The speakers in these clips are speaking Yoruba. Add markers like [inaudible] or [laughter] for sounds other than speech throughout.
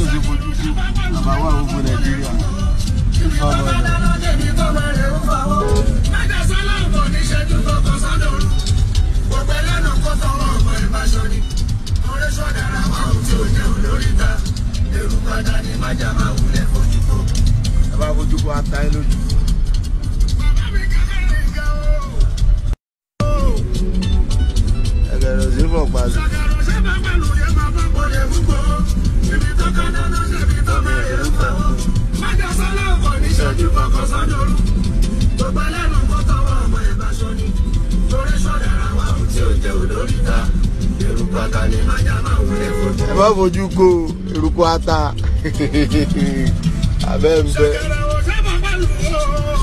tí ò ṣe fojú sí ibi tó kaná náà níbi tó mẹ́rin ń bá fojú. ko eruku ata [laughs] abẹ́ ń bẹ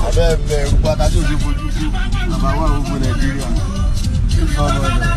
abẹ́ eruku ata tí ò ní fojú ko àbáwọ̀ ògùn nàìjíríà. ọmọ náà.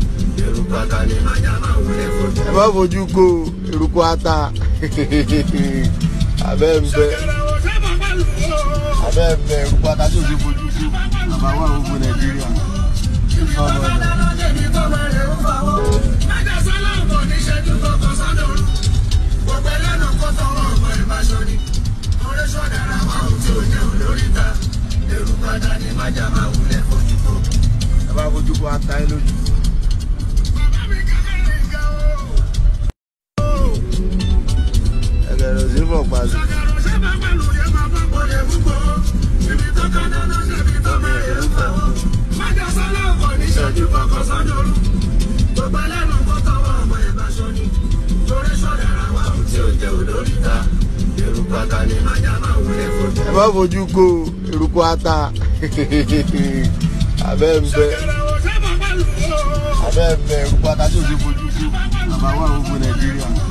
ẹ má fojú ko eruku ata [laughs] abẹ́ ń bẹ abẹ́ ń bẹ eruku ata tí o fojú ko bàbá wà gbogbo nàìjíríà ẹ bá fojú ko ata ẹ lójú. bọ̀ pa sí. ẹ má fojú ko eruku ata [laughs] abẹ́ ń bẹ abẹ́ ń bẹ eruku ata tí ti fojú ko àbáwọ̀ àwọn nàìjíríà.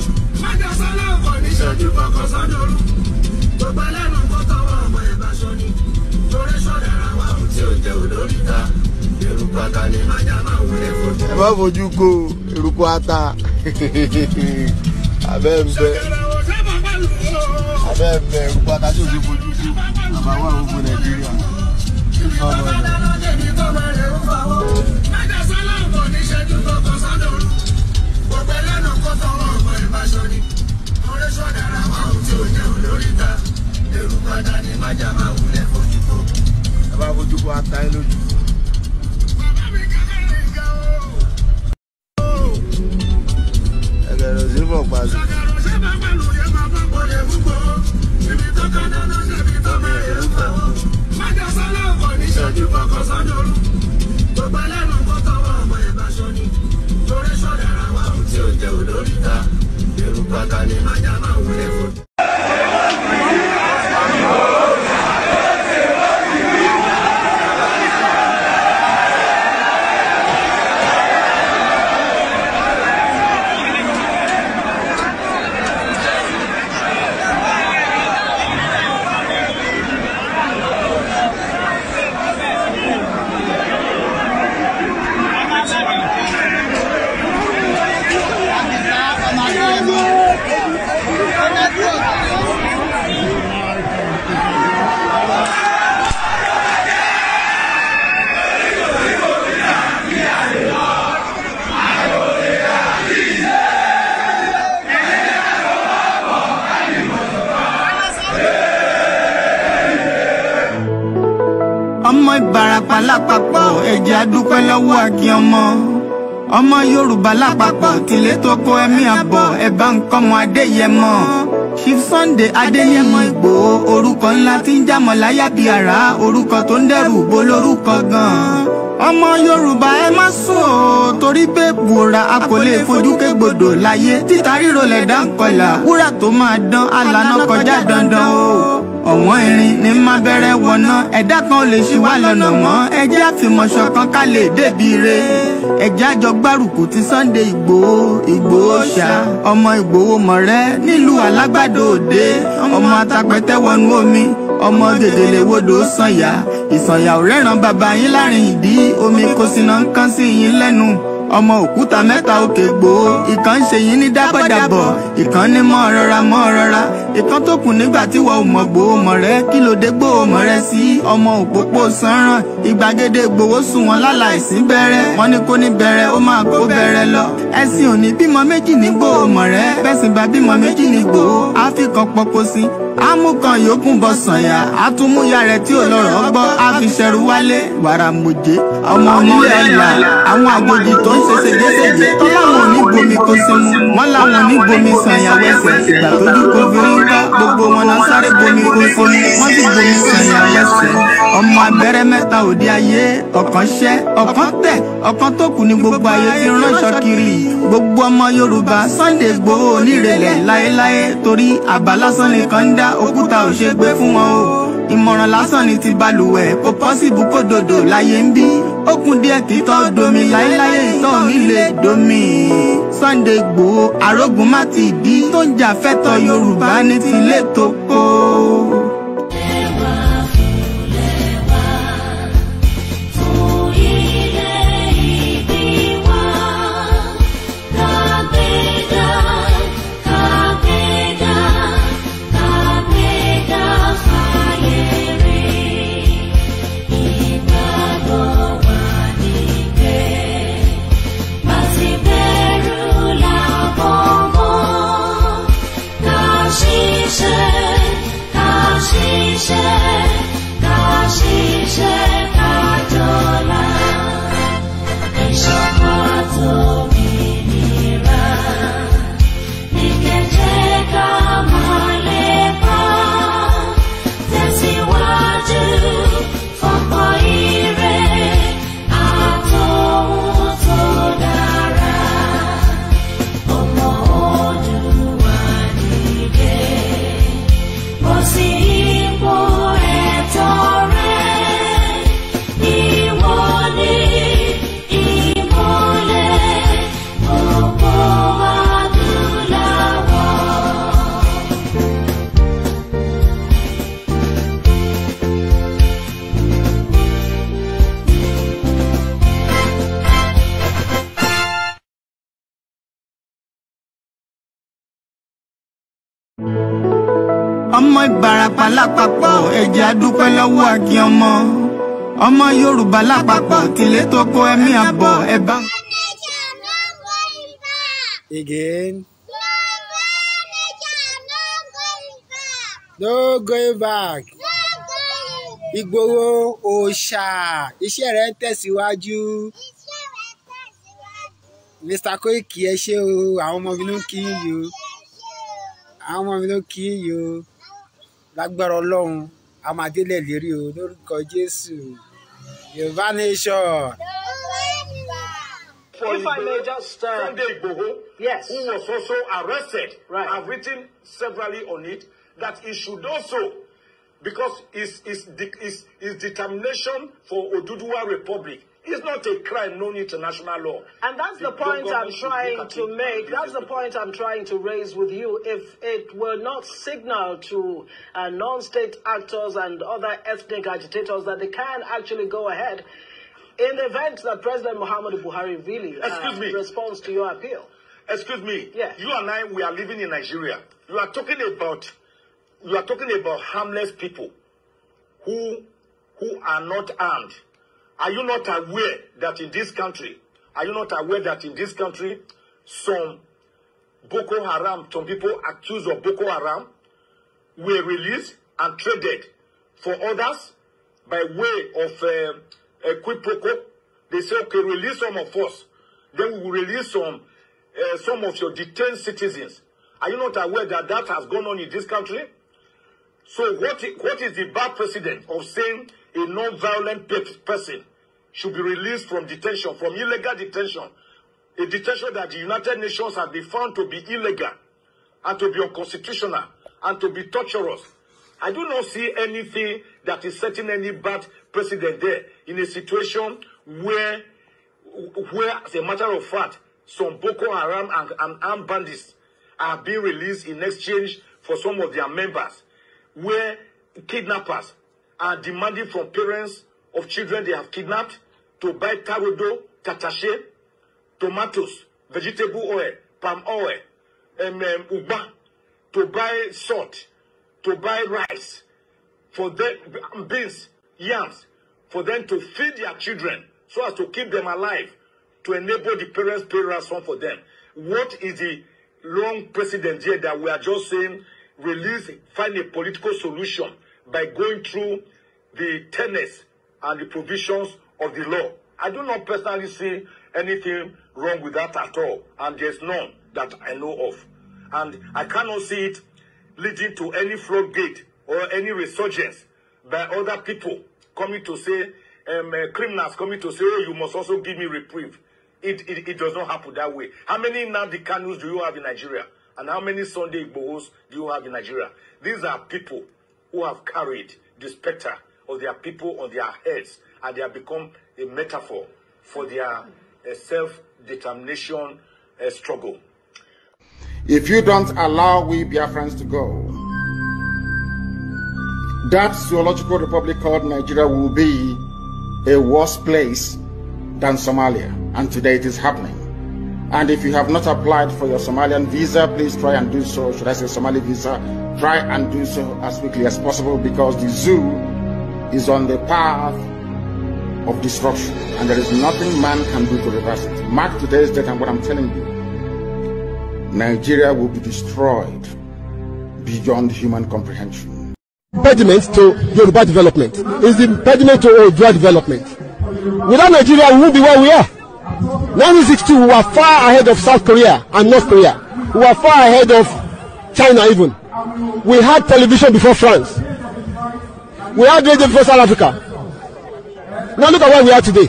ìṣẹ́jú kọ̀ọ̀kan sọ́dọ̀rú gbogbo ẹlẹ́nu kọ́kọ́ wọn ọmọ ìbáṣọ ni torí sọ̀dà ara wa ohun tí ò jẹ́ olórí ta eruku ata ni májà máa wúlé fojú. ẹ má fojú ko eruku ata [laughs] abẹ́ ń bẹ abẹ́ ń bẹ eruku ata tí ò sí fojú ko àbáwọ̀ ògùn nàìjíríà ọmọ náà. sọ̀dára wa ò tí ò jẹ́ olórí ta èrò padà ní májà máa wulẹ̀ fojú bò. ẹ bá fojú bò ata ẹ lójú. ẹgbẹ́ rẹ̀ ò Wakani manyama urefu lápapọ̀ ẹ jẹ́ a dúpẹ́ lọ́wọ́ akin ọmọ ọmọ yorùbá lápapọ̀ tìlé tó kó ẹ̀mí àbọ̀ ẹ bá ń kọ́mọ adéyẹmọ chief sunday adéyẹmọ ìgbòho orúkọ ńlá tí ń jámọ láyà bíi àrá orúkọ tó ń dẹrù bo lórúkọ gan-an ọmọ yorùbá ẹ má sùn o torí pé bùrà a kò lè fojú kégbodò láyé títa ríro lẹ̀dá ń wúrà tó máa dán alànà kọjá dandan o ọ̀wọ́n irin ní má bẹ̀rẹ̀ wọ̀nà ẹ̀dá kan ò lè ṣí wá lọ́nà mọ́ ẹjẹ́ àfìmọ̀ṣọ kan ká lè débi re ẹjẹ́ àjọ gbárùkù ti Sunday Ìgbòho Ìgbòho ṣá ọmọ Ìgbòho mọ̀rẹ́ nílùú alágbàdo òde ọmọ atapẹ̀tẹ̀ wọnú omi ọmọ gèdèlè wodò sànyà ìsànyà ò rẹ́ràn bàbá yín láàrin ìdí omi kò sínà ń kán sí yín lẹ́nu ọmọ òkúta mẹ́ta òkè gbòó ìkan ń ṣe yín ní dábọ̀dàbọ̀ ìkan ní mọ́ rọra mọ́ rọra ìkan tó kù nígbà tí wọ́n ò mọ̀ gbòó mọ̀ rẹ kí ló dé gbòó mọ̀ rẹ sí ọmọ òpópó sanran ìgbàgede gbòó sùn wọn láláìsí bẹ̀rẹ̀ wọn ní kó ní bẹ̀rẹ̀ ó máa kó bẹ̀rẹ̀ lọ ẹ̀sìn òní bímọ méjì ní gbòó mọ̀ rẹ bẹ́sìn bá bímọ méjì ní gbòó á fi kan pọ́kó sí amúkan yòókùn bọ sànyà àtúmúyà rẹ tí ò lọ́rọ̀ gbọ́ àfiṣẹrù wálé wàrà mòjé ọmọ onílé ẹlà àwọn àgbòjì tó ń ṣe ṣègéṣègé tó láwọn ò ní gbomi kó sinmi wọn láwọn ò ní gbomi sànyà wẹsẹ ìgbà tójú kò fi rí bá gbogbo wọn náà sáré bomi oṣù wọn sì bomi sẹyìn ẹlẹ́sẹ̀ ọmọ abẹ́rẹ́ mẹ́ta òde ayé ọ̀kan ṣẹ́ ọ̀kan tẹ̀ ọ̀kan tó kù ní gbogbo ayé fi ránṣọ kiri gbogbo ọmọ Yorùbá Sunday Igboho onírèlẹ̀ láéláé torí àbá lásán nìkan ń dá òkúta òṣègbè fún wọn o ìmọ̀ràn lásán ni ti balùwẹ̀ kò pọ́sìbù kó dòdò láyé ń bí ó díẹ̀ títọ́ domi láéláyé ìtọ́ mi lè domi Sunday Igboho arógun má ti dí tó ń jà fẹ́tọ̀ Yorùbá ní tilé tó kó. pàkí ọmọ ọmọ Yorùbá lápapọ̀ tìlé tó kó ẹ̀mí àbọ̀ ẹ bá. Again. No going back. Ìgbòho òòṣà iṣẹ́ rẹ̀ ń tẹ̀síwájú. Mr. Koiki ẹ ṣé o, àwọn ọmọ mi ló ń kí yìí o. Àwọn ọmọ mi ló ń kí yìí o. Lágbára Ọlọ́run a máa délẹ̀ lérí o lórúkọ Jésù Yorùbá nation. If I may just stand. Sunday yes. who was also arrested, right. I've written severally on it that he should also because his, his, his, his determination for Oduduwa Republic It's not a crime known international law. And that's the, the point I'm trying to make. That's the point I'm trying to raise with you. If it were not signaled to uh, non-state actors and other ethnic agitators that they can actually go ahead, in the event that President Muhammad Buhari really uh, responds to your appeal. Excuse me. Yeah. You and I, we are living in Nigeria. You are talking about, you are talking about harmless people who, who are not armed. Are you not aware that in this country, are you not aware that in this country, some Boko Haram, some people accused of Boko Haram were released and traded for others by way of uh, a quid pro quo? They say, okay, release some of us. Then we will release some, uh, some of your detained citizens. Are you not aware that that has gone on in this country? So what, what is the bad precedent of saying a non-violent person should be released from detention, from illegal detention, a detention that the United Nations has been found to be illegal and to be unconstitutional and to be torturous. I do not see anything that is setting any bad precedent there in a situation where, where as a matter of fact, some Boko Haram and, and armed bandits are being released in exchange for some of their members, where kidnappers are demanding from parents of children they have kidnapped to buy carodo, tatashe, tomatoes, vegetable oil, palm oil, and um, uba, to buy salt, to buy rice, for them, beans, yams, for them to feed their children so as to keep them alive, to enable the parents pay ransom for them. What is the long precedent here that we are just saying release, find a political solution by going through the tenets and the provisions of the law. I do not personally see anything wrong with that at all, and there's none that I know of. And I cannot see it leading to any floodgate or any resurgence by other people coming to say, um, uh, criminals coming to say, oh, you must also give me reprieve. It, it, it does not happen that way. How many Nnamdi canoes do you have in Nigeria? And how many Sunday Igbohos do you have in Nigeria? These are people who have carried the specter of their people on their heads and they have become a metaphor for their uh, self determination uh, struggle. If you don't allow we Biafrans to go, that zoological republic called Nigeria will be a worse place than Somalia. And today it is happening. And if you have not applied for your Somalian visa, please try and do so. Should I say Somali visa? Try and do so as quickly as possible because the zoo is on the path of disruption, and there is nothing man can do to reverse it. Mark today's date and what I'm telling you. Nigeria will be destroyed beyond human comprehension. Impediment to Yoruba development is the impediment to Odua development. Without Nigeria, we will be where we are. 1962, we were far ahead of South Korea and North Korea. We were far ahead of China even. We had television before France. We had radio before South Africa. Now look at where we are today.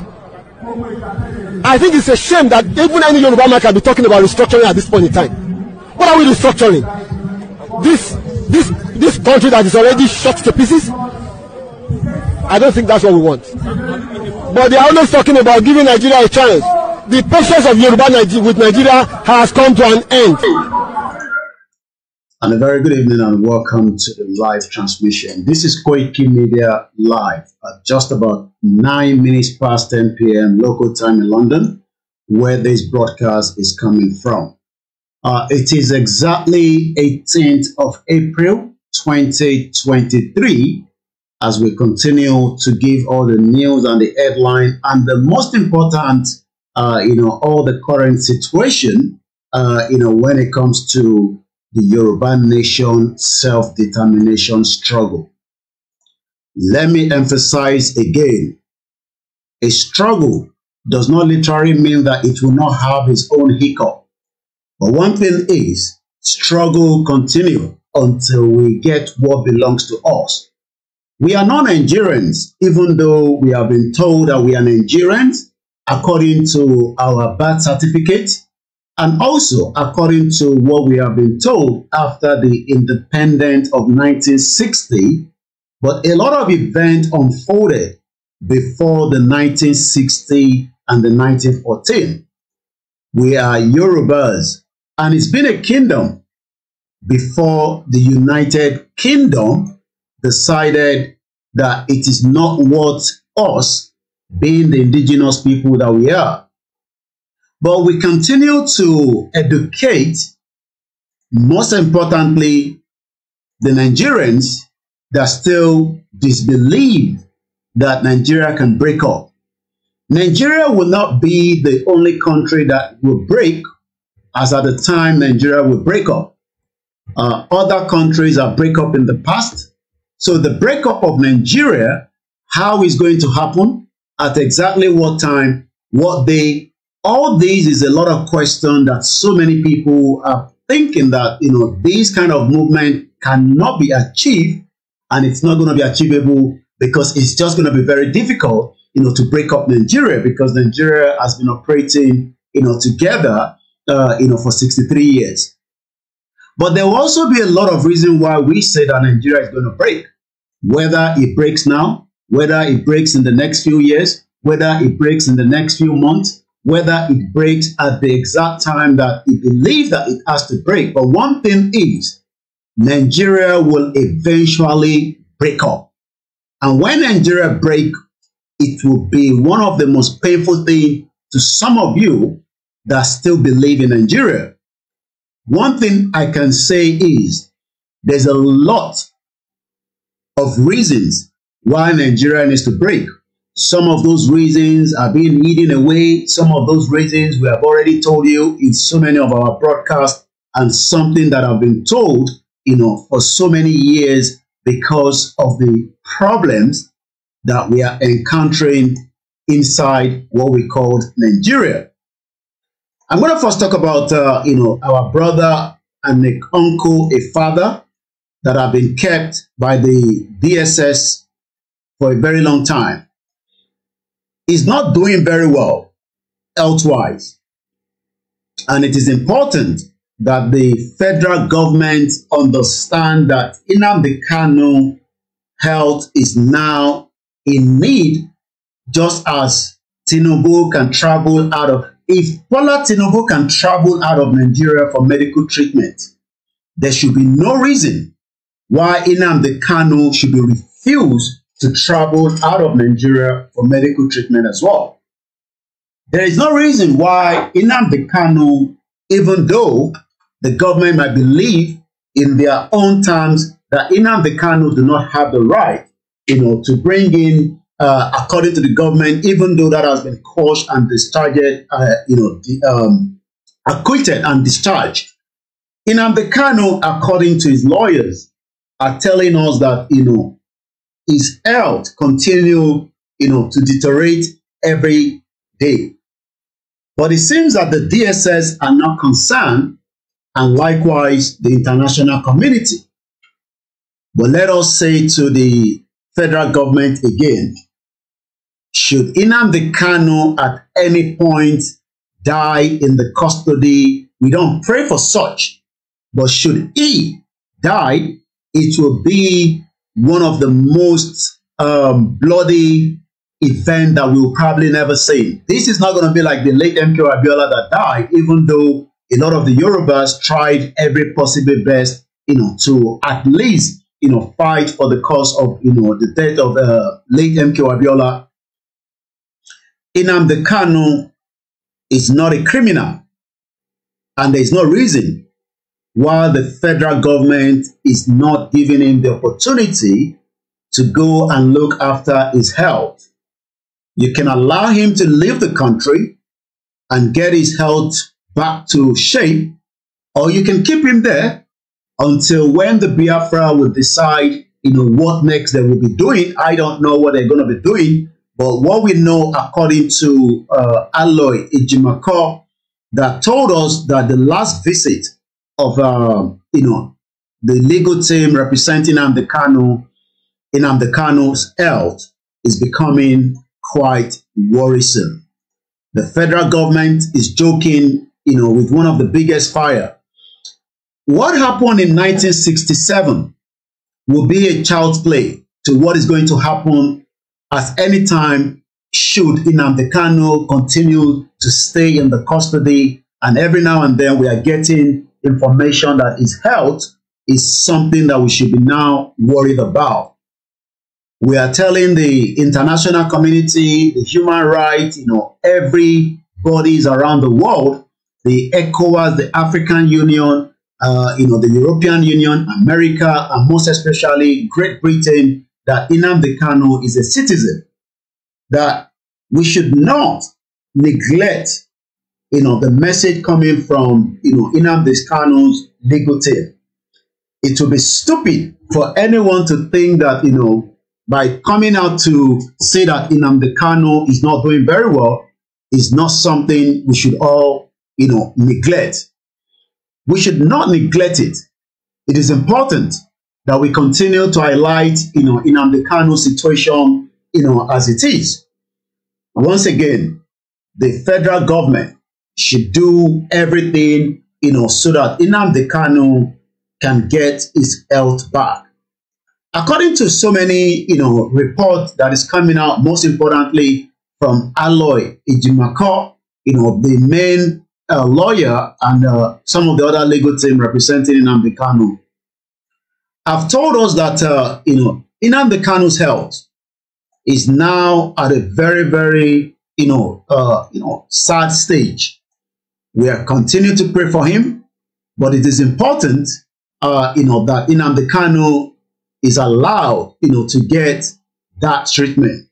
I think it's a shame that even any Yoruba man can be talking about restructuring at this point in time. What are we restructuring? This this this country that is already shot to pieces? I don't think that's what we want. But they are always talking about giving Nigeria a chance. The process of Yoruba Niger with Nigeria has come to an end. and a very good evening and welcome to the live transmission. This is Koiki Media Live at just about 9 minutes past 10 p.m. local time in London, where this broadcast is coming from. Uh, it is exactly 18th of April 2023 as we continue to give all the news and the headline and the most important, uh, you know, all the current situation, uh, you know, when it comes to the Yoruba nation self-determination struggle. Let me emphasize again, a struggle does not literally mean that it will not have its own hiccup. But one thing is, struggle continue until we get what belongs to us. We are not Nigerians, even though we have been told that we are Nigerians according to our birth certificate and also, according to what we have been told after the independence of 1960, but a lot of events unfolded before the 1960 and the 1914. We are Yorubas, and it's been a kingdom before the United Kingdom decided that it is not worth us being the indigenous people that we are. But we continue to educate, most importantly, the Nigerians that still disbelieve that Nigeria can break up. Nigeria will not be the only country that will break, as at the time Nigeria will break up. Uh, other countries have break up in the past. So the breakup of Nigeria, how is going to happen, at exactly what time, what day, all these is a lot of question that so many people are thinking that you know this kind of movement cannot be achieved and it's not going to be achievable because it's just going to be very difficult you know to break up nigeria because nigeria has been operating you know together uh, you know for 63 years but there will also be a lot of reason why we say that nigeria is going to break whether it breaks now whether it breaks in the next few years whether it breaks in the next few months whether it breaks at the exact time that it believes that it has to break. But one thing is, Nigeria will eventually break up. And when Nigeria break, it will be one of the most painful thing to some of you that still believe in Nigeria. One thing I can say is there's a lot of reasons why Nigeria needs to break. Some of those reasons are being hidden away. Some of those reasons we have already told you in so many of our broadcasts and something that I've been told, you know, for so many years because of the problems that we are encountering inside what we call Nigeria. I'm going to first talk about, uh, you know, our brother and the uncle, a father that have been kept by the DSS for a very long time. is not doing very well elsewise. And it is important that the federal government understand that Inamdi health is now in need, just as Tinubu can travel out of. If Bola Tinubu can travel out of Nigeria for medical treatment, there should be no reason why Inamdi Kano should be refused to travel out of Nigeria for medical treatment as well. There is no reason why Inamde Kanu, even though the government might believe in their own terms that Inamde Kanu do not have the right, you know, to bring in, uh, according to the government, even though that has been caused and discharged, uh, you know, the, um, acquitted and discharged. Inamde Kanu, according to his lawyers, are telling us that, you know, his health continue, you know, to deteriorate every day. But it seems that the DSS are not concerned, and likewise the international community. But let us say to the federal government again, should the Kano at any point die in the custody, we don't pray for such, but should he die, it will be one of the most um, bloody event that we'll probably never see. This is not going to be like the late MK Abiola that died, even though a lot of the Yorubas tried every possible best, you know, to at least, you know, fight for the cause of, you know, the death of uh, late MK Abiola. Inam Kanu is not a criminal, and there's no reason while the federal government is not giving him the opportunity to go and look after his health. You can allow him to leave the country and get his health back to shape, or you can keep him there until when the Biafra will decide, you know, what next they will be doing. I don't know what they're going to be doing, but what we know, according to uh, Alloy Ijimako, that told us that the last visit of uh, you know the legal team representing Amdekano in Amdekano's health is becoming quite worrisome. The federal government is joking, you know, with one of the biggest fire. What happened in 1967 will be a child's play to what is going to happen at any time should Inamdekano continue to stay in the custody and every now and then we are getting information that is health is something that we should be now worried about. We are telling the international community, the human rights, you know, every bodies around the world, the ECOWAS, the African Union, uh, you know, the European Union, America, and most especially Great Britain, that Inam Kano is a citizen, that we should not neglect you know, the message coming from, you know, Inam Descano's legal team. It would be stupid for anyone to think that, you know, by coming out to say that Inam Descano is not doing very well is not something we should all, you know, neglect. We should not neglect it. It is important that we continue to highlight, you know, Inam Descano's situation, you know, as it is. Once again, the federal government should do everything, you know, so that Inamde Kanu can get his health back. According to so many, you know, reports that is coming out, most importantly from Alloy Ijimako, you know, the main uh, lawyer and uh, some of the other legal team representing Inamde Kanu, have told us that, uh, you know, Inamde Kanu's health is now at a very, very, you know, uh, you know, sad stage. We are continuing to pray for him, but it is important, uh, you know, that Inamde is allowed, you know, to get that treatment.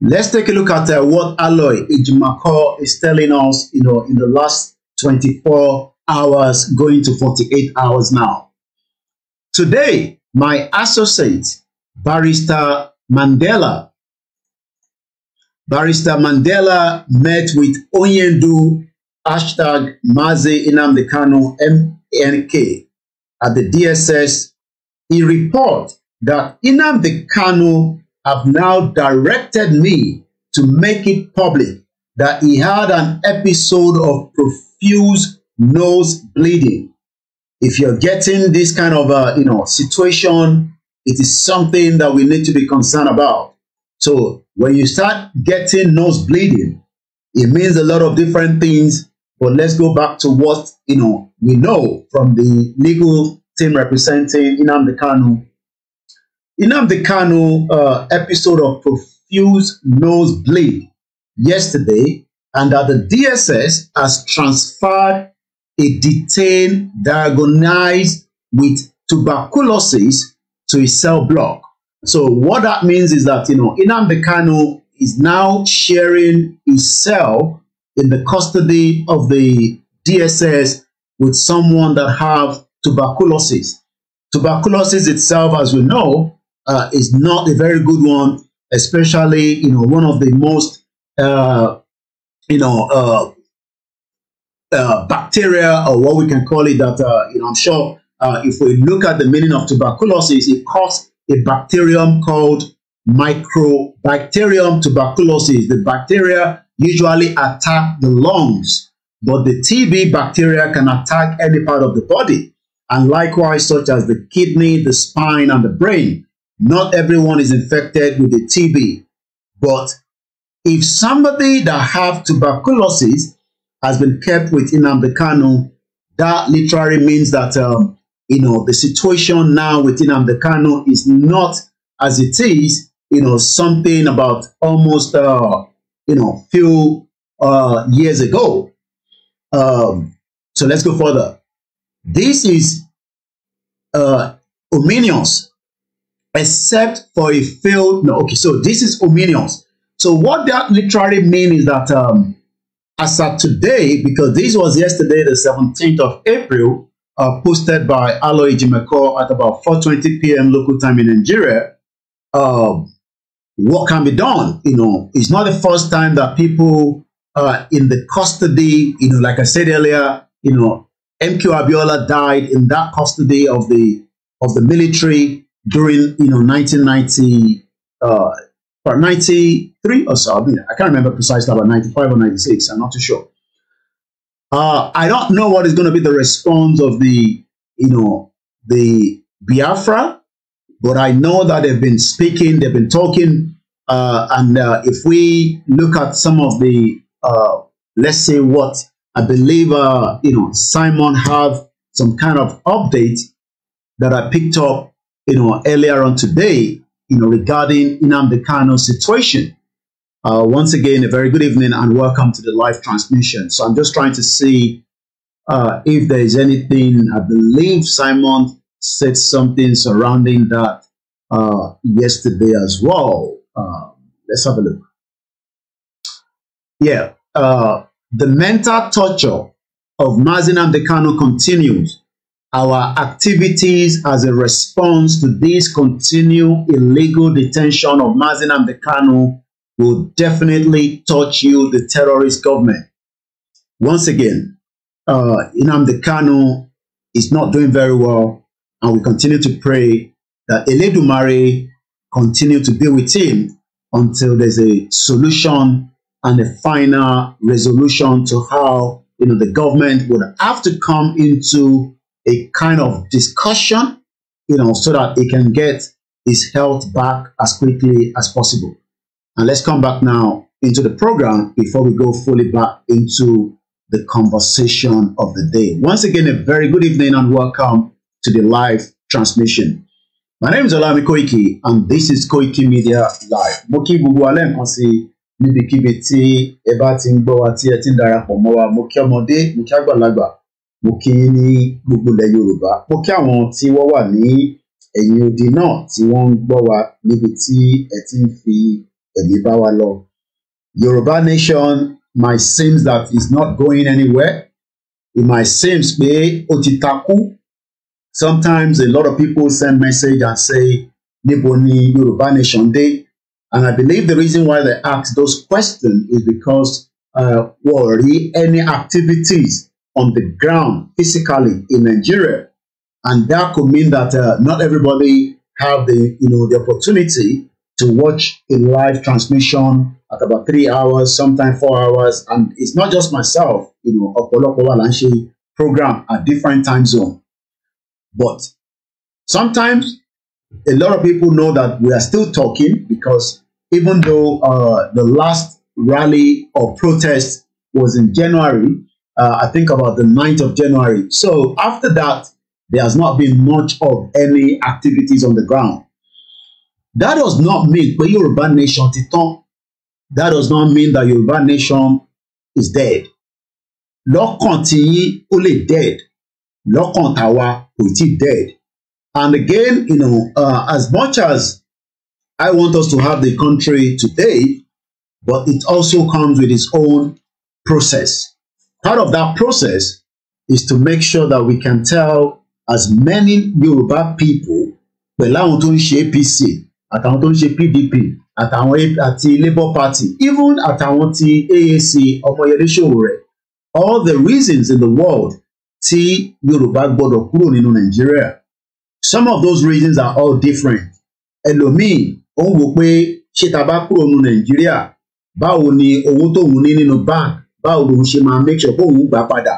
Let's take a look at uh, what Alloy Ijimako is telling us, you know, in the last 24 hours, going to 48 hours now. Today, my associate, Barrister Mandela, Barrister Mandela met with Onyendu hashtag Mazi Inamde Kano MNK at the DSS, he report that Inamde Kano have now directed me to make it public that he had an episode of profuse nose bleeding. If you're getting this kind of uh, you know situation, it is something that we need to be concerned about. So when you start getting nose bleeding, it means a lot of different things but let's go back to what you know we know from the legal team representing Inamde Kanu. Inamde Kanu uh, episode of profuse nosebleed yesterday, and that the DSS has transferred a detained diagnosed with tuberculosis to a cell block. So what that means is that you know Inamde Kanu is now sharing his cell in the custody of the DSS with someone that have tuberculosis. Tuberculosis itself, as we know, uh, is not a very good one, especially, you know, one of the most, uh, you know, uh, uh bacteria or what we can call it that, uh, you know, I'm sure uh, if we look at the meaning of tuberculosis, it caused a bacterium called Microbacterium tuberculosis. The bacteria usually attack the lungs, but the TB bacteria can attack any part of the body, and likewise, such as the kidney, the spine, and the brain. Not everyone is infected with the TB, but if somebody that have tuberculosis has been kept with Ambekano, that literally means that um, you know the situation now with Ambekano is not as it is. You know something about almost uh, you know, few uh, years ago. Um, so let's go further. This is uh, Ominions, except for a failed. No, okay. So this is Ominions. So what that literally means is that um, as of today, because this was yesterday, the 17th of April, uh, posted by Aloy Jimeko at about 4.20 p.m. local time in Nigeria, um, what can be done. You know, it's not the first time that people are in the custody, you know, like I said earlier, you know, MQ Abiola died in that custody of the of the military during you know 1990 uh, or 93 or so. I, mean, I can't remember precisely about 95 or 96. I'm not too sure. Uh, I don't know what is going to be the response of the you know the Biafra but I know that they've been speaking, they've been talking, uh, and uh, if we look at some of the, uh, let's say what I believe, uh, you know, Simon have some kind of update that I picked up, you know, earlier on today, you know, regarding Inamde Kano's situation. Uh, once again, a very good evening and welcome to the live transmission. So I'm just trying to see uh, if there's anything. I believe Simon said something surrounding that uh, yesterday as well. Uh, let's have a look. Yeah, uh, the mental torture of Mazin Dekano continues. Our activities as a response to this continued illegal detention of Mazin Dekano will definitely touch you, the terrorist government. Once again, uh, Inam Dekano is not doing very well. And we continue to pray that Eledumare continue to be with him until there's a solution and a final resolution to how you know the government would have to come into a kind of discussion, you know, so that it can get his health back as quickly as possible. And let's come back now into the program before we go fully back into the conversation of the day. Once again, a very good evening and welcome to the live transmission. My name is Olami Koiki and this is Koiki Media Live. Mo kí gbogbo alẹ́ nǹkan sí níbikíbi tí ẹ bá ti ń gbọ́ wa tí ẹ ti ń darapọ̀ mọ́ wa. Mo kí ọmọdé, mo kí àgbàlagbà, mo kí ní gbogbo ilẹ̀ Yorùbá. Mo kí àwọn tí wọ́n wà ní ẹ̀yìn odi náà tí wọ́n ń gbọ́ wa níbi tí ẹ ti ń fi ẹ̀mí bá wa lọ. Yorùbá nation My seems that is not going anywhere. It might seem pé ó ti takú Sometimes a lot of people send message and say, Niboni Yoruba Nation Day. And I believe the reason why they ask those questions is because uh, worry any activities on the ground physically in Nigeria. And that could mean that uh, not everybody have the, you know, the opportunity to watch a live transmission at about three hours, sometimes four hours. And it's not just myself, you know, a program at different time zone. But sometimes a lot of people know that we are still talking because even though uh, the last rally or protest was in January, uh, I think about the 9th of January. So after that, there has not been much of any activities on the ground. That does not mean a bad nation ti That does not mean that bad nation is dead. Lọ́kàn continue, only dead lọ́kàn tàwa kò tí dead and again you know uh, as much as I want us to have the country today but it also comes with its own process part of that process is to make sure that we can tell as many Yorùbá people pẹ̀lú àwọn tó ń ṣe APC àtàwọn tó ń ṣe PDP àtàwọn àti Labour Party even àtàwọn ti AAC Ọmọyẹlé Sowore all the reasons in the world tí Yorùbá gbọ́dọ̀ kúrò nínú Nàìjíríà some of those reasons are all different ẹlòmíì ó ń wò pé ṣé ta bá kúrò nínú Nàìjíríà báwo ni owó tóun ní nínú bank báwo lòun ṣe máa make sure bóun gbà padà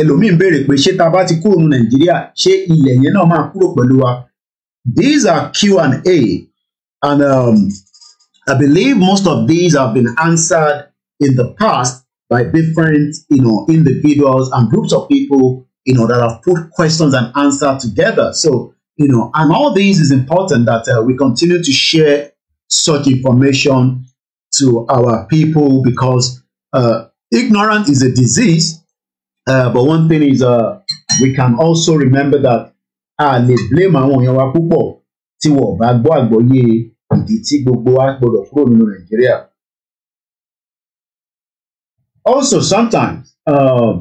ẹlòmíì ń béèrè pé ṣé ta bá ti kúrò nínú Nàìjíríà ṣé ilẹ̀ yẹn náà máa kúrò pẹ̀lú wa these are Q and A and um, I believe most of these have been answered in the past by different, you know, individuals and groups of people, you know, that have put questions and answers together. So, you know, and all these is important that uh, we continue to share such information to our people because uh, ignorance is a disease. Uh, but one thing is, uh, we can also remember that a lè blame àwọn èèyàn wa púpọ̀ tí bá gbọ́ àgbọ́yé ìdí tí gbogbo wa gbọ́dọ̀ kúrò nínú Also, sometimes uh,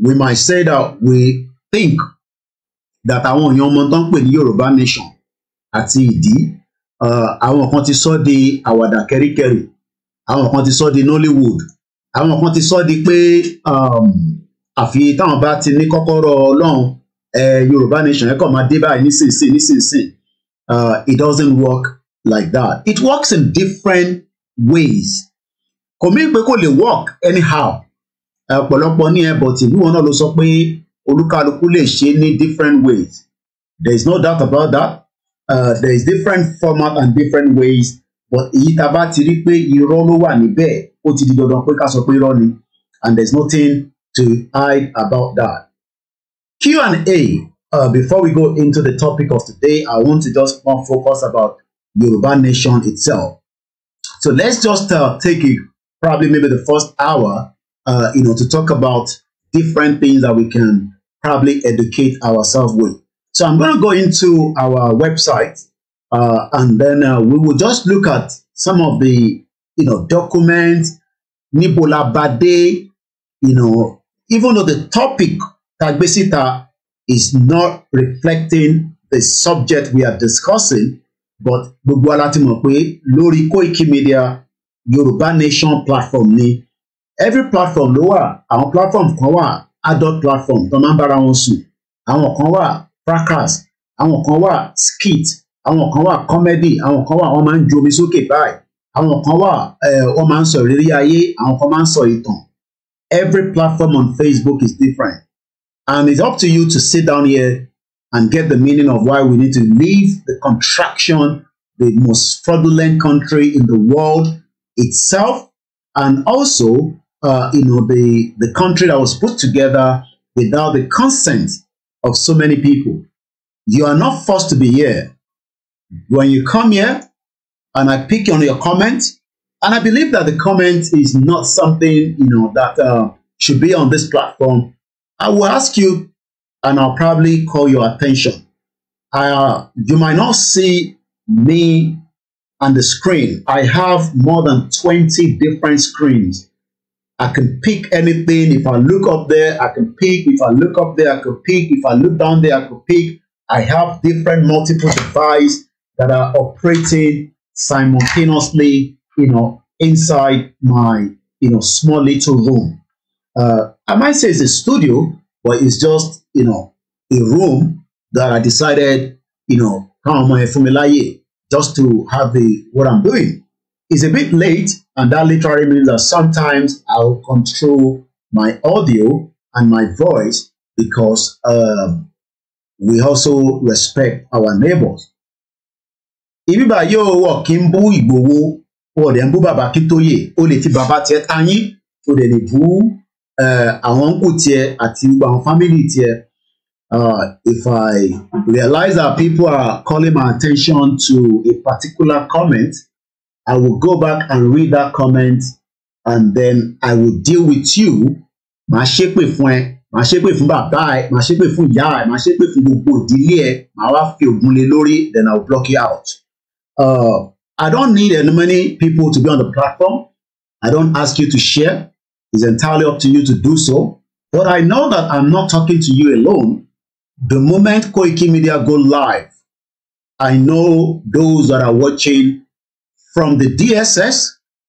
we might say that we think that àwọn èèyàn ọmọ tó ń pè ní Yorùbá nation àti ìdí uh, àwọn kan ti sọ di àwàdà kẹríkẹrì àwọn kan ti sọ di Nollywood àwọn kan ti sọ di pé um, àfi táwọn bá ti ní kọ́kọ́rọ́ Ọlọ́run Yorùbá nation ẹ kàn máa dé báyìí nísinsìnyí nísinsìnyí uh, it doesn't work like that it works in different ways kò mí pé kò lè work anyhow ọ̀pọ̀lọpọ̀ ní ẹ̀ bọ̀tì wíwọ́n náà ló sọ pé olúkálukú lè ṣe ní different ways there is no doubt about that uh, there is different format and different ways but èyí tá a bá ti rí pé irọ́ ló wà níbẹ̀ ó ti di dandan pé ká sọ pé irọ́ ni and there is nothing to hide about that. Q&A uh, before we go into the topic of today I want to just focus about Yoruba nation itself. So let's just uh, take a probably maybe the first hour, uh, you know, to talk about different things that we can probably educate ourselves with. So I'm going to go into our website, uh, and then uh, we will just look at some of the, you know, documents, Nibola Bade, you know, even though the topic Tagbesita is not reflecting the subject we are discussing, but Bugwala aláti lórí Koiki Media yorùbá nation platform ni every platform ló wà àwọn platform kan wà adult platform tó máa ń bára wọn sùn àwọn kan wà fracas àwọn kan wà skit àwọn kan wà comedy àwọn kan wà wọn máa ń ju omi sókè báyìí àwọn kan wà wọn máa ń sọ ìrírí ayé àwọn kan máa ń sọ ìtàn every platform on facebook is different and it's up to you to sit down here and get the meaning of why we need to leave the contraction the most fraudulent country in the world itself and also uh, you know the, the country that was put together without the consent of so many people. You are not forced to be here. When you come here, and I pick on your comment, and I believe that the comment is not something you know that uh, should be on this platform. I will ask you, and I'll probably call your attention. uh, you might not see me and the screen. I have more than 20 different screens. I can pick anything. If I look up there, I can pick. If I look up there, I can pick. If I look down there, I can pick. I have different multiple devices that are operating simultaneously, you know, inside my, you know, small little room. Uh, I might say it's a studio, but it's just, you know, a room that I decided, you know, how am I familiar? just to have the what I'm doing. It's a bit late, and that literally means that sometimes I'll control my audio and my voice because um, we also respect our neighbors. Ibi ba yo wọ̀ kí n wo Ìgbòho, wọ́n baba ń bú bàbá Kítóyè, ó lè ti bàbá tiẹ̀ tayín, ó lè lè bú eh, àwọn ń kù tiẹ̀ àti gbogbo àwọn fámìlì tiẹ̀ uh, if I realize that people are calling my attention to a particular comment, I will go back and read that comment and then I will deal with you. My shape with ẹ, màá ṣépè my bàbá ẹ, màá ṣépè fún ìyá ẹ, màá ṣépè fún gbogbo ìdílé ẹ, màá lórí then I will block you out. Uh, I don't need any many people to be on the platform. I don't ask you to share. It's entirely up to you to do so. But I know that I'm not talking to you alone. The moment Koiki Media go live, I know those that are watching from the DSS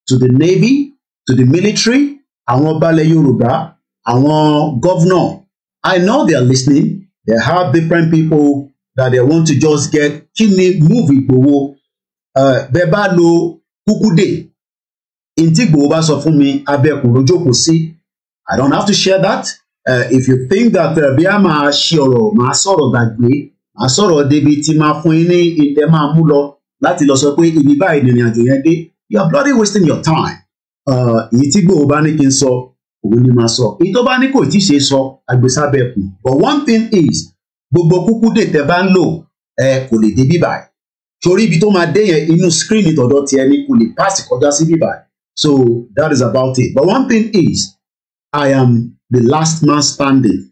to the Navy to the military, our balẹ̀ Yorùbá, àwọn governor, I know they are listening. They have different people that they want to just get kí ni move Ìgbòho. Eh, Bẹ́ẹ̀ bá lo kúkúdè, ntí Ìgbòho bá sọ abe mi, abẹ́kùn lójókòó sí. I don't have to share that. Eh, if you think that uh, bí a máa ṣe ọ̀rọ̀ máa sọ̀rọ̀ gbàgbé máa sọ̀rọ̀ débi tí máa fún yín ní ìtẹ́ máa mú lọ láti lọ sọ pé ibi báyìí ìrìn àjò yẹn dé you are bloody wasting your time eh, èyí tí gbòòrò bá ní kí n sọ òun ni máa sọ èyí tó bá ní kò tí ì ṣe sọ àgbésábẹ́kùn but one thing is gbogbo kúkú dè tẹ́ bá ń lò ẹ kò lè dé bíbà yìí torí ibi tó máa dé yẹn inú screen ìtọ̀dọ̀ tiẹ̀ ni kò lè pass kọjá sí bíbà yìí so that is about it but one thing is i am the last man standing.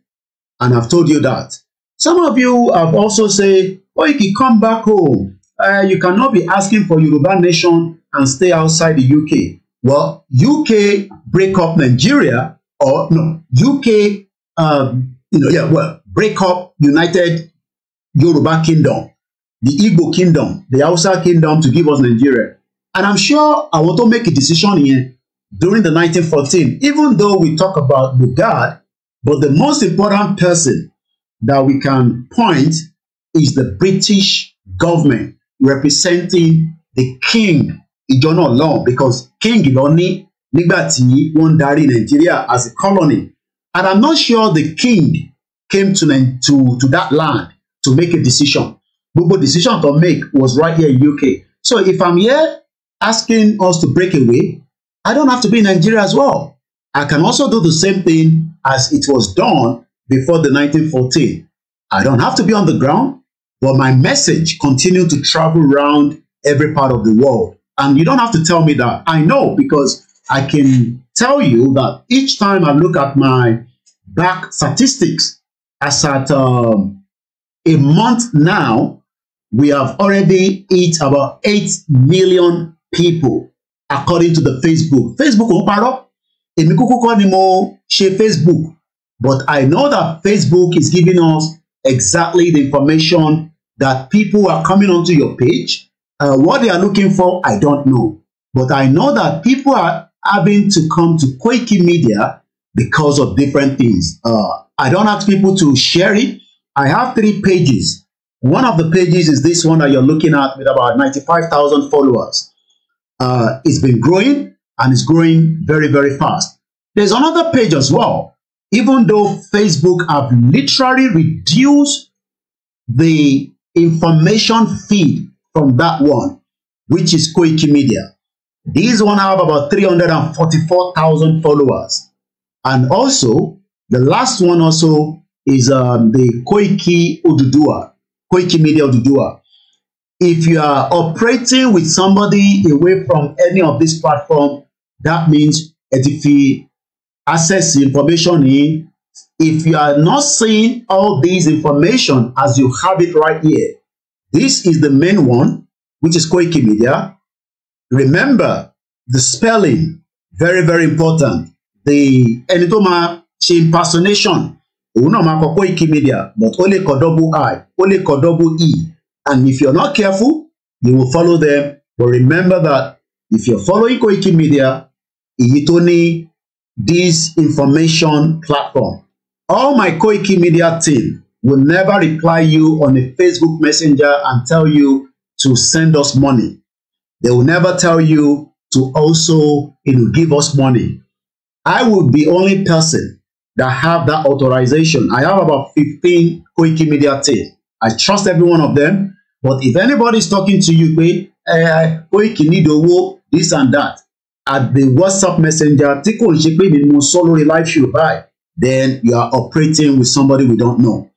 And I've told you that. Some of you have also said, oh, you can come back home. Uh, you cannot be asking for Yoruba nation and stay outside the UK. Well, UK break up Nigeria or no, UK, um, you know, yeah, well, break up United Yoruba Kingdom, the Igbo Kingdom, the Hausa Kingdom to give us Nigeria. And I'm sure I want to make a decision here during the 1914, even though we talk about Lugard, but the most important person that we can point is the British government representing the king ìjọ náà because king ló ní nígbà tí Nigeria as a colony and I'm not sure the king came to, to, to that land to make a decision gbogbo decision to make was right here in UK so if I'm here asking us to break away I don't have to be in Nigeria as well. I can also do the same thing as it was done before the 1914. I don't have to be on the ground, but my message continued to travel around every part of the world. And you don't have to tell me that. I know because I can tell you that each time I look at my back statistics, as at um, a month now, we have already hit about 8 million people according to the Facebook Facebook ń parọ́ èmi kúkú kọ́ ni mo ṣe Facebook but I know that Facebook is giving us exactly the information that people are coming onto your page uh, what they are looking for I don't know but I know that people are having to come to Quakey Media because of different things uh, I don't ask people to share it I have three pages one of the pages is this one that you're looking at with about ninety-five thousand followers uh, it's been growing and it's growing very, very fast. There's another page as well. Even though Facebook have literally reduced the information feed from that one, which is Koiki Media. This one have about 344,000 followers. And also, the last one also is um, the Koiki Odudua, Koiki Media Odudua. if you are operating with somebody away from any of this platform that means ẹ ti fi access information yìí if you are not seeing all this information as you have it right here this is the main one which is Koiki Media remember the spelling very very important the ẹni tó máa impersonation òun náà máa kọ Koiki Media but ó lè kọ double i ó lè kọ double e And if you're not careful, you will follow them. But remember that if you're following Koiki Media, it's only this information platform, all my Koiki Media team will never reply you on a Facebook Messenger and tell you to send us money. They will never tell you to also you know, give us money. I will be only person that have that authorization. I have about 15 Koiki Media team. I trust every one of them. But if anybody is talking to you pé Koiki need owó this and that at the WhatsApp messenger tí kò ń ṣe pé mi mo sọ lórí then you are operating with somebody we don't know.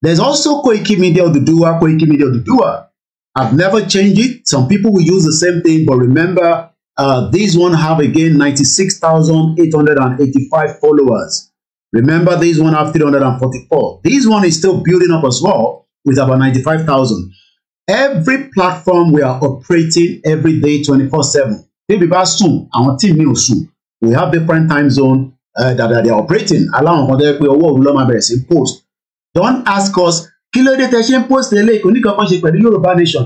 There's also Koiki Media Odùduwà, Koiki Media Odùduwà. I've never changed it. Some people will use the same thing, but remember, uh, this one have again 96,885 followers. Remember this one have 344. This one is still building up as well with about 95,000. Every platform we are operating every day 24-7. Bíbí bá sùn, àwọn tí mi ò soon. We have different time zone uh, that, that they are operating. Aláwọn kan tẹ́ pé owó òun ló máa bẹ̀rẹ̀ sí post. Don't ask us, kí ló dé tẹ ṣe ń post eléyìí kò ní kankan ṣe nation.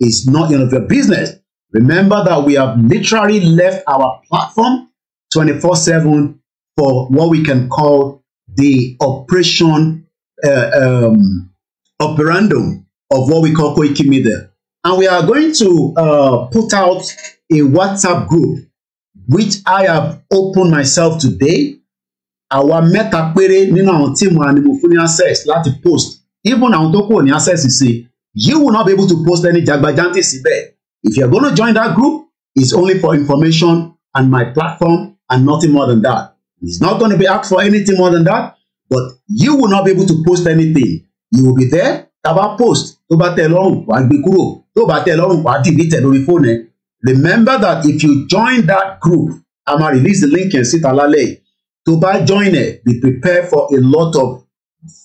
It's not none of your business. Remember that we have literally left our platform 24-7 for what we can call the operation uh, um, operandum of what we call Koiki And we are going to uh, put out a WhatsApp group, which I have opened myself today. Our mẹ́ta péré Nina on tíìmù animal fún ní access láti post. Even àwọn tó kúrò says you see you will not be able to post any jagbajanti síbẹ̀. If you are gonna join that group, it's only for information and my platform and nothing more than that. He's not going to be asked for anything more than that, but you will not be able to post anything. You will be there, taba post, tó bá tẹ́ lọ́rùn wàá gbé kúrò, tó bá tẹ́ lọ́rùn wàá dìbí tẹ̀ lórí Remember that if you join that group, I'm going to release the link and sit alale. To buy join it, be prepared for a lot of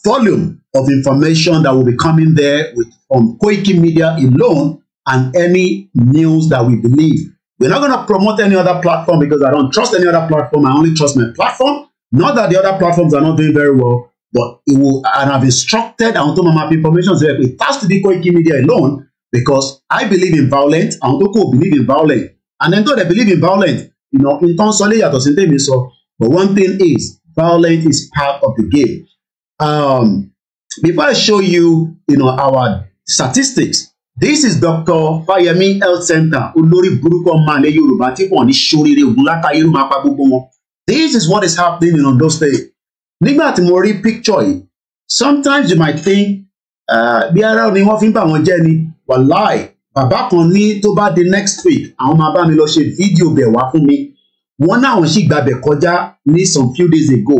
volume of information that will be coming there with from Koiki Media alone and any news that we believe We're not going to promote any other platform because I don't trust any other platform. I only trust my platform. Not that the other platforms are not doing very well, but it will, and I've instructed àwọn tó máa ma fi permission it has to be Koiki Media alone because I believe in violence. Àwọn tó kò believe in violence. And then though they believe in violence, you know, in terms of yàtọ̀ sí tèmi sọ, but one thing is, violence is part of the game. Um, before I show you, you know, our statistics, this is Dr. Fayemi Health Center olórí burúkú ọmọ ilẹ̀ Yorùbá tí wọn ní sóríire ògùn látàyè ló máa pa gbogbo wọn this is what is happening in Ondo State nígbà tí mo rí picture yìí sometimes you might think ah, bí ara ni wọ́n fi ń bà wọ́n jẹ́ ni wàláì bàbá kan ní tó bá di next week àwọn máa bá mi lọ ṣe fídíò bẹ̀ wá fún mi wọ́n náà wọ́n sì gbàbẹ̀ kọjá ní some few days ago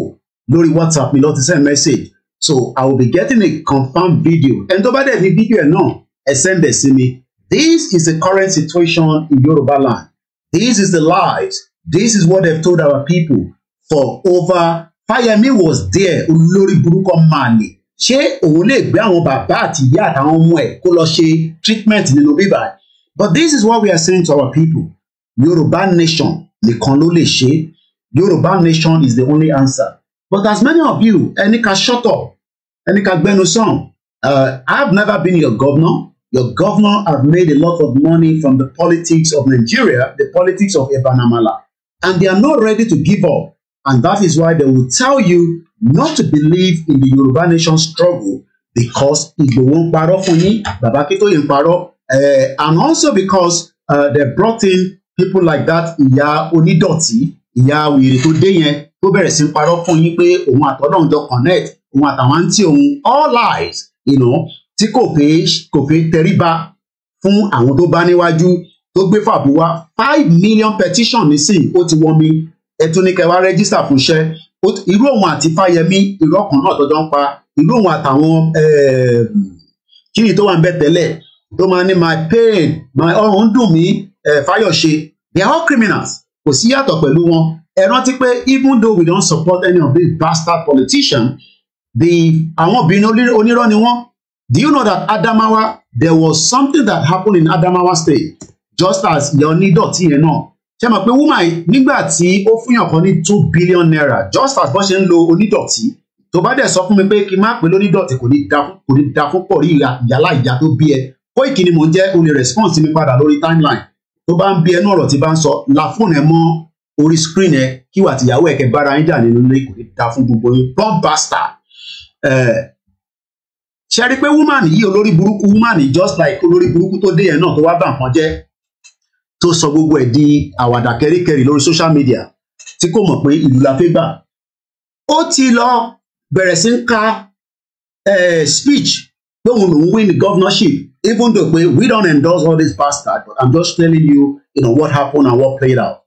lórí WhatsApp mi lọ ti send message so I will be getting a confirmed video ẹni tó bá dẹ̀ ní fídíò ẹ̀ náà ẹ send ẹ this is the current situation in Yoruba land this is the lies this is what they've told our people for over Fáyẹmí was there olórí burúkọ màlè ṣé òun lè gbé àwọn bàbá àti ìyá àtàwọn ọmọ ẹ̀ kó lọ ṣe treatment nínú bíbá but this is what we are saying to our people Yoruba nation nìkan ló lè ṣe Yoruba nation is the only answer but as many of you ẹni ká shut up ẹni ká gbẹnu sàn uh, I have never been your governor Your governor have made a lot of money from the politics of Nigeria, the politics of Ebanamala, and they are not ready to give up. And that is why they will tell you not to believe in the Yoruba nation struggle because Igbowo ń parọ́ fún yín, Bàbá Akintoye ń eh, and also because uh, they brought in people like that Ìyá onidoti, Ìyá Wèrè tó dé yẹn tó bẹ̀rẹ̀ sí parọ́ fún yín connect, òun àtàwọn all lies, you know tí kò pé kò pé tẹríba fún àwọn tó bá níwájú tó gbé fàbúwá five million petition nísìnyí ó ti wọ́n mi ẹtún ní kẹwàá rẹ́gísítà fún iṣẹ́ irú òun àti Fáyẹmí irú ọkàn náà tọjọ ń pa irú òun àtàwọn ehm, kíni tó wà ń bẹ tẹ́lẹ̀ tó máa ní my pain my ọrùn dùn mí eh, Fáyọ̀ṣe they are all criminals kò sí yàtọ̀ pẹ̀lú wọn ẹ rántí pé even though we don't support any of these bastard politicians the àwọn obìnrin onírọ́ ni wọ́n Do you know that Adamawa, there was something that happened in Adamawa state, just as Leonidoti yẹn náà. Ṣé mọ̀ pé woman nígbà tí ó fúnyàn kan ní two billion naira just as bọ́n ṣe ń lo onídọ̀tí tó bá dẹ̀ sọ fún mi pé kí n má pè lónídọ̀tí kò ní da fún pọ̀ rí ìyàlá ìyá tó bí ẹ kó ìkíni mò ń jẹ́ olè response mi padà lórí timeline To bá ń no ẹnu ọ̀rọ̀ tí bá ń sọ la fóònù ẹ mọ́ screen ẹ kí wà tìyàwó ẹ̀kẹ́ bára yín jà nínú ilé kò ní da fún gbogbo yín blockbuster eh, ṣe rí i pé woman yìí olórí burúkú woman just like olórí burúkú tó dé yẹn náà tó wá bà nǹkan jẹ́ tó sọ gbogbo ẹ̀ di àwàdà kẹríkẹrí lórí social media tí kò mọ̀ pé ìlú la fẹ́ gbà ó ti lọ bẹ̀rẹ̀ sí ń ka speech pé òun òun win the governorship even though pé we don't endorse all this bastard but i'm just telling you, you know, what happened and what played out.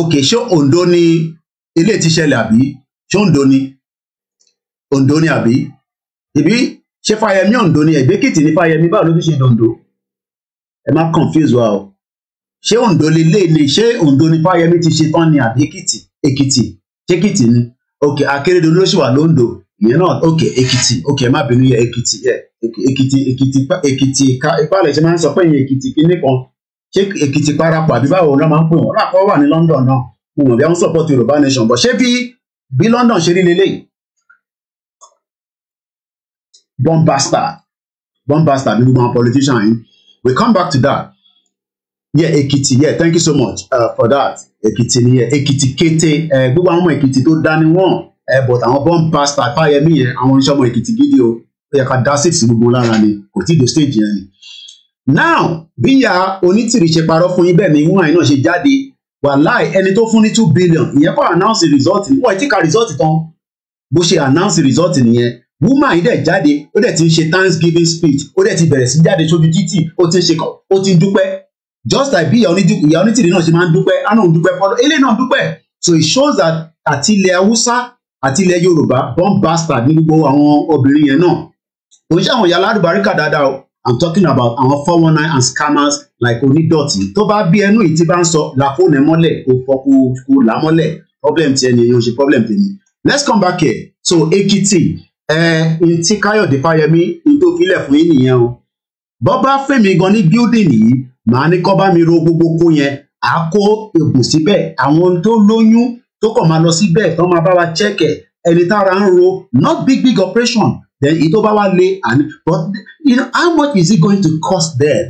ok ṣé Ondo ni ilé ti ṣẹlẹ̀ àbí ṣé Ondo ni Ondo ni àbí ìbí ṣé Fáyẹmí Ondo ni ẹgbẹ́kìtì ní Fáyẹmí báwo ló fi ṣe dondo ẹ má confuse wa o ṣé Ondo lélẹ ni ṣé Ondo ni Fáyẹmí ti ṣe tán ni àbí Èkìtì Èkìtì ṣèkìtì ni ok Akérédolú ló sì wà lóńdó ìyẹn náà ok Èkìtì ok ẹ má bínú yẹ Èkìtì yẹ Èkìtì Èkìtì Èkìtì ìpàlẹ̀ ṣe máa ń sọ pé ìyẹn Èkìtì kínní kan ṣé Èkìtì parapọ̀ àbí báwo ló máa ń pè wọ́n lápá wà ní London náà mo mọ̀ bí wọ́n support Yorùbá nation bọ̀ ṣé bí bí London ṣe rí lélẹ́yìí Bombaster, bombaster, the gbogbo politician we come back to that yeah Ekiti. yeah thank you so much uh, for that Èkìtì ni yeah Èkìtì kété uh, gbogbo àwọn ọmọ Èkìtì tó dání wọn uh, but àwọn bombastar Fáyẹmí yẹn àwọn oníṣẹ́ ọmọ Èkìtì gidi o ó yẹ ká dá sí ìsìn gbogbo lára ni kò tí ì dé stage yẹn ni now bíyà Onítìrì ṣe parọ́ fún yín bẹ́ẹ̀ ni wúhàn yìí náà ṣe jáde wàláì ẹni tó fún ní two billion ìyẹn kọ́ announce result wọ́n ti ka result tán bó ṣe announce result nìyẹn woman yìí dẹ̀ jáde ó dẹ̀ ti ń ṣe thanksgiving speech ó dẹ̀ ti bẹ̀rẹ̀ sí jáde sójú títì ó ti ń ṣe kàn ó ti ń dúpẹ́ just like bí ìyá onítìrí náà ṣe máa ń dúpẹ́ àná òun dúpẹ́ fọlọ́ ilé náà dúpẹ́ so it shows that àti ilẹ̀ haúsá àti ilẹ̀ yorùbá born bastard ní gbogbo àwọn obìnrin yẹn náà kò ń ṣe àwọn ìyá aládùbáríkà dáadáa o i'm talking about àwọn four one nine and scammers like onídọ̀tí tó bá bí ẹnu yìí bá ń sọ la fóònù ẹ mọ́lẹ̀ kó fọ́ kó kó problem tiẹ̀ ni èèyàn ṣe problem tèmi let's come back here so Ekiti ẹ n tí káyọ̀dé fáyemí n tó filẹ̀ fún yín nìyẹn o bọ́ bá fèmí gan ní building yìí màá ní kọ́ bá mi ro gbogbo kó yẹn à á kó ègùn síbẹ̀ àwọn tó lóyún tó kàn máa lọ síbẹ̀ tó máa bá wa chẹ́kẹ̀ ẹni tára ń ro not big big operation then ìtò bá wa lé àní but you know, how much is it going to cost them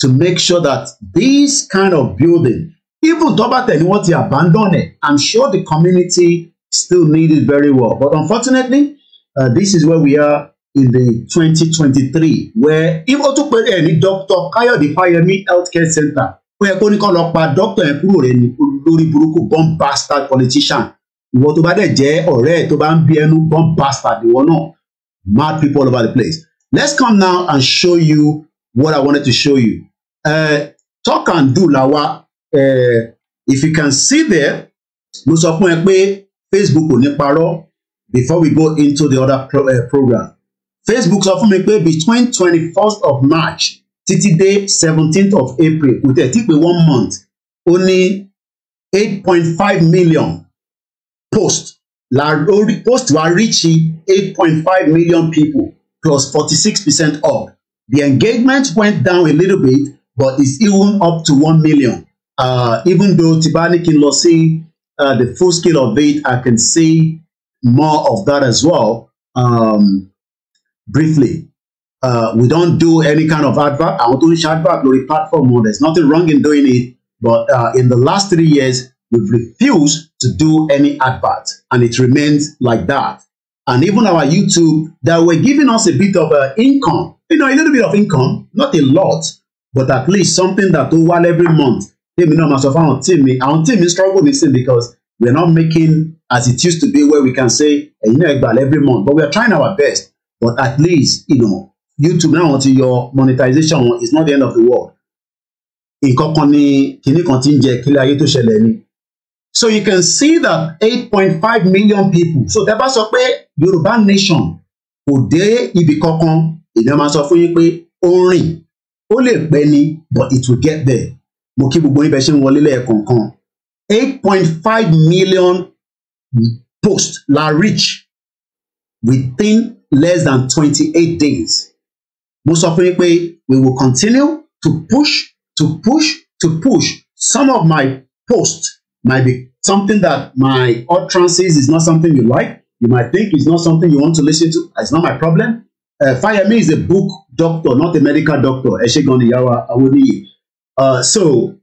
to make sure that this kind of building even tó bá tẹ̀ ni wọ́n ti abandon it I'm sure the community still need it very well but unfortunately uh, this is where we are in the 2023 where if ó tún péré ẹ̀ ní Dr. Kayode Fayemi healthcare center ó yẹ kó ní kó lọ pa doctor ẹ̀ kúrò rẹ̀ ní olórí burúkú bomb bastard politician ìwọ tó bá dẹ̀ jẹ́ ọ̀rẹ́ ẹ̀ tó bá ń bí ẹnu bomb bastard ìwọ náà mad people all over the place let's come now and show you what I wanted to show you uh, talk and do lawa. uh, if you can see there mo sọ fún ẹ pé Facebook ò ní parọ́ before we go into the other pro uh, program Facebook sọ fún mi pé between twenty first of March títí dé seventeenth of April kò tẹ̀ tí pé one month ó ní eight point five million post la lórí post wa reach eight point five million people plus forty-six percent up the engagement went down a little bit but it's even up to one million uh, even though tí bá ní kí n ah, the full scale of it I can see more of that as well um, briefly. Uh, we don't do any kind of advert. want tó ń ṣe on the platform there's nothing wrong in doing it. But uh, in the last three years, we've refused to do any advert, and it remains like that. And even our YouTube, that were giving us a bit of uh, income, you know, a little bit of income, not a lot, but at least something that do well every month. Even though myself, our team, our team is struggling because we're not making as it used to be where we can say ẹ̀yin náà gbà every month but we are trying our best but at least you know, YouTube now ti your monetization is not the end of the world nǹkan kan ni kini kan ti ń jẹ kílẹ̀ ayé tó ni so you can see that eight point five million people so tẹ́ bá sọ pé Yorùbá nation kò dé ibì kankan èèyàn máa sọ fún yín pé ó ń rìn ó lè pẹ́ ni but it will get there mo kí gbogbo yín bẹ ṣe ń wọlé lẹ́ẹ̀kọ̀ọ̀kan eight point five million post La reach within less than twenty-eight days. Most of the way we will continue to push to push to push some of my posts might be something that my utterances is not something you like you might think it's not something you want to listen to it's not my problem uh, me is a book doctor not a medical doctor uh, so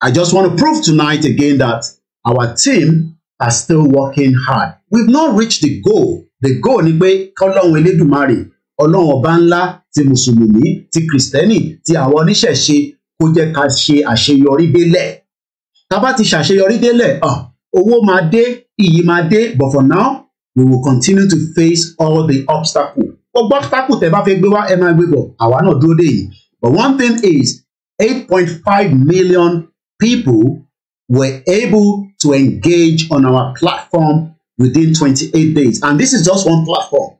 I just want to prove tonight again that our team are still working hard we've not reached the goal the goal ni pé kọ́lọ́hún elédùnmarè ọlọ́run ọba ńlá ti mùsùlùmí ti kìrìsìtẹ́nì ti àwọn oníṣẹ̀ṣe kó jẹ́ ká ṣe àṣeyọrí délẹ̀ tá bá ti ṣàṣeyọrí délẹ̀ owó máa dé iyì máa dé but for now we will continue to face all the obstacles gbogbo obstacle tẹ́ bá fẹ́ gbé wá ẹ máa gbé bọ̀ àwa náà dúró dé yìí but one thing is eight point five million people were able to engage on our platform within 28 days. And this is just one platform.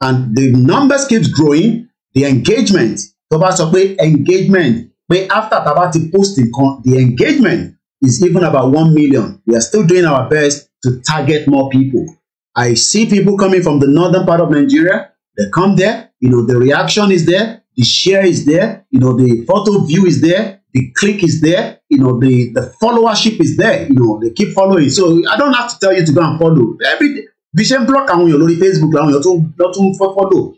And the numbers keeps growing. The engagement, tó bá sọ engagement, but after tá bá ti the engagement is even about 1 million. We are still doing our best to target more people. I see people coming from the northern part of Nigeria. They come there, you know, the reaction is there, the share is there, you know, the photo view is there, the click is there, you know, the, the followership is there, you know, they keep following. So I don't have to tell you to go and follow. Every day, Bishop block on your lórí Facebook on your tó lọ follow.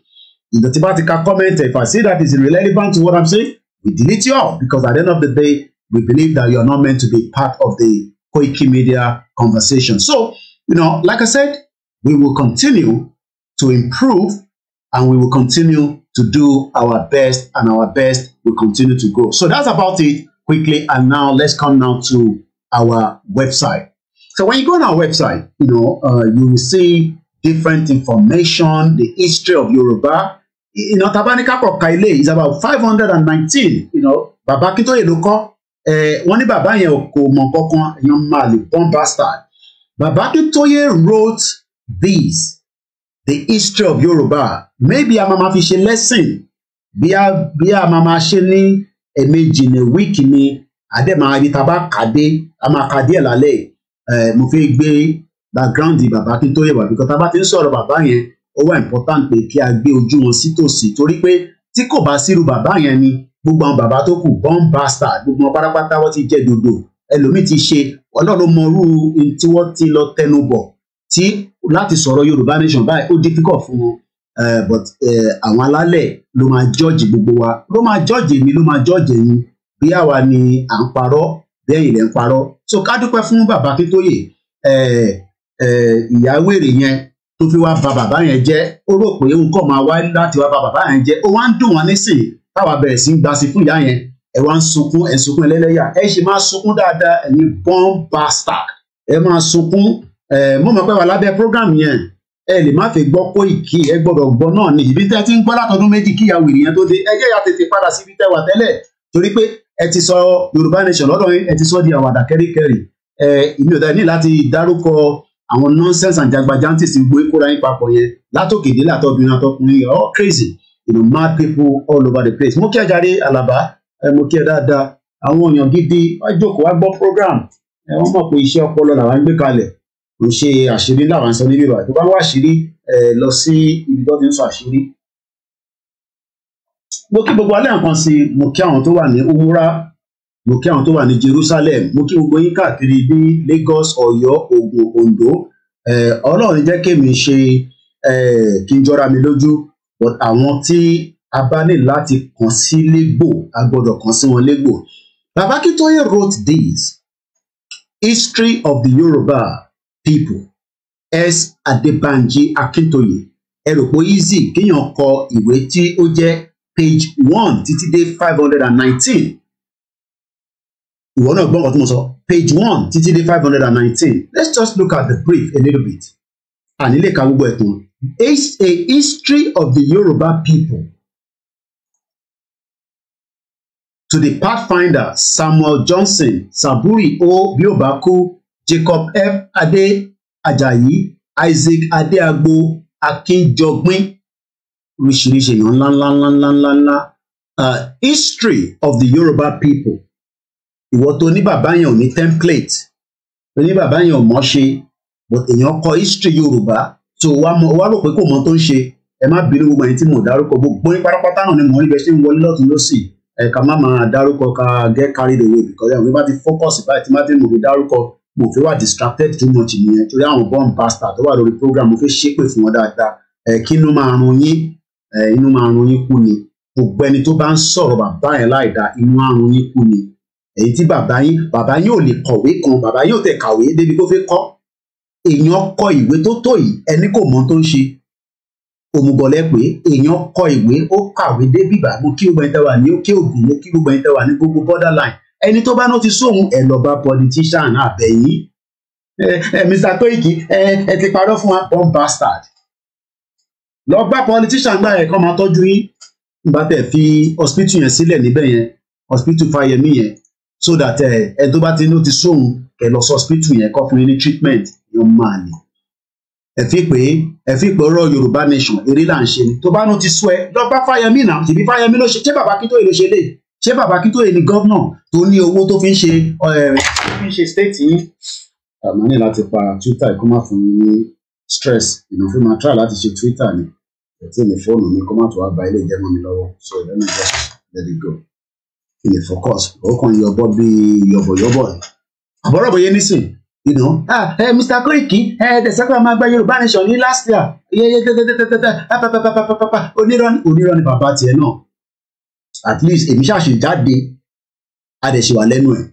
In the ti comment if I see that is irrelevant to what I'm saying, we delete you all because at the end of the day, we believe that you're not meant to be part of the Koiki Media conversation. So, you know, like I said, we will continue to improve and we will continue to do our best and our best will continue to grow. So that's about it quickly. And now let's come now to our website. So when you go on our website, you know, uh, you will see different information, the history of Yoruba. You know, Tabanika Kaile is about 519, you know, Baba Kitoye ló kọ́, eh, wọ́n ní bàbá yẹn kò mọ̀ kankan, wrote this, the history of Yoruba. Maybe a máa fi ṣe lesson bí a bí a máa máa ṣe ní ẹ̀ẹ̀mejì ní wíìkì ni àdé máa rí taba kàdé a máa kàdé ẹ̀ lálẹ́ ẹ̀ mo fẹ́ gbé background bàbá kí n tó yẹ wà bí kọ́tà bá ti ń sọ̀rọ̀ bàbá yẹn ó wà important pé kí a gbé ojú wọn sítòsí torí pé tí kò bá sírú bàbá yẹn ni gbogbo àwọn bàbá tó kù born bastard gbogbo wọn pátápátá wọn ti jẹ dodo ẹlòmíì ti ṣe ọlọ́run mọrú tí wọ́n ti lọ tẹnu bọ̀ tí láti sọ̀rọ̀ Yorùbá nation báyìí ó difficult fún wọn Eh, but eh, àwọn uh, alálẹ̀ ló máa jọ́ọ̀jì gbogbo wa ló máa jọ́ọ̀jì èmi ló máa jọ́ọ̀jì ẹ̀yin bí àwa ni à ń parọ́ bẹ́ẹ̀ ilẹ̀ ń parọ́ so ká dúpẹ́ fún bàbá Akíntóyè eh, ìyá wèrè yẹn tó fi wá ba bàbá yẹn jẹ́ ó rò pé òun kọ́ máa wá láti wá ba bàbá yẹn jẹ́ ó wá ń dùn wọn nísìn táwa bẹ̀rẹ̀ sí ń gba sí fún ìyá yẹn ẹ wá ń sunkún ẹ sunkún ẹlẹ́lẹ́yà ẹ ṣe máa sunkún dáadáa ẹ̀yin born bastard ẹ máa sunkún mọ̀mọ́ wà lábẹ́ program yẹn ẹ lè má fi gbọ́ pé ìkí ẹ gbọ́dọ̀ gbọ́ náà ni ibi tẹ́ ti ń gbọ́ látọdún méjì kí ìyàwó ènìyàn tó dé ẹjẹ́ ìyá tètè padà síbi tẹ́ wà tẹ́lẹ̀ torí pé ẹ ti sọ Yorùbá nation lọ́dọ̀ ẹ ti sọ di àwàdà kẹ́ríkẹ́rì ẹ ìmí ò dá ní láti dárúkọ àwọn nonsense and jagbajantis ti gbé kóra yín papọ̀ yẹn látòkè dé látọbìnrin àtọkùnrin all crazy you know mad people all over the place mo kí ẹ jàre Àlàbá ẹ mo kí ẹ dáadáa àwọn èèyàn gidi wá jókòó wá gbọ́ program ẹ wọ́n mọ̀ pé iṣẹ́ ọpọlọ làwọn gbé kalẹ̀ kò ń ṣe àṣírí làwọn ń sọ nílé ìwà tó bá wà àṣírí ẹ lọ sí ibi tó ti ń sọ àṣírí. mo kí gbogbo alẹ́ nǹkan sí mo kí àwọn tó wà ní umura mo kí àwọn tó wà ní Jerusalem mo kí gbogbo yín káàkiri ní Lagos Ọ̀yọ́ Ogun, Ondo. Ọlọ́run jẹ́ kémi ṣe kí n jọra mi lójú but àwọn tí a bá ní láti kàn sí légbò a gbọ́dọ̀ kàn sí wọn légbò. Babakitoye wrote this history of the Yoruba people s adébánjí akíntóyè ẹ rò pé easy kéèyàn kọ ìwé tí ó jẹ́ page one títí dé five hundred and nineteen ìwọ náà gbọ́n ọ̀tún mo sọ page one títí dé five hundred and nineteen let's just look at the brief a little bit àní lè ka gbogbo It's a history of the Yoruba people to the pathfinder Samuel Johnson Saburi o Biobaku jacob f adé ajayi isaac adéagbo akínjọgbín oríṣiríṣi èèyàn ńláńlá ńláńlá uh, history of the Yoruba people ìwọ tó ní bàbá yẹn ò ní template tó ní bàbá yẹn ò mọ̀ ṣe but èèyàn kọ history yorùbá tó wá mọ̀ wá rò pé kò mọ̀ tó ń ṣe ẹ má bínú gbogbo ẹni tí mo dárúkọ gbogbo ní pátápátá náà ni mò ń rí ń wọlé lọ́tún lọ́sì ẹ ká má máa dárúkọ ká get carried away because ẹ ò bá ti focus báyìí tí má ti mò ń dárúkọ mo fẹ́ wà distracted too much nìyẹn torí àwọn born pastor tó wà lórí program mo fẹ́ ṣépè fún wọn dáadáa ẹ kí inú máa run yín ẹ inú máa run yín kú ni gbogbo ẹni tó bá ń sọ̀rọ̀ bàbá yẹn láì dáa inú á run yín kú ni èyí tí bàbá yín bàbá yín ò lè kọ̀wé kan bàbá yín ò tẹ̀ kàwé débi tó fẹ́ kọ́ èèyàn kọ ìwé tó tó yìí ẹni kò mọ tó ń ṣe òmùbọ̀lẹ́ pé èèyàn kọ ìwé ó kàwé débi bàbá kí gbogbo ẹni tẹ́ wà ní kí ògùn ó kí gbogbo ẹni tẹ́ wà ní gbogbo borderline ẹni tó bá notice òun ẹ lọ bá politician àbẹ̀yìn Mr. Koiki ẹ ti parọ́ fún wa one bastard lọ bá politician gbà ẹ̀kọ́ máa tọ́jú yín nígbà tẹ̀ fi hospital yẹn sílẹ̀ níbẹ̀ yẹn hospital Fáyẹmí yẹn so that ẹni tó bá ti notice òun kẹ lọ sí hospital yẹn kọ́ fún yín ní treatment yóò máa nìyẹn ẹ fi pé ẹ fi pé ọ̀rọ̀ yorùbá nation eré là ń ṣe ni tó bá nu ti sọ ẹ lọ bá fáyemí náà tìbí fáyemí ló ṣe ṣé bàbá kí tó èlò ṣe lè ṣé bàbá Akíntóyè ni gọ́vnà tó ní owó tó fi ń ṣe tó fi ń ṣe yín. àmọ́ ní láti pa twitter kó má fún mi ní stress ìnáwó fún mi máa try láti ṣe twitter ni ẹtí ní fóònù mi kó má tó wá ba ilé ìjẹun mi lọ́wọ́ so let me just let it go kí ni focus ó kàn yọbọ bíi yọbọyọbọ àbọ̀rọ̀bọ̀yé nísìn you know ah hey, Mr. Koiki tẹ̀síkọ́ máa gba Yorùbá nation ní last year yeye tẹ́tẹ́tẹ́tẹ́tẹ́ onírọ́ni onírọ́ni bàbá tiẹ̀ náà at least èmi ṣàṣì jáde a dẹ̀ ṣe wà lẹ́nu ẹ̀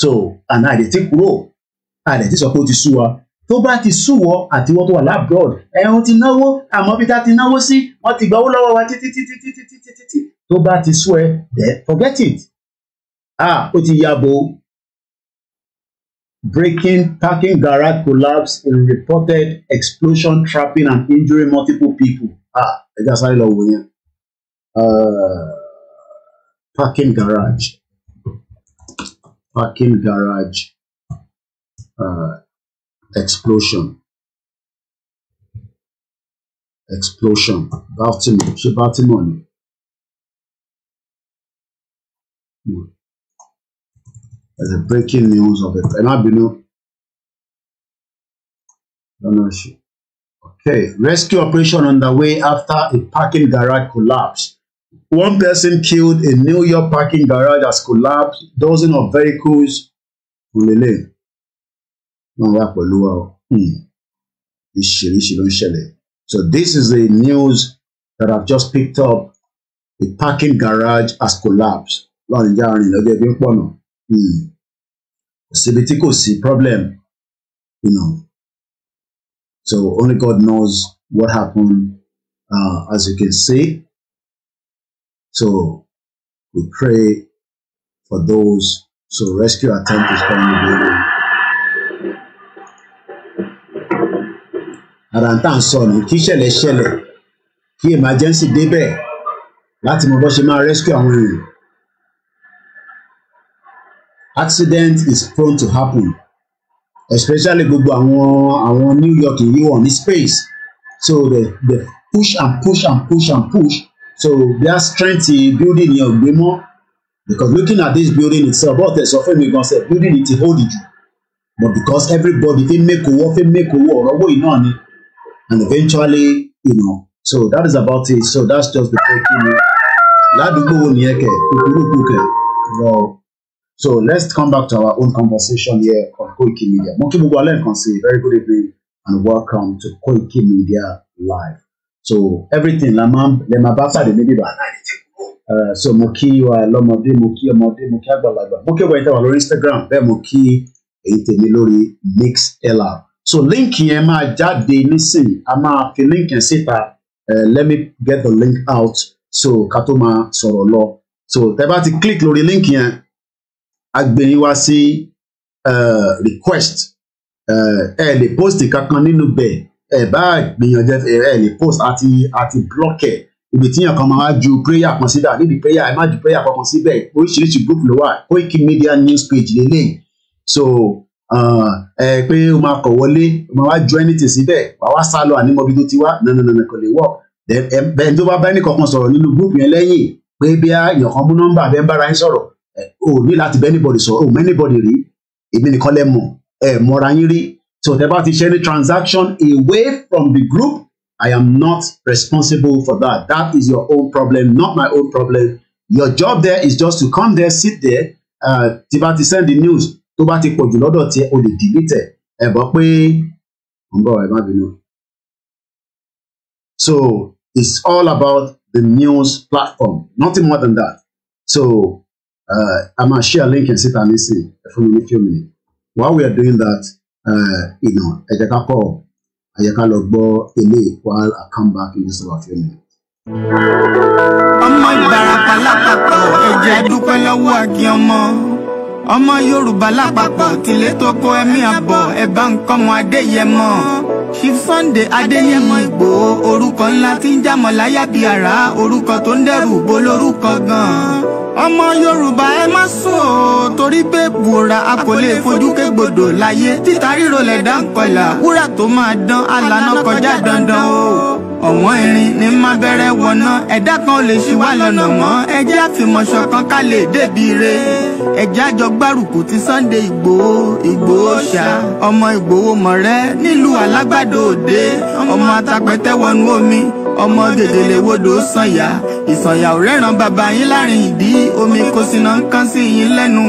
so àná àdè ti kúrò àdè ti sọ pé ó ti sú wa tó bá ti sú wọ àti wọ́n tó wà lábroad ẹ̀hún ti náwó àmọ́ bí tá ti náwó sí wọ́n ti gbà owó lọ́wọ́ wa títí títí títí títí títí tó bá ti sú ẹ dẹ̀ forget it ah ó ti ya breaking parking garage collapse in reported explosion trapping and injuring multiple people ah ẹ já sáré lọ wò yẹn. Uh, parking garage parking garage uh, explosion explosion Baltimore she Baltimore ni as a breaking news of it ẹ má bínú lọ́nà ṣe okay rescue operation underway after a parking garage collapsed. One person killed in New York parking garage has collapsed. Dozens of vehicles. Hmm. So this is the news that I've just picked up. The parking garage has collapsed. Lọ́run hmm. problem. You know. So only God knows what happened. Uh, as you can see, So we pray for those. So rescue attempt is currently being on. Ara ń tà ń sọ ni kí ìṣẹ̀lẹ̀ ṣẹlẹ̀ kí emergency débẹ̀ láti mọ bó ṣe máa rescue àwọn èèyàn. Accident is prone to happen especially gbogbo àwọn àwọn New York yìí wọ̀ ní space so they they push and push and push and push so bí strength in building your ò because looking at this building itself bọ́ọ̀tẹ̀ the fún mi gan sẹ́ building ti hold you, but because everybody fit make owó fit make owó ọ̀rọ̀ owó yìí náà ni and eventually you know so that is about it so that's just the thing you know ládùúgbò wo nìyẹn kẹ kúkúrúkú kẹ lọ so let's come back to our own conversation here on Koiki Media mo kí gbogbo alẹ́ nǹkan sí very good evening and welcome to Koiki Media Live so everything la máa le máa bá pàdé níbi ìbàdàn àìtì uh, so mo kí wa lọ́mọdé mo kí ọmọdé mo kí àgbàlagbà mo kí ọgbà ìtawà lórí Instagram bẹ́ẹ̀ mo kí èyí tèmi lórí MixLR so líǹkì yẹn máa jáde nísìnyí a máa fi líǹkì yẹn síta uh, let me get the link out so ká tó máa sọ̀rọ̀ lọ so tẹ́ bá ti click lórí líǹkì yẹn a gbé yín wá sí uh, request ẹ lè post kankan nínú bẹ́ẹ̀ ẹ bá gbìyànjú ẹ lè post àti àti block ẹ ibi tíyàn kan máa ju prayer kan síbẹ̀ àbíbi prayer ẹ má ju prayer kankan síbẹ̀ oríṣiríṣi group ló wà Koiki Media news page lélẹ́yìn so ẹ pé o máa kọ̀ wọlé o máa wá ju anything síbẹ̀ wàá wá sálọ ànímọ́bí tó ti wá nananana kò lè work bẹ́ẹ̀ tó bá bá ẹnì kankan sọ̀rọ̀ nínú group yẹn lẹ́yìn pé bí a èèyàn kan mú nọ́mbà bẹ́ẹ̀ ń bára yín sọ̀rọ̀ o ní láti bẹ́ẹ̀ anybody sọ̀rọ̀ o mẹ́nibọ̀dì rí èmi nìkan lẹ mọ̀ ẹ mọ́ra yín rí So tẹ́ bá ti ṣe any transaction away from the group, I am not responsible for that. That is your own problem, not my own problem. Your job there is just to come there, sit there. Uh, tí bá send the news, tó bá ti pọ̀jù lọ́dọ̀ tí o lè delete ẹ̀ bọ́ pé ń bọ̀ ẹ̀ má bínú. So it's all about the news platform, nothing more than that. So uh, I'm gonna share a link and sit and listen for a few minutes. While we are doing that, You eh, know, ẹ jẹ́ ká pọ̀ ẹ jẹ́ ká lọ gbọ́ eléyìí while I come back in just about three minutes. ọmọ Ìbàràpá lápapọ̀ ẹ̀jẹ̀ dúpẹ́ lọ́wọ́ àgé ọmọ ọmọ Yorùbá lápapọ̀ tìlé toko ẹ̀mí àbọ̀ ẹ̀bá nkọ́mọ Adéyẹmọ Sunday Adéyẹmọ Ìgbòho orúkọ ńlá tí ń jámọ̀ láyà bí ara orúkọ tó ń dẹrù bo lórúkọ gan-an ọmọ Yorùbá ẹ má sùn o torí pé bùrà a kò lè fojú kégbodò láyé títa ríro lẹ̀dá ń kọlà wúrà tó máa dán alànà kọjá dandan o ọ̀wọ́n irin ní má bẹ̀rẹ̀ wọ̀nà ẹ̀dá kan ò lè ṣì wá lọ́nà mọ́ ẹjẹ́ àfìmọ̀ṣọ kan ká lè débi re ẹjẹ́ àjọ gbárùkù ti Sunday Ìgbòho Ìgbòho ṣá ọmọ Ìgbòho mọ̀rẹ́ nílùú alágbàdo òde ọmọ atapẹ̀tẹ̀ wọnú omi ọmọ gèdèlè wodò sànyà ìsànyà ò rẹ́ràn bàbá yín láàrin ìdí omi kò sínà ń kán sí yín lẹ́nu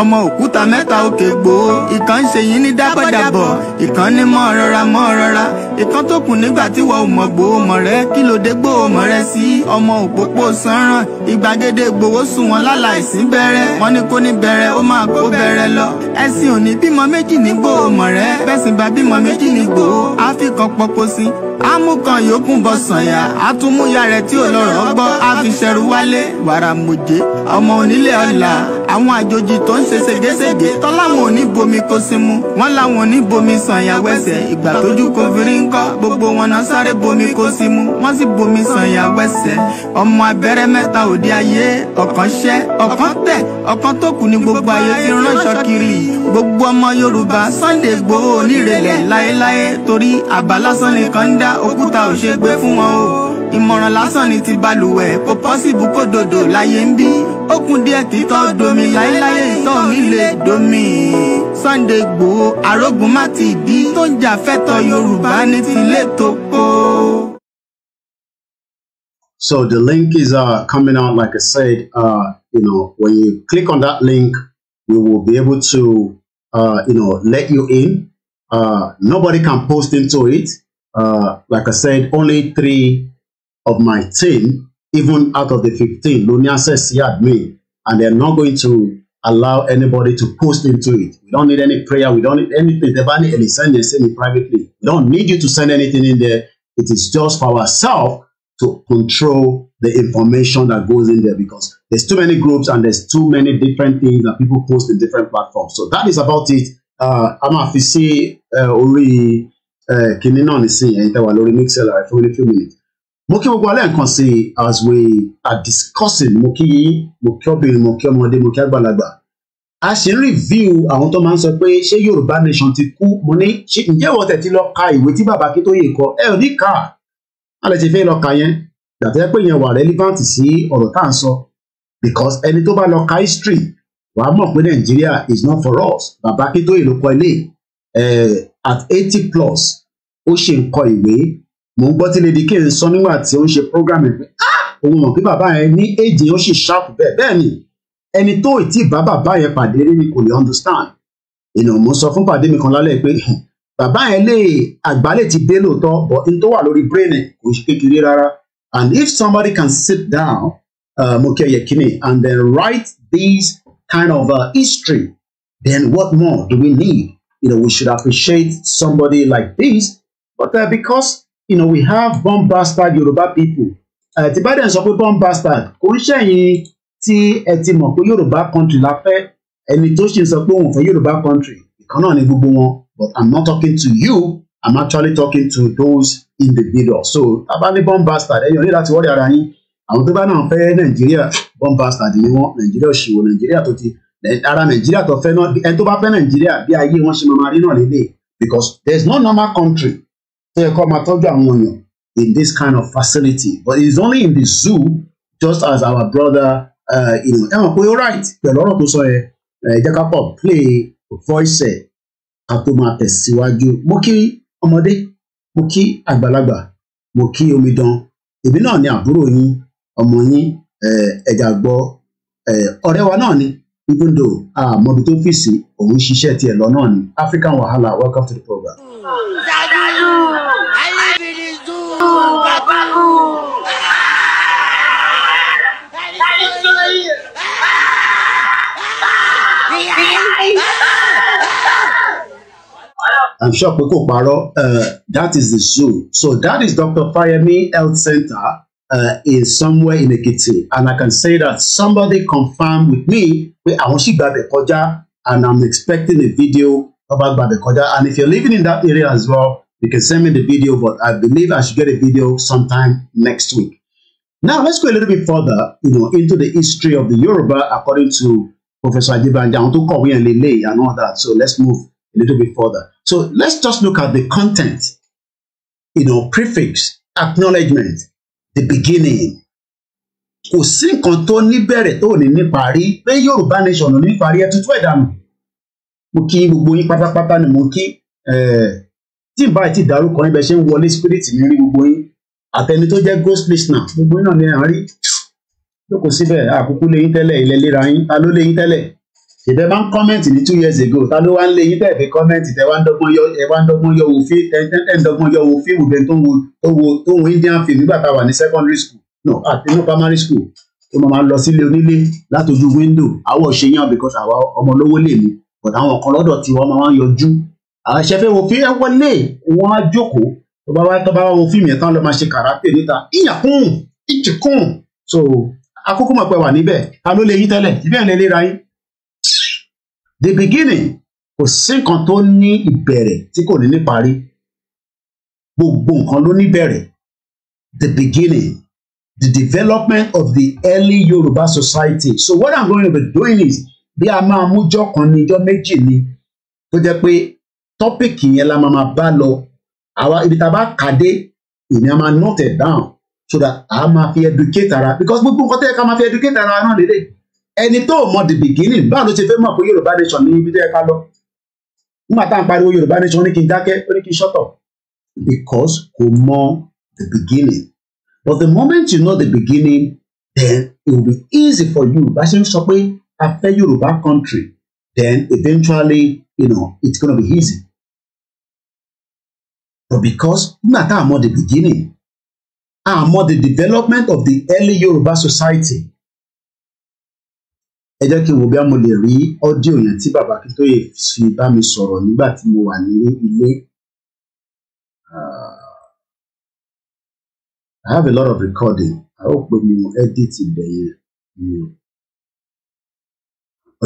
ọmọ òkúta mẹ́ta òkè gbòó ìkan ń ṣe yín ní dábọ̀dàbọ̀ ìkan ní mọ́ rọra mọ́ rọra ìkan tó kù nígbà tí wọ́n mọ̀ gbòòmọ̀ rẹ kí ló dé gbòòmọ̀ rẹ sí ọmọ òpópó sanran ìgbàgede gbowó sùn wọn láláìsí bẹ̀rẹ̀ wọn ní kó ní bẹ̀rẹ̀ ó máa kó bẹ̀rẹ̀ lọ ẹ̀sìn ò ní bímọ méjì ní gbòòmọ̀ rẹ bẹ́sìn bá bímọ méjì ní gbòó àfikàn pọpọ sí amúkan yòókù bọ sànyà àtúmúyà rẹ tí ò lọ́rọ̀ gbọ́ àfiṣẹrù wálé wàrà mòjé ọmọ onílé ọlà àwọn àjòjì tó ń ṣe ségesège tọ́láwọn ò ní bomi kó símú wọn láwọn ò ní bomi sànyà wẹsẹ̀ ìgbà tójú kò fi rí ń ńkọ́ gbogbo wọn náà sáré bomi kó sí mu wọ́n sì bomi sànyà wẹ́sẹ̀ ọmọ abẹ́rẹ́ mẹ́ta òde ayé ọ̀kan ṣẹ́ ọ̀kan tẹ̀ ọ̀kan tó kù ní gbogbo ayé ti ránṣọ kiri gbogbo ọmọ Yorùbá Sunday Igboho onírèlẹ̀ láéláé torí àbá lásán nìkan ń dá òkúta ò ṣe gbé fún wọn o ìmọ̀ràn lásán ni ti balùwẹ̀ kò pọ́sìbù kó dòdò láyé ń bí ó díẹ̀ títọ́ domi láéláyé ìtọ́ mi lè domi Sunday Igboho arógun má ti dí tó ń jà fẹ́tọ̀ Yorùbá ni. ní ti létò So the link is uh, coming out, like I said, uh, you know, when you click on that link, we will be able to, uh, you know, let you in. Uh, nobody can post into it. Uh, like I said, only three of my team, even out of the 15, Lunia says, yeah, me, and they're not going to allow anybody to post into it. We don't need any prayer. We don't need anything. Devani Eli, send and send it privately. We don't need you to send anything in there. It is just for ourselves to control the information that goes in there because there's too many groups and there's too many different things that people post in different platforms. So that is about it. Uh, I'ma Amafisi uh, Ori uh, Kininonisi, eh, Mixer eh, for a few minutes. mo kí gbogbo alẹ́ nǹkan sí as we are discussing mo kí yín mo kí obìnrin mo kí ọmọdé mo kí àgbàlagbà a sì ń review àwọn tó máa ń sọ pé ṣé yorùbá nation ti kú mo ní ǹjẹ́ ìwọ tẹ̀ ti lọ ka ìwé tí bàbá Akíntóyè kọ ẹ ò ní kà á a lè ṣe fẹ́ lọ ka yẹn dàtẹ́ pé yẹn wà relevant sí ọ̀rọ̀ tá à ń sọ because ẹni tó bá lọ ka history wàá mọ̀ pé nàìjíríà is not for us bàbá Akíntóyè ló kọ ilé at eighty plus ó ṣe ń kọ ìwé mò ń gbọ́ tí lady k ń sọ nígbà tí ó ń ṣe program ẹ̀ pé ah! òun mọ̀ pé bàbá yẹn ní èjì ó sì ṣàpù bẹ́ẹ̀ bẹ́ẹ̀ ni ẹni tó ì tí bá bàbá yẹn pàdé rí ni kò lè understand èèyàn mo sọ fún pàdé mi kan lálẹ́ pé bàbá yẹn lè àgbálẹ̀ ti dé lóòótọ́ but n tó wà lórí brain ẹ̀ kò ṣe kékeré rárá and if somebody can sit down uh, mokeye kini and then write these kind of uh, history then what more do we need you know we should appreciate somebody like this but uh, because you know, we have born bastard Yoruba people. Uh, tí bá dẹ̀ sọ pé born bastard kò ń ṣẹ̀yìn tí ẹ ti mọ̀ pé Yorùbá country la fẹ́ ẹni tó ṣe sọ pé òun fẹ́ Yorùbá country ìkan náà ni gbogbo wọn but I'm not talking to you I'm actually talking to those individuals so abali born bastard ẹ̀yọ́ ní láti wọ́ọ̀rì ara yín àwọn tó bá náà fẹ́ Nàìjíríà born bastard ni wọ́n Nàìjíríà òṣìwò Nàìjíríà tó ti ara Nàìjíríà tó fẹ́ náà ẹni tó bá fẹ́ Nàìjíríà bí ayé wọn ṣe máa rí náà lélẹ̀ because there is no normal country tó come kó máa tọ́jú in this kind of facility but it's only in the zoo just as our brother uh, ẹ mọ̀ pé right pẹ̀lú ọ̀rọ̀ tó sọ yẹn jẹ́ ká pọ̀ play voice ẹ̀ ká tó máa tẹ̀síwájú mo kí ọmọdé mo kí àgbàlagbà mo kí omidan èmi náà ni àbúrò yín ọmọ yín ẹ̀jà gbọ́ ọ̀rẹ́ wa náà ni even though àmọ́bi tó fèsì òun ṣiṣẹ́ tiẹ̀ lọ náà ni African Wahala welcome to the program. Jadu, I Babalu. I'm sure pé kò parọ́ uh, that is the zoo so that is Dr. Fireme Health Center uh, is somewhere in Ekiti and I can say that somebody confirmed with me I àwọn sì gbàgbé kọjá and I'm expecting a video Oba Babe Koja. And if you're living in that area as well, you can send me the video, but I believe I should get a video sometime next week. Now, let's go a little bit further, you know, into the history of the Yoruba according to Professor Ajibanja, Ontukowi and Lele and all that. So let's move a little bit further. So let's just look at the content, you know, prefix, acknowledgement, the beginning. Kò sí nǹkan tó ní bẹ̀rẹ̀ tó ní ní parí pé Yorùbá nation ò ní parí ẹ̀ tuntun ẹ̀dá mi mo kí gbogbo yín pátápátá ni mo kí tí ìbá ti dárúkọ níbẹ ṣe ń wọlé spirit mi rí gbogbo yín àtẹni tó jẹ́ ghost listener gbogbo yín náà ni à ń rí lóko síbẹ̀ àkókò lẹ́yìn tẹ́lẹ̀ ilẹ̀ léra yín ta ló lẹ́yìn tẹ́lẹ̀ ìbẹ máa ń comment. ní two years ago ta ló wá ń lẹ́yìn tẹ́ fi kọ́mẹ̀ntì tẹ́ wá ń dọ́gbọ́n yọ ẹ wá ń dọ́gbọ́n yọ wò fí ẹ ń dọ́gbọ́n yọ wò fíìmù bẹ́ẹ̀ tó ń wo tó wo tó wo Indian film nígbà tá a wà ní secondary school no àti ní primary school tó máa lọ sílé onílé látòjú window àwọ̀ ṣe yàn because àwa ọmọ olówó lè mi bọ̀dà àwọn kan lọ́dọ̀ tí wọ́n máa ń yọjú àṣẹ fẹ́ wo fi ẹ wọlé wọ́n á jókòó tó bá wá tó bá wá wo fíìmù yẹn tán lọ máa ṣe kàràpè níta ìyàkùn ìjìkùn so akókó mọ̀ pé wà níbẹ̀ ta ló lè yí tẹ́lẹ̀ ìbẹ́ẹ̀ lè léra yín the beginning kò sí nǹkan tó ní ìbẹ̀rẹ̀ tí kò ní ní parí gbogbo nǹkan ló ní bẹ̀rẹ̀ the beginning the development of the early Yoruba society so what I'm going to be doing is bí a máa mújọ́ kan ní ijọ́ méjì ni tó jẹ́ pé tọ́pìkì yẹn la máa bá lọ àwa ibi tá a bá kà dé èmi a máa note it down so that a máa fi educate ara because gbogbo nǹkan tó yẹ ká máa fi educate ara náà lédè ẹni tó mọ the beginning báwo ló ṣe fẹ́ mọ̀ pé Yorùbá nation ní ibi tó yẹ ká lọ nígbà tá à ń pariwo Yorùbá nation ó ní kí n dákẹ́ ó ní kí n shut because kò mọ the beginning but the moment you know the beginning then it will be easy for you bá ṣe ń sọ pé After Yoruba country, then eventually, you know, it's going to be easy. But because Nata am the beginning, am the development of the early Yoruba society. Ẹ jẹ́ kí n wo bí a mo lè rí ọ́díò yẹn tí bàbá Akíntóyè fi bá mi sọ̀rọ̀ nígbà tí mo wà ní ilé. Ah, I have a lot of recording. I hope pé mo edit ibẹ̀ yẹn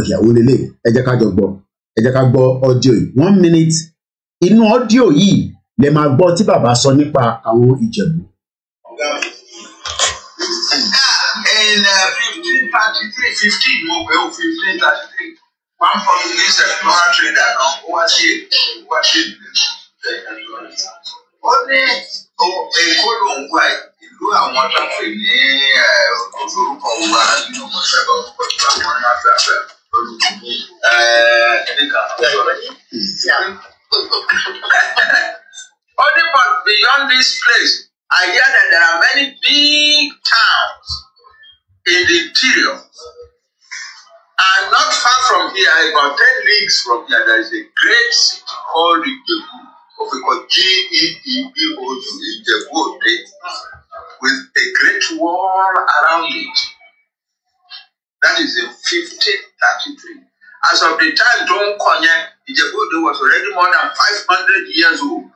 ọ̀yàwó lélẹ̀ ẹ jẹ́ ká jọ gbọ́ ẹ jẹ́ ká gbọ́ ọ́díò yìí one minute inú ọ́díò yìí lè máa gbọ́ tí bàbá sọ nípa àwọn ìjẹ̀bù. fifteen thirty three fifteen mo pè ó fifteen thirty three one Portuguese explorer trader kan ó wá sí èkó wá sí ó ní èkó ló ń wá ìlú àwọn tó ń pè ní orúkọ wa nínú ọ̀sẹ̀ bá ọ̀pọ̀ ìgbà wọn máa fẹ́ fẹ́. Uh, Only but beyond this place, I hear that there are many big towns in the interior. And not far from here, about 10 leagues from here, there is a great city called Ijebu, of G-E-E-B-O-U, with a great wall around it. That is in 1533. As of the time Don Konya, Ijebudo was already more than 500 years old.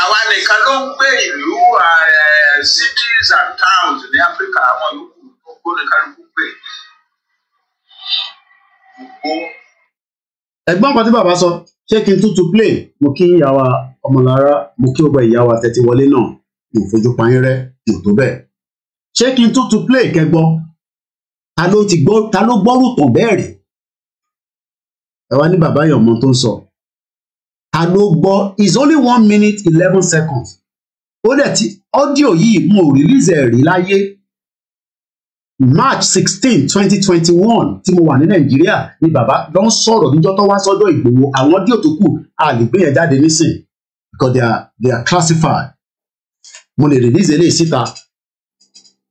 Àwa nìkan ló ń gbé ìlú eh, cities and towns ní Africa. àwọn yòókù gbogbo nìkan ló ń gbé. Ẹ̀gbọ́n kan tí bàbá sọ, ṣé kí n tútù play? Mo kí ìyá wa ọmọlára, mo kí ọgbà ìyá wa tẹ̀tí wọlé náà, mo fojú pa yín rẹ́ kò tó bẹ́ẹ̀ ṣé kí n tútù play kẹgbọ́ ta ló ti gbọ́ ta ló gbọ́rù tàn bẹ́ẹ̀ rí ẹ wá ní bàbá yọ̀mọ tó ń sọ ta ló gbọ́ is only one minute eleven seconds ó dẹ̀ ti ọ́díò yìí mo release ẹ̀ rí láyé march sixteen twenty twenty one tí mo wà ní nàìjíríà ni bàbá lọ ń sọ̀rọ̀ níjọ́ tó wá sọ́dọ̀ ìgbòho àwọn ọ́díò tó kù a lè gbé yẹn jáde nísìn because they are they are classified mo lè release eléyìí síta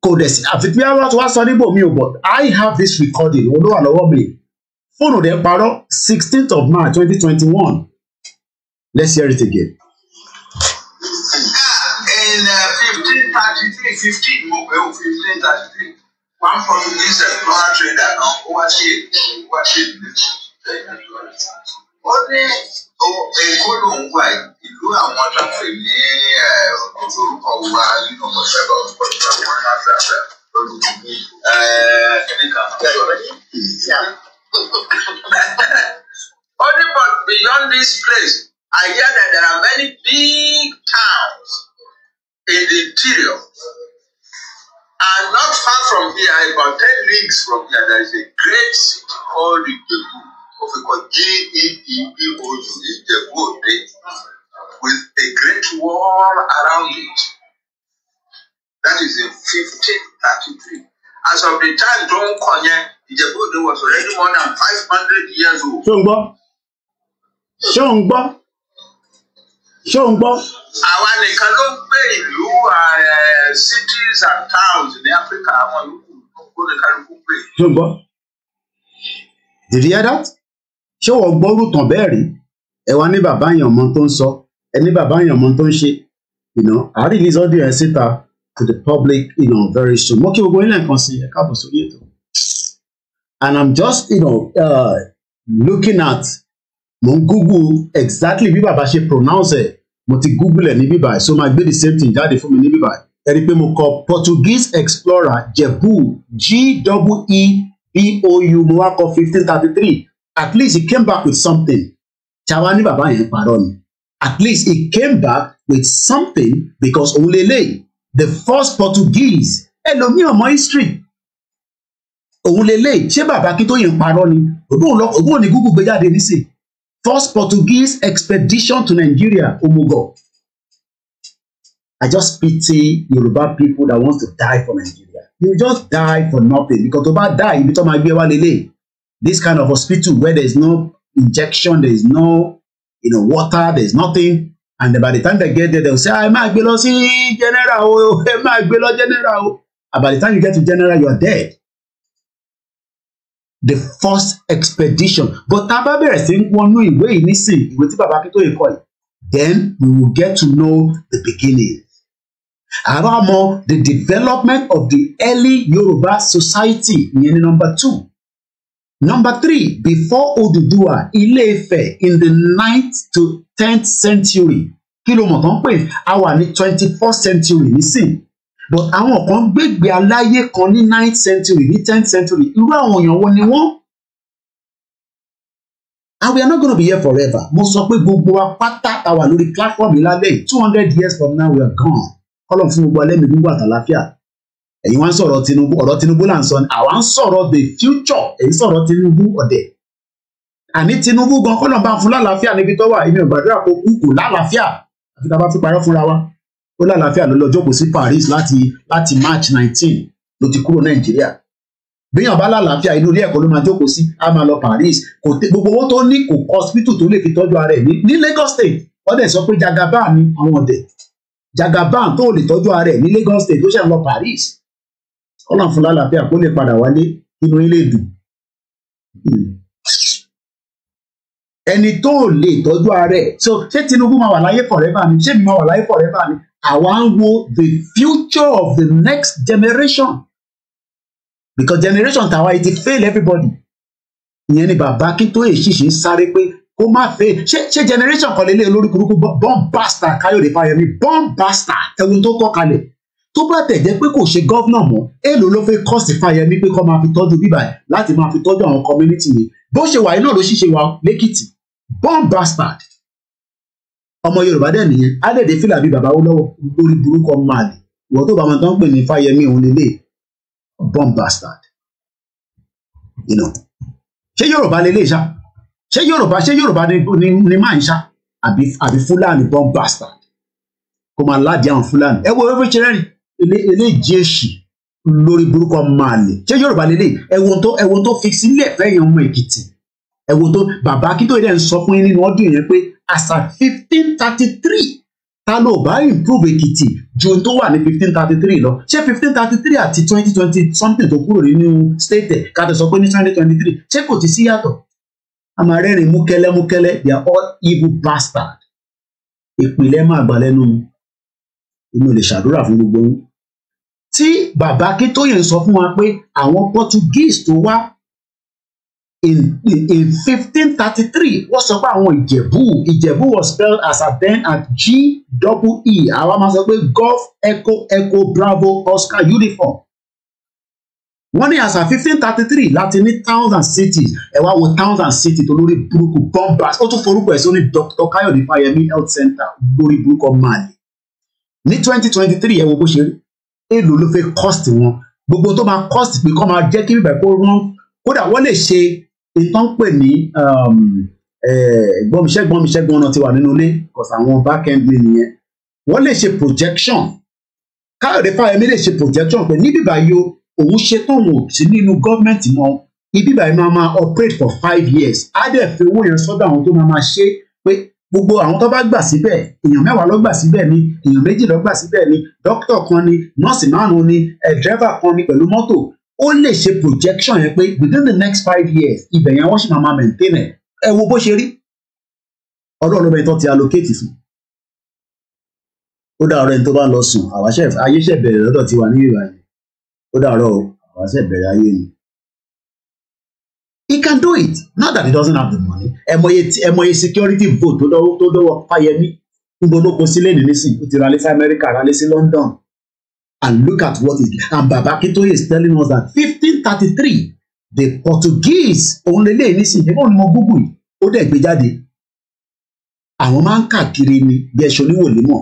kò dẹ̀ sí àfi bí wọ́n ti wá sọ níbò mi ò bọ̀ I have this recording òun ló wà lọ́wọ́ mi fóònù rẹ̀ parọ́ sixteenth of March twenty twenty one let's hear it again. in uh, fifteen thirty three fifteen mo pè ó fifteen thirty three one from this explorer trader kan ó wá sí èdè ó wá sí èdè ó ní ìkọlù òun wà ìlú àwọn tàfẹ́ ní orúkọ wa nínú ọmọ ìṣẹ́lọ ọ̀pọ̀lọpọ̀ àwọn máa fẹ́ fẹ́ lórí ìlú nìkan. Only but beyond this place, I hear that there are many big towns in the interior. And not far from here, about 10 leagues from here, there is a great city called Ijebu ó fi kọ geeou Ìjẹ̀bú Òde with a great wall around it that is in 1533. as of the time John ń the yẹn was already more than 500 years old. ṣé o ń gbọ́ ṣé o ń gbọ́ ṣé eh, cities and towns in Africa. àwọn ìlú kò ní kálukú gbé. ṣé o Did you hear that? ṣé wọ́n gbọ́rù tàn bẹ́ẹ̀ rí ẹ wá ní bàbá yàn mọ tó ń sọ ẹ ní bàbá yàn mọ tó ń ṣe you know I release audio ẹ síta to the public you know, very soon mo kí gbogbo ilé nǹkan sí ẹ káàbọ̀ sórí ètò and I'm just you know, uh, looking at mo ń google exactly bí bàbá ṣe pronounce ẹ mo ti google ẹ ní bíbáyìí so máa gbé the same thing jáde fún mi ní bíbáyìí ẹ rí i pé mo kọ Portuguese explorer Jebu g W e, e b o u mo wá kọ fifteen thirty three at least he came back with something tàwa ní bàbá yẹn parọ́ ni at least he came back with something because olele the first Portuguese ẹlòmíràn mọ history òun lele ṣé bàbá kí tó yẹn parọ́ ni òbúrò ní Google gbé jáde nísìn first Portuguese expedition to Nigeria omugo I just pity Yoruba people that want to die for Nigeria you just die for nothing because to bá die ibi tó máa gbé wá lélẹ́yìí this kind of hospital where there's no injection, there's no you know water, there's nothing. And by the time they get there, they'll say, I might be lost general, I might be lost general. And by the time you get to general, you're dead. The first expedition. But tá a bá bẹ̀rẹ̀ sí wọnú ìwé yìí nísìn, ìwé tí Bàbá Akíntóyè kọ then we will get to know the beginning. Àrà mọ the development of the early Yoruba society ìyẹn number two. Number three, before Odudua, ile in the ninth to tenth century. Kí ló mọ̀ tán pé a wà twenty-first century nísìn. But àwọn kan gbégbé aláyé kan ní ninth century ní tenth century. Irú àwọn èèyàn wo ni wọ́n? And we are not going to be here forever. Mo sọ pé gbogbo wa pátá ta wà lórí platform yìí lálẹ́ two hundred years from now we are gone. Kọ́lọ̀ fún gbogbo alẹ́ mi gbogbo àtàlàfíà ẹ̀yin wá ń sọ̀rọ̀ Tinubu ọ̀rọ̀ Tinubu là ń sọ ni àwa ń sọ̀rọ̀ the future èyí sọ̀rọ̀ Tinubu ọ̀dẹ̀ àní Tinubu gan kọ́nà bá fún lálàáfíà níbi tó wà èmi ò gbàdúrà kó kú kù lálàáfíà àfi tá a bá fi parọ́ fúnra wa ó lálàáfíà ló lọ jókòó sí Paris láti láti March nineteen ló ti kúrò Nàìjíríà bíyàn bá lálàáfíà inú ilé ẹ̀kọ́ ló máa jókòó sí a máa lọ Paris kò tẹ gbogbo owó tó ní kò hospital tó lè fi tọ́jú ara ẹ̀ ní ní Lagos State wọ́n dẹ̀ sọ pé Jagaban ni àwọn ọ̀dẹ̀ Jagaban tó lè tọ́jú ara ẹ̀ ní Lagos State ló ṣe ń lọ Paris ọlọ́run fún lálàáfíà kó lè padà wálé inú ilé dùn ẹni tó lè tọ́jú ààrẹ so ṣé Tinubu máa wà láyé forever ni ṣé mi máa wà láyé forever ni àwa ń wo the future of the next generation because generation tàwa it fail everybody ìyẹn ni bàbá Akíntóyè ṣìṣe sáré pé kó má fẹ́ ṣe ṣe generation kan lélẹ̀ olórí burúkú bomb basta Káyọ̀dé Fáyẹmí bomb basta ẹ̀wù tó kọ́ kalẹ̀ tó bá tẹ̀ jẹ́ pé kò ṣe gọ́vnà mọ́ èèlò ló fẹ́ kọ́ọ̀sì Fáyẹmí pé kó máa fi tọ́jú bíbà ẹ̀ láti máa fi tọ́jú àwọn community yẹn bó ṣe wà iná ló ṣiṣẹ́ wa lẹ́kìtì born bastard ọmọ Yorùbá dẹ̀ nìyẹn adẹ̀dẹ̀ fìlà bíi bàbá olówó lórí burúkú ọmọ àlè ìwọ tó bá wọn tán pè ní Fáyẹmí òun lélẹ̀ born bastard you know ṣé Yorùbá lélẹ̀ ṣá ṣé Yorùbá ṣé Yorùbá ni máa ń ṣá àbí Fúlàní born bastard kò máa ládìí àwọn Fúlàní ẹ wo ewé ṣe eléjì èṣì lórí burúkú máa lè ṣé yorùbá lélẹ ẹwọn tó ẹwọn tó fi sílẹ̀ fẹyìn ọmọ èkìtì ẹwọn tó bàbá akíntóye dẹ ń sọ fún yín nínú ọdún yẹn pé àṣà fifteen thirty three ta ló bá improve èkìtì ju tó wà ní fifteen thirty three lọ ṣé fifteen thirty three àti twenty twenty something tó kúrò nínú state ẹ ká tó sọ pé ní twenty twenty three ṣé kò ti sí yàtọ̀ àmàrẹ́rìn múkẹ́lẹ́ múkẹ́lẹ́ they are all evil bastards ìpìlẹ̀ máa gbà lẹ́nu èmi ò lè ṣàdúrà fún gbogbo yín tí bàbá Akíntóyè ń sọ fún wa pé àwọn Portuguese tó wá in in fifteen thirty three wọ́n sọ pé àwọn Ìjẹ̀bú Ìjẹ̀bú was spelled as a then at G double E àwa máa sọ pé golf echo echo bravo Oscar uniform wọ́n ní àṣà fifteen thirty three láti ní towns and cities ẹ wá wo towns and cities tó lórí burúkú bombas ó tún forúkọ ẹ̀ sọ ní Dr. Káyọ̀dé Fáyẹmí health center lórí burúkú máàlì ní twenty twenty three ẹ wo bó ṣe rí èlò ló fẹ́ cost wọn gbogbo tó máa cost pé kọ́ máa jẹ́ kí bíbá kó rán kódà wọ́n lè ṣe ìtàn pè ní um, gbọ́nmiṣẹ́ gbọ́nmiṣẹ́ gbọ́nà ti wà nínú ilé cause àwọn back end mi nìyẹn wọ́n lè ṣe projection káyọ̀dé fáyemí lè ṣe projection pé ní bíbá yo òun ṣe tóun ò sí nínú government mọ́ ibi báyìí máa máa operate for five years á dẹ̀ fi owó yẹn sọ́dọ̀ àwọn tó máa máa ṣe pé gbogbo àwọn tó bá gbà síbẹ̀ èèyàn mẹ́wàá ló gbà síbẹ̀ ni èèyàn méjì ló gbà síbẹ̀ ni dókítà kan ni nọ́ọ̀sì márùn-ún ni ẹ̀ dírẹ́fà kan ni pẹ̀lú mọ́tò ó lè ṣe projection yẹn pé within the next five years ibẹ̀ yẹn wọ́n sì máa máa maintain ẹ̀ ẹ wo bó ṣe rí ọdún ọlọ́mọ ẹ̀tọ́ ti allocate fún ó dàárọ̀ ẹni tó bá lọ sùn àwáṣẹ ayé ṣẹ̀bẹ̀rẹ̀ lọ́dọ̀ tiwa ní ìrànlẹ́ ó dàárọ̀ àwáṣẹ bẹ̀rẹ̀ ayé yìí he can do it not that he doesn't have the money ẹmọye ẹmọye security vote tó dọwọ tó dọwọ fáyemí ngbọdọkọ sílẹ ní nísìnyí ó ti ralé sí America, ralé sí London and look at what is and Baba Akintoye is telling us that fifteen thirty three the Portuguese òun lélẹ nísìnyí ẹgbọn ni mo gúgùn ó dẹ̀ gbé jáde àwọn máa ń káàkiri ni bí ẹṣọ oníwò lè mọ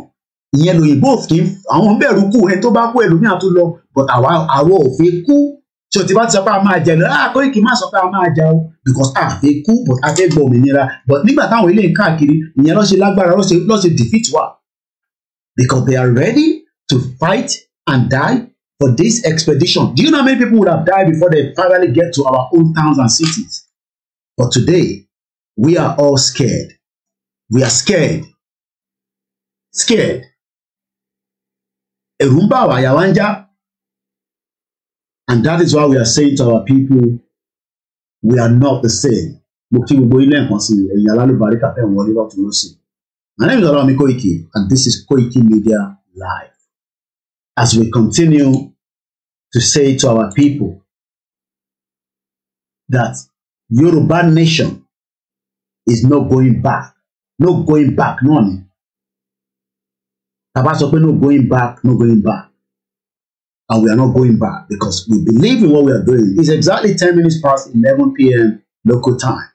ìyẹn lòyìnbó kì í àwọn bẹ̀rù kù ẹ tó bá kú ẹlòmíà tó lọ but àwa àwa ò kú so tí bá ti sọ pé a máa jà lọ ah Koiki má sọ pé a máa jà o because ah, a fẹ́ kú but a fẹ́ gba òmìnira but nígbà táwọn ilé ń káàkiri ìyẹn ló ṣe lágbára ló ṣe defeat wa because they are ready to fight and die for this expedition do you know how many people would have died before they finally get to our own towns and cities but today we are all scared we are scared scared ẹ̀rù ń bà wá àyà wa ń já And that is why we are saying to our people, we are not the same. Mo kí gbogbo ilé ẹ̀kan sí ẹ̀yin alálùbáríkà fẹ́ wọlé lọ́tún lọ́sì. My name is Olami Koiki and this is Koiki Media Live. As we continue to say to our people that Yoruba nation is not going back. No going back none. ni. Tàbá sọ pé no going back, no going back. and we are not going back because we believe in what we are doing. It's exactly 10 minutes past 11 p.m. local time.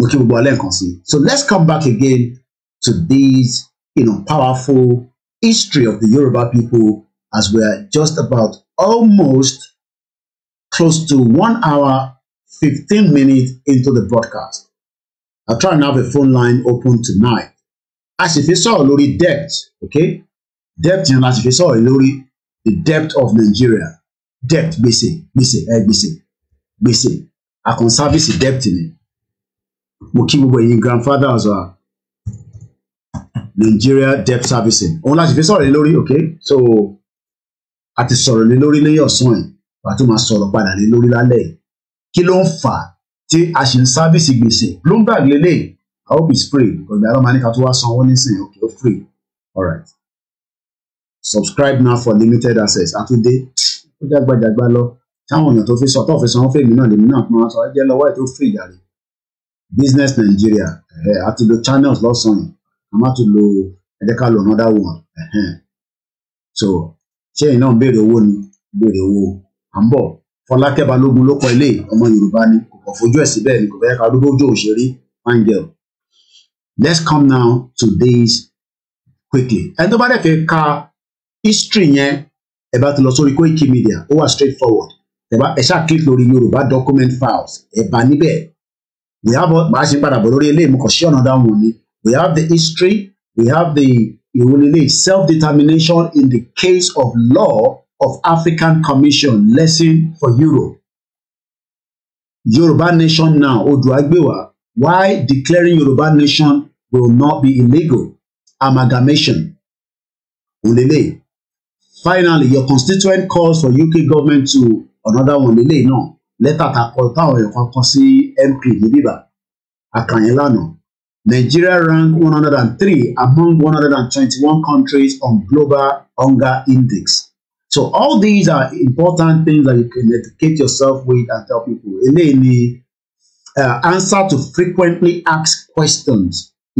So let's come back again to these, you know, powerful history of the Yoruba people as we are just about almost close to one hour, 15 minutes into the broadcast. I'll try and have a phone line open tonight. As if you saw loaded depth, okay? Depth, you know, as if you saw loaded the debt of Nigeria debt gbèsè gbèsè ẹ gbèsè gbèsè àkàn sáfíìsì debt ni mo kí gbogbo grandfather as wa Nigeria debt servicing òun láti fi sọ̀rọ̀ lé lórí ok so a ti sọ̀rọ̀ lé lórí lẹ́yìn ọ̀sán yìí wàá tún máa sọ̀rọ̀ padà lé lórí lálẹ́ yìí kí ló ń fà á tí a ṣe ń sáfíìsì gbèsè Bloomberg lélẹ́yìí I hope it's free ọ̀gbìn àrọ́mọ ní ká tó wá sanwó nísìnyí ok ó free all right subscribe now for limited access àtúndé ó jágbajàgba lọ táwọn èèyàn tó fi sọ tó fi sanwó fèmí náà lèmi náà máa sọ ẹ jẹ́ lọ́wọ́ ẹ tó fèrè yàrá business Nigeria ẹ a ti lo channels lọ́sàn-án yìí a má ti lo ẹ jẹ́ ká lo another one so ṣé ẹ̀yin náà ń béèrè owó ni béèrè owó à ń bọ̀ Fọlákẹ́ Balógun ló kọ ilé ọmọ Yorùbá ni kò kàn fojú ẹ̀ síbẹ̀ ni kò fẹ́ ká dúró ojú òṣèré angel let's come now to this quickly ẹni tó bá dẹ̀ fẹ́ ka history yẹn ẹ bá ti lọ sórí Koiki Media ó wà straight forward ẹ bá ẹ ṣáà click lórí Yorùbá document files ẹ bá níbẹ̀ we have màá ṣe padà bọ̀ lórí eléyìí mo kàn sí ọ̀nà dáhùn ni we have the history we have the ìwúlélẹ̀ self-determination in the case of law of African Commission lesson for Europe Yorùbá nation now oduagbewa why declaring Yorùbá nation will not be illegal amalgamation òlélẹ̀ finally your constituent calls for UK government to another one lélẹ̀ náà lẹ́tà takọ táwọn èèyàn kan kan sí MP ní bíbá àkànyìn lánàá Nigeria rank one hundred and three among one hundred and twenty-one countries on global hunger index so all these are important things that you can educate yourself with and tell people eléyìí ni uh, answer to frequently asked questions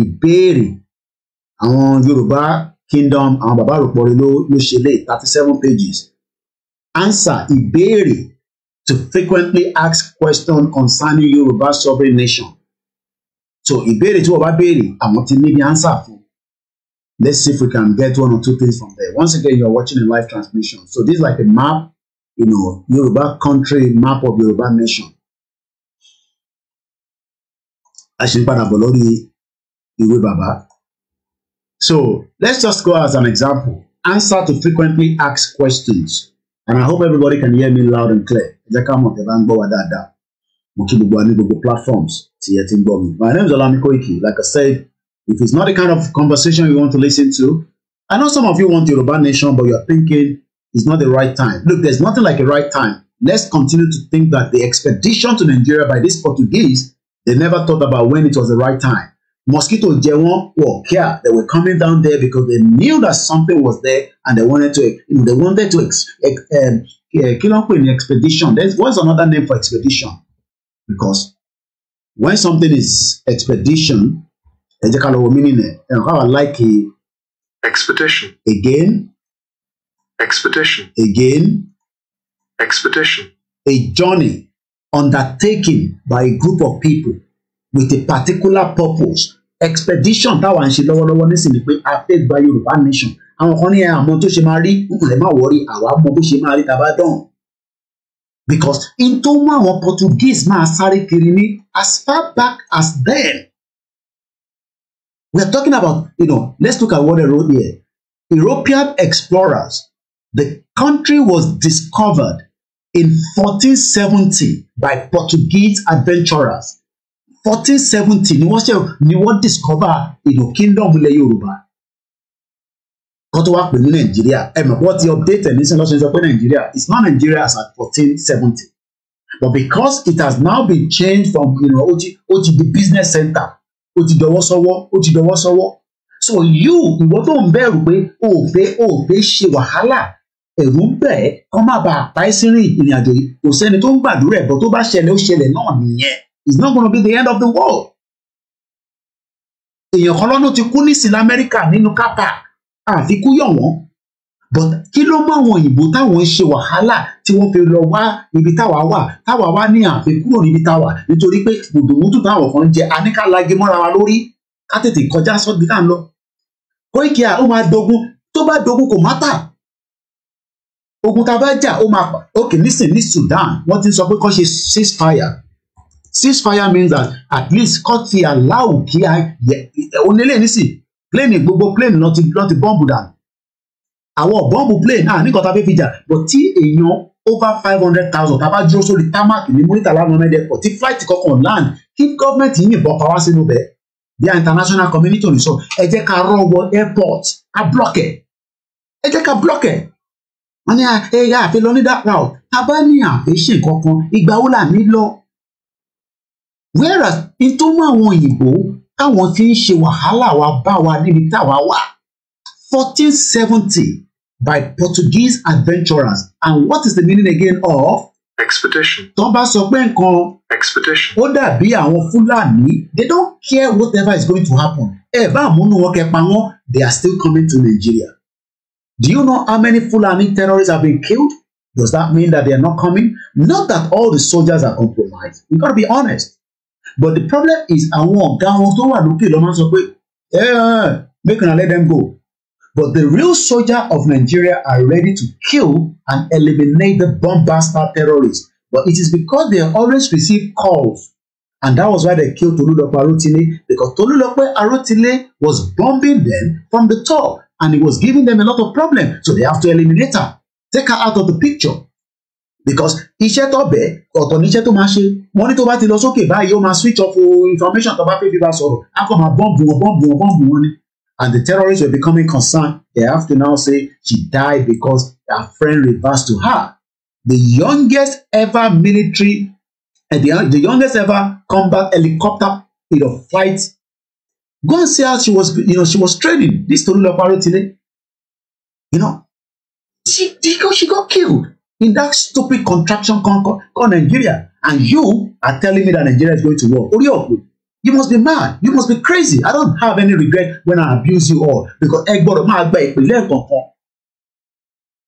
ìbéèrè àwọn Yorùbá kingdom àwọn bàbá àròpọ̀rẹ́ ló ló ṣe lé thirty seven pages answer ìbéèrè to frequently ask question concerning Yorùbá sovereign nation so ìbéèrè tí wọ́n bá béèrè àwọn ti níbi answer fún let's see if we can get one or two things from there once again you are watching a live transmission so this is like a map you know Yorùbá country map of Yorùbá nation a ṣe ń padà bọ̀ lórí ìwé bàbá. So let's just go as an example. Answer to frequently asked questions. And I hope everybody can hear me loud and clear. platforms. My name is Olami Koiki. Like I said, if it's not the kind of conversation you want to listen to, I know some of you want Yoruba Nation, but you're thinking it's not the right time. Look, there's nothing like a right time. Let's continue to think that the expedition to Nigeria by these Portuguese, they never thought about when it was the right time. Mosquito were here. They were coming down there because they knew that something was there and they wanted to, you know, they wanted to ex, ex, um, in eh, expedition. There's what's another name for expedition? Because when something is expedition, meaning how I like expedition again, expedition again, expedition, a journey undertaken by a group of people with a particular purpose expedition táwa ń ṣe lọ́wọ́lọ́wọ́ nísìnyí pé a fẹ́ gba Yorùbá nation àwọn kan ní àmọ́ tó ṣe máa rí ẹ má wọrí àwa mọ bó ṣe máa rí tàbá dán because in tó mú àwọn Portuguese máa sáré kiri ní as far back as then we are talking about you know let's look at what they wrote here European explorers the country was discovered in 1470 by Portuguese adventurers fourteen seventy ni wọ́n ṣe ni wọ́n discover ìlú kingdom ilẹ̀ yorùbá kó tó wá pè ní nàìjíríà ẹ mọ̀ wọ́n ti update ẹ̀ nísìnyí lọ́sọ̀ọ́sọ pé nàìjíríà it's not Nigeria as at fourteen seventy but because it has now been changed from you know, Oti Oti the business center Oti ti dọwọ́ sọ́wọ́ ó ti dọwọ́ sọ́wọ́ so you ìwọ tó ń bẹ̀rù pé o ò fẹ́ o ò fẹ́ ṣe wàhálà ẹ̀rù ń bẹ̀ ẹ́ kó má bàa pa ẹ́ sínú ìrìn àjò yìí kò sẹ́ni tó ń gbàdúrà ẹ̀ bọ́ tó bá ṣẹlẹ̀ ó ṣẹlẹ̀ náà nìyẹn it's not gonna be the end of the world. èèyàn kan lọ́dún ti kú nísìn lamẹ́ríkà nínú car park àfikún yọ̀ wọ́n but kí ló mọ àwọn òyìnbó táwọn ń ṣe wàhálà tí wọ́n fi lọ wá ibi táwa wà táwa wà ní àfikúrò níbi táwa nítorí pé gbòdòmútù táwọn kan jẹ aníkàlágé mọ́ra wa lórí ká tètè kọjá sọ́dí náà lọ Koiki ó máa dogun tó bá dogun kò má tà ogun tá a bá jà ó máa pa ok nísìn ní Sudan wọ́n ti ń sọ pé kọ́ ṣe ceasefire ceasefire means that at least kọ́ ti allow kí a onílé nísì plane gbogbo plane lọ ti lọ ti bọ́ǹbù dànù àwọn bọ́ǹbù plane náà ní kọ́ta fẹ́ fi jà but tí èèyàn over five hundred thousand tá a bá dúró sórí tarmac ní Muritala Mohammed Airport tí flight kankan land kí government yìnbọn pa wá sínú bẹ́ẹ̀ bí i international community ò ní sọ ẹ jẹ́ ká rán wọ airport ká block ẹ̀ ẹ jẹ́ ká block ẹ̀ wọ́n ní ah, eh, ẹ̀yà àfi lọ ní that route tá a bá ní àfi ṣe nǹkan kan ìgbà wo là ní lọ whereas in tó mú àwọn òyìnbó táwọn ti ń ṣe wàhálà wa bá wa níbi táwa wà fourteen seventy by Portuguese adventurers and what is the meaning again of. expedition. tó bá sọ pé nǹkan. expedition. ó dàbí àwọn Fúlàní they don't care whatever is going to happen ẹ bá àmúnú wọn kẹ pa wọn they are still coming to Nigeria. Do you know how many Fulani terrorists have been killed? Does that mean that they are not coming? Not that all the soldiers are compromised. We've got to be honest but the problem is àwọn ọ̀gá wọn tó wà lókè lọ́mọ sọ pé eh, eh, eh, make una let them go but the real soldiers of Nigeria are ready to kill and eliminate the bomb terrorists but it is because they always receive calls and that was why they killed Tolulope Arotile because Tolulope Arotile was bombing them from the top and it was giving them a lot of problem so they have to eliminate her take her out of the picture because iṣẹ́ tó bẹ̀ ọ̀tọ̀ níṣẹ́ tó máa ṣe wọ́n ní tó bá ti lọ sókè báyìí ó máa switch off information tó bá fẹ́ fi bá sọ̀rọ̀ á kàn máa bọ́ǹbù wọn bọ́ǹbù wọn bọ́ǹbù wọn ni and the terrorists were becoming concerned they have to now say she died because her friend reversed to her the youngest ever military uh, the, the youngest ever combat helicopter you know, fight go and see how she was you know she was training this Tolulope Arotile you know she, she got she got killed in that stupid contraction called, Nigeria, and you are telling me that Nigeria is going to war. Orioku, you You must be mad. You must be crazy. I don't have any regret when I abuse you all because Egboro Magba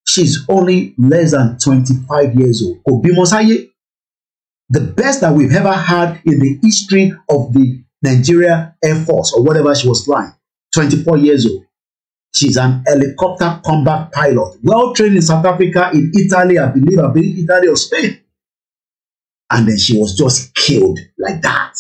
She's only less than 25 years old. Kò The best that we've ever had in the history of the Nigeria Air Force or whatever she was flying. 24 years old. She's an helicopter combat pilot, well trained in South Africa, in Italy, I believe, I believe Italy or Spain. And then she was just killed like that.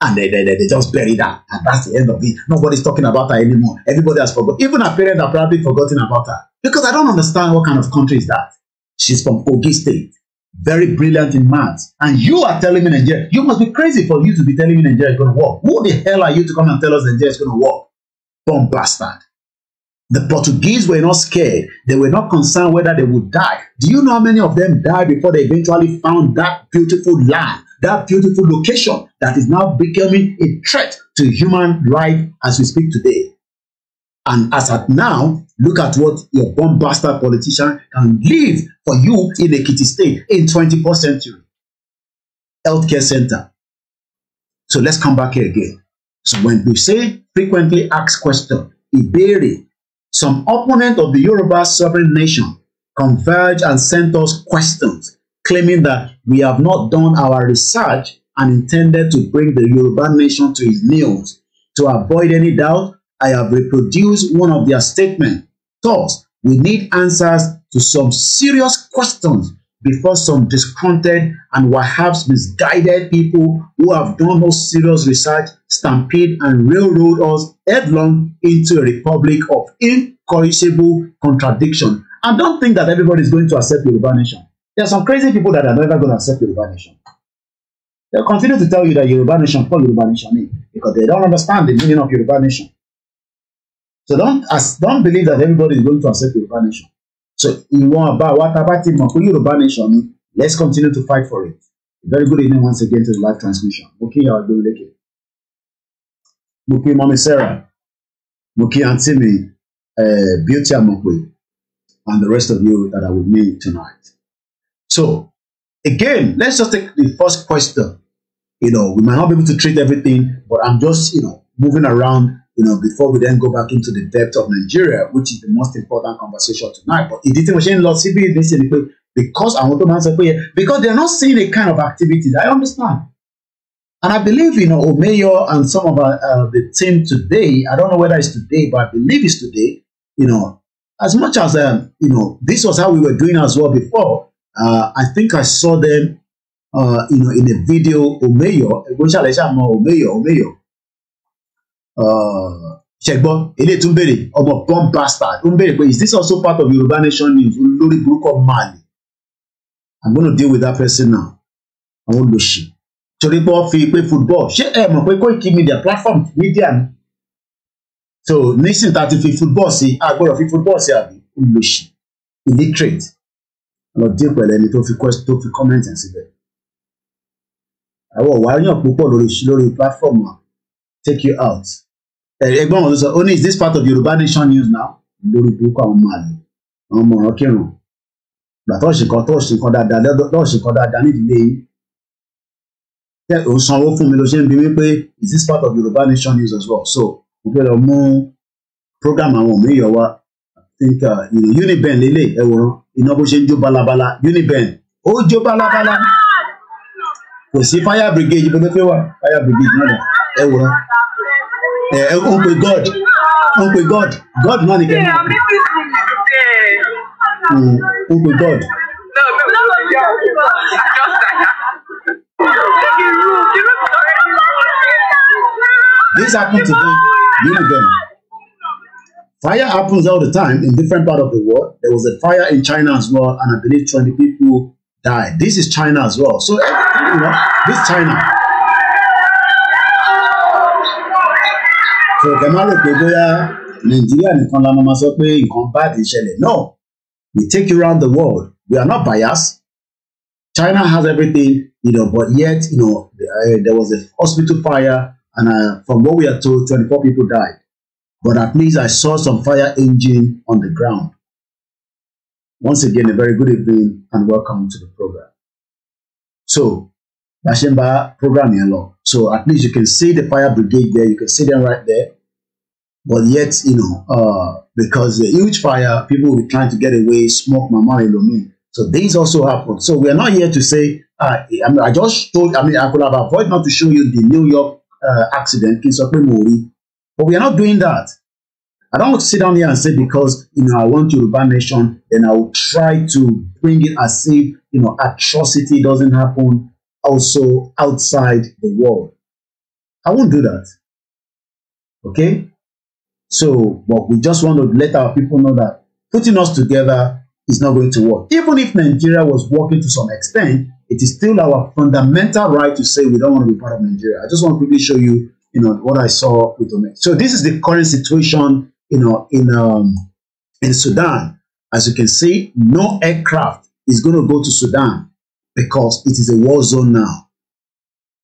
And then, then, then they just buried her. And that's the end of it. Nobody's talking about her anymore. Everybody has forgotten. Even her parents are probably forgotten about her. Because I don't understand what kind of country is that. She's from Ogi State. Very brilliant in maths. And you are telling me Nigeria. You must be crazy for you to be telling me Nigeria is going to work. Who the hell are you to come and tell us Nigeria is going to work? Bomb bastard. The Portuguese were not scared. They were not concerned whether they would die. Do you know how many of them died before they eventually found that beautiful land, that beautiful location that is now becoming a threat to human life as we speak today? And as at now, look at what your bombastic politician can leave for you in Ekiti State in 21st century. Healthcare center. So let's come back here again. So when we say frequently asked question, ìbéèrè some opponents of the Yoruba sovereign nation converge and sent us questions claiming that we have not done our research and intended to bring the Yoruba nation to its knees. To avoid any doubt, I have reproduced one of their statements. Thus, we need answers to some serious questions before some disgruntled and perhaps misguided people who have done no serious research stampede and railroad us headlong into a republic of incorrigible contradiction. And don't think that everybody is going to accept Yoruba Nation. There are some crazy people that are never going to accept Yoruba Nation. They'll continue to tell you that Yoruba Nation, call Yoruba Nation because they don't understand the meaning of Yoruba Nation. So don't, as, don't believe that everybody is going to accept Yoruba Nation. So in one about what about bá For mọ̀ pé Yorùbá nation let's continue to fight for it. Very good evening once again to the live transmission. Okay, I'll do it again. Muki, kí sarah Muki, kí eh, beauty amọ̀pẹ̀ and the rest of you that are with me tonight. So again, let's just take the first question. You know, we might not be able to treat everything, but I'm just, you know, moving around, you know, before we then go back into the depth of Nigeria, which is the most important conversation tonight. But it didn't machine ń lọ síbí ìdí sí ni tó answer for you because they are not seeing a kind of activity I understand. And I believe, you know, Omeyo and some of our, uh, uh, the team today, I don't know whether it's today, but I believe it's today, you know, as much as, um, you know, this was how we were doing as well before. Uh, I think I saw them, uh, you know, in a video, Omeyo, Omeyo, Omeyo. ṣẹgbọ́ It's tún béèrè ọmọ bomb bastard ó But is this also part of Yorùbá Nation news olórí burúkọ Mali? I'm gonna deal with that person now I want the shit. torí pé wọ́n fi pé football ṣé ẹ mọ̀ pé Koiki media platform media ni so nísìnyí tá a ti fi football sí a gbọ́dọ̀ fi football sí àbí olùlọ́sì illiterate lọ dín pẹ̀lú ẹni tó fi tó fi comment síbẹ̀ àwọn wàáyàn púpọ̀ lórí lórí platform wa take you out ẹ̀gbọ́n wọn sọ ó ní is this part of Yorùbá Nation news now lórí burúkú àwọn ọmọ àlè àwọn ọmọ ọ̀rọ̀ kírun gbà tó ṣe kan tó ṣe kan dáadáa tó ṣe kan dáadáa nídìílé yìí ò ń fún mi ló ṣe ń bi mí pé is this part of Yorùbá Nation news as well so mo fẹ́ lọ mú program àwọn mi yọ wá I think uh, you know, Uniben lélẹ̀ ẹ wòran iná bó ṣe ń jó balabala Uniben ó jó balabala kò sí fire brigade bó pépé wà fire brigade náà ẹ wòran ẹ ń pe God ń pe God God náà nìkan náà ń pe God. No, no, This happened to them, many of them. Fire happens all the time in different part of the world. There was a fire in China as well, and I believe 20 people died. This is China as well. So, you know, this China. So, Kemalo Kegoya, Nigeria, Nikonla Mamasokwe, combat Bad, Ishele. No, we take you around the world. We are not biased. China has everything, you know, but yet, you know, uh, there was a hospital fire And uh, from what we are told, 24 people died. But at least I saw some fire engine on the ground. Once again, a very good evening and welcome to the program. So, Bashemba programming here, So at least you can see the fire brigade there. You can see them right there. But yet, you know, uh, because the huge fire, people were trying to get away, smoke, mama, illumin. So these also happened. So we are not here to say, uh, I, mean, I just told, I mean, I could have avoided not to show you the New York uh, accident in Supreme sọ but we are not doing that I don't want to sit down here and say because you know I want Yoruba nation then I will try to bring it as if you know atrocity doesn't happen also outside the world I won't do that okay so but we just want to let our people know that putting us together is not going to work. Even if Nigeria was working to some extent, it is still our fundamental right to say we don't want to be part of Nigeria. I just want to quickly show you, you know, what I saw with Omek. So this is the current situation, you know, in um, in Sudan. As you can see, no aircraft is going to go to Sudan because it is a war zone now.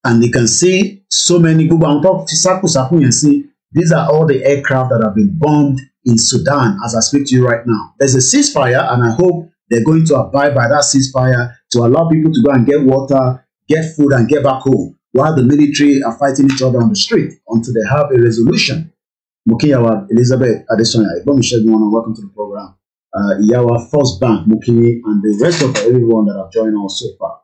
And you can see so many Google on top Saku Saku and see these are all the aircraft that have been bombed in Sudan as I speak to you right now. There's a ceasefire, and I hope they're going to abide by that ceasefire to allow people to go and get water, get food, and get back home while the military are fighting each other on the street until they have a resolution. Mukiyawa Elizabeth Adesanya, Ibom Shegun, and welcome to the program. Uh, Yawa First Bank, Mukini, and the rest of everyone that have joined us so far.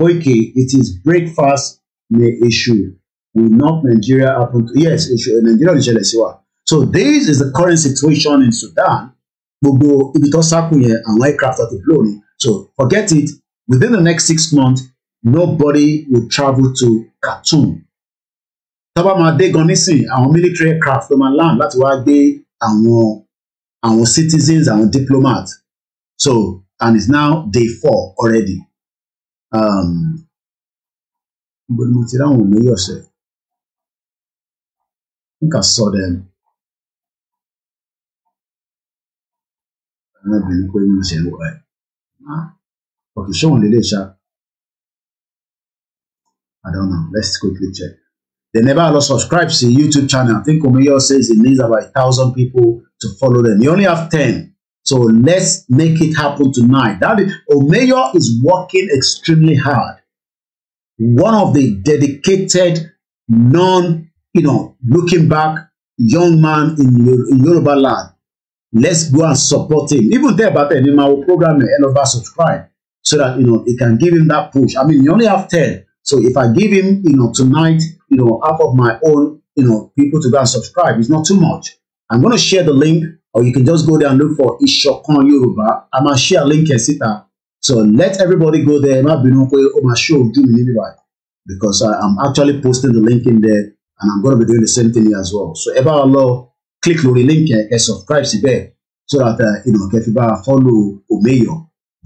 Koike, it is breakfast may issue. Will not Nigeria happen to. Yes, issue. Nigeria is jealous. So this is the current situation in Sudan. Gbogbo ibi tó sákùn yẹn àwọn aircraft ọ̀tí blow ni. So forget it. Within the next six months, nobody will travel to Khartoum. Tọ́ba máa dé gan nísìn, àwọn military aircraft ló máa land láti wá gbé àwọn àwọn citizens, àwọn diplomats. So and it's now day four already. Um, but mo ti ráwọn olóyè ọ̀sẹ̀. I think I saw them. ọmọbìnrin pé ń ṣe ló ẹ má òkè ṣé òun lè lè ṣá I don't know let's quickly check. They never allow subscribe to YouTube channel. I think Omeyo says it needs about a thousand people to follow them. You only have ten. So let's make it happen tonight. That is, Omeyo is working extremely hard. One of the dedicated, non, you know, looking back young man in, in Yoruba land let's go and support him even there bá tẹ̀lé máa wo program ẹ̀ lọ bá subscribe so that you know it can give him that push i mean you only have ten so if i give him you know tonight you know half of my own you know people to go and subscribe it's not too much i'm gonna share the link or you can just go there and look for Ìṣọ̀kan Yorùbá I'm gonna share a link ẹ̀ síta so let everybody go there ẹ má bínú pé ó máa show ojú mi níbí because I, i'm actually posting the link in there and i'm gonna be doing the same thing here as well so ẹ Allah click lórí link yẹn kẹ́ subscribe síbẹ̀ so that ìmọ̀ uh, kẹ́ fi bá a follow Omeyo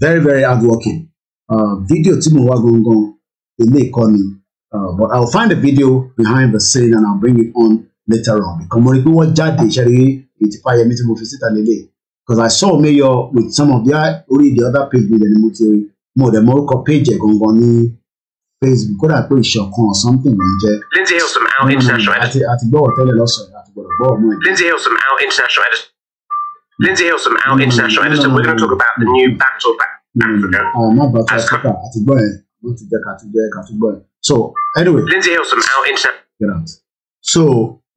very very hard working fídíò um, tí mo wá gangan ilé ìkọ́ni uh, but I will find the video behind the scene and I will bring it on later on because mo rí pé wọ́n jáde ìṣẹ́rí ìtìpáyẹmí tí mo fi síta lélẹ̀ because I saw Omeyo with some of their orí the other page mi lẹ́nu mo ti rí mo dẹ̀ mọ orúkọ page ẹ̀ gangan ní Facebook kódà pé ìṣọ̀kan or something ló ń jẹ́ hmm, àti àti gbọ́wọ́ tẹ́lẹ̀ lọ́sọ̀ọ́ Lindsay Hilsum, our international editor. Lindsay Hilsum, our international mm-hmm. editor. We're going to talk about the new Battle Back mm-hmm. Africa. Uh, eh? eh, so, anyway. Lindsay Hilsum, our international. So,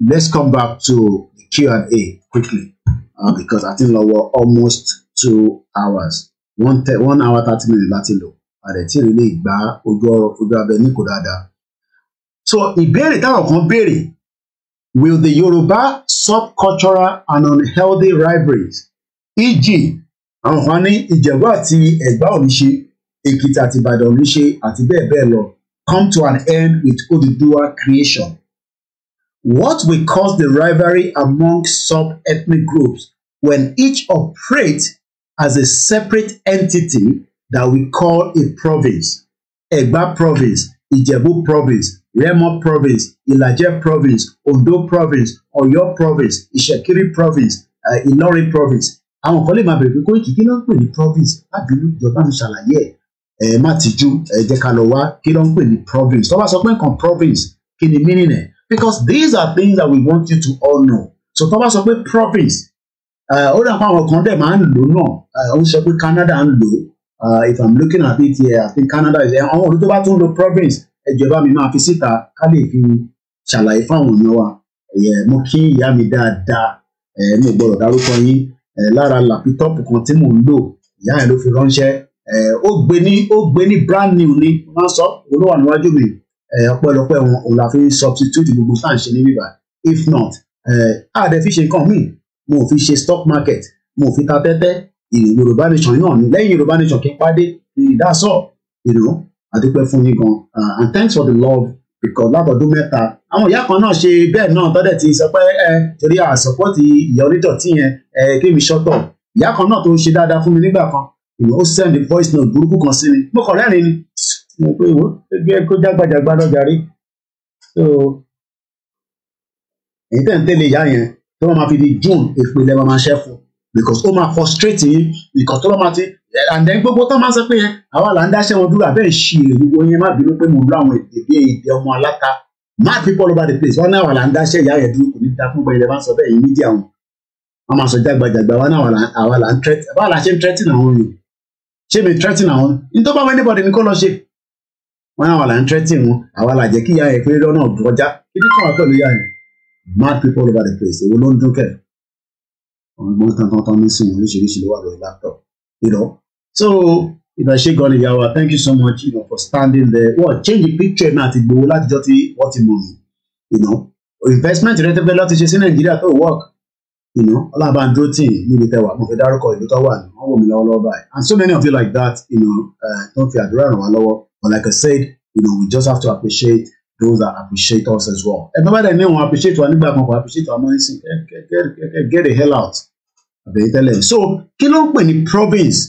let's come back to the Q&A quickly uh, because I think we were almost two hours. One, te- one hour, 30 minutes, láti lò. Àdẹ̀tí rí lè gba ojú abẹ ní kò dáadáa. So, ìbéèrè táwọn kan béèrè Will the Yoruba subcultural and unhealthy rivalries, e.g., àwọn kan ní Ìjẹ̀bú àti Ẹ̀gbá òníṣe, Èkìtì àti Ìbàdàn òníṣe àti bẹ́ẹ̀ bẹ́ẹ̀ lọ, come to an end with Oduduwa creation? What will cause the rivalry among sub-ethnic groups when each operates as a separate entity that we call a province? Ẹ̀gbá province ìjẹ̀bú province Remo province Ilaje province ondo province Oyo province ìṣẹ̀kírí province eh, ìlọrin province àwọn kan lè máa bẹ̀rẹ̀ pé Koiki kí ló ń pè ní province lábìlú ìjọba ń ṣàlàyé ẹ̀ ẹ̀ eh, má tijú ẹ̀ jẹ́ ká lọ wá kí ló ń pè ní province tó sọ pé nǹkan province kí ni meaning ẹ̀ because these are things that we want you to all know so tó bá sọ pé province eh, ó dà pé àwọn kan dẹ̀ máa ń lò náà ó ń sọ pé Canada ń lò ó uh, if i'm looking at it here i think canada is àwọn ọdún tó bá tún lo province ẹjọba mi máa fi síta ká lè fi ṣàlàyé fáwọn èèyàn wa ẹyẹ mo kí ìyá mi dáadáa ẹ mi ò gbọ́dọ̀ dárúkọ yín ẹ lára làpítọọpù kan tí mò ń lò ìyá yẹn ló fi ránṣẹ́ ẹ ó gbé ní ó gbé ní brand new ni wọn máa ń sọ olówó àníwájú mi ẹ ọpẹ́lọpẹ́ wọn òun la fi substitute gbogbo tá à ń ṣe ní bíbá if not ẹ àdẹ fi ṣe nǹkan míì mo fi ṣe stock market mo fi ta tẹ́tẹ́ yorùbá nation náà lẹ́yìn yorùbá nation kí n pàdé that's all you know àdúpẹ́ fún yín gan uh, and thanks for the love because látọdún mẹ́ta àwọn ìyá kan náà ṣe bẹ́ẹ̀ náà tọ́dẹ̀ ti sọ pé ẹ torí àsọpọ́tì ìyá onídọ̀tí yẹn ẹ kí mi ṣọ́tọ̀ ìyá kan náà tó ṣe dáadáa fún mi nígbà kan ó send the voice note burúkú kan sí mi mo kọ̀ rẹ́rìn ni mo pé wo gbé kó jágbàjàgbà lọ́jà rí so èyí tẹ̀ ń tẹ̀lé ìyá yẹn tó wọ́n máa fi di June èpè lẹ́wọ̀n máa ṣẹ́ fún un because ó máa frustrate yín because tó lọ́ máa ti and then gbogbo tó máa sọ pé àwa là ń dáṣẹ́ wọn dúró àbẹ́ ìṣirò gbogbo yẹn má bínú pé mo lo àwọn èdè bí èdè ọmọ aláta mad people over the place wọn náà wà là ń dáṣẹ́ ìyá rẹ̀ dúró kò ní da fún gbẹ̀yìn lẹ́ bá ń sọ bẹ́ẹ̀ yìí mídíà wọn wọn máa sọ jágbajàgba wọn náà àwa là ń threat báwa la ṣe ń threatening àwọn yìí ṣé mi threatening àwọn ní tó bá wọn anybody ní kó lọ ṣe wọn náà wà là ń threatening wọn àwa là jẹ́ kí ìyá rẹ̀ pé lọ́nà ọ̀dùn ọjà kí ní kàn wá pẹ̀lú ìyá rẹ̀ mad people over the place èwo ló ń dún kẹ́ẹ̀ òun gbọ́n tán tán tán ní sìn oríṣiríṣi ló wà lórí laptop you know so ìbáṣegan ìyá wa thank you so much you know, for standing there wọ́n change the picture náà àti gbowó látijọ́ tí wọ́n ti mọ̀ mí you know investment rẹ tẹ́fẹ́ láti ṣe sí nàìjíríà tó work you know ọlábàndó tì níbi tẹwà mo fi dárúkọ ìlú tó wà ní wọ́n wò mí lọ́wọ́lọ́wọ́ báyìí and so many of you like that you know eh, tó ń fi àdúrà ràn wá lọ́wọ́ but like I said you know we just have to appreciate those that appreciate us as well. Ẹ tó bá dẹ̀ appreciate wa nígbà kan appreciate wa mọ́ ní sìn get the hell out àbẹ̀yẹ tẹ́lẹ̀. So kilo ló ń province?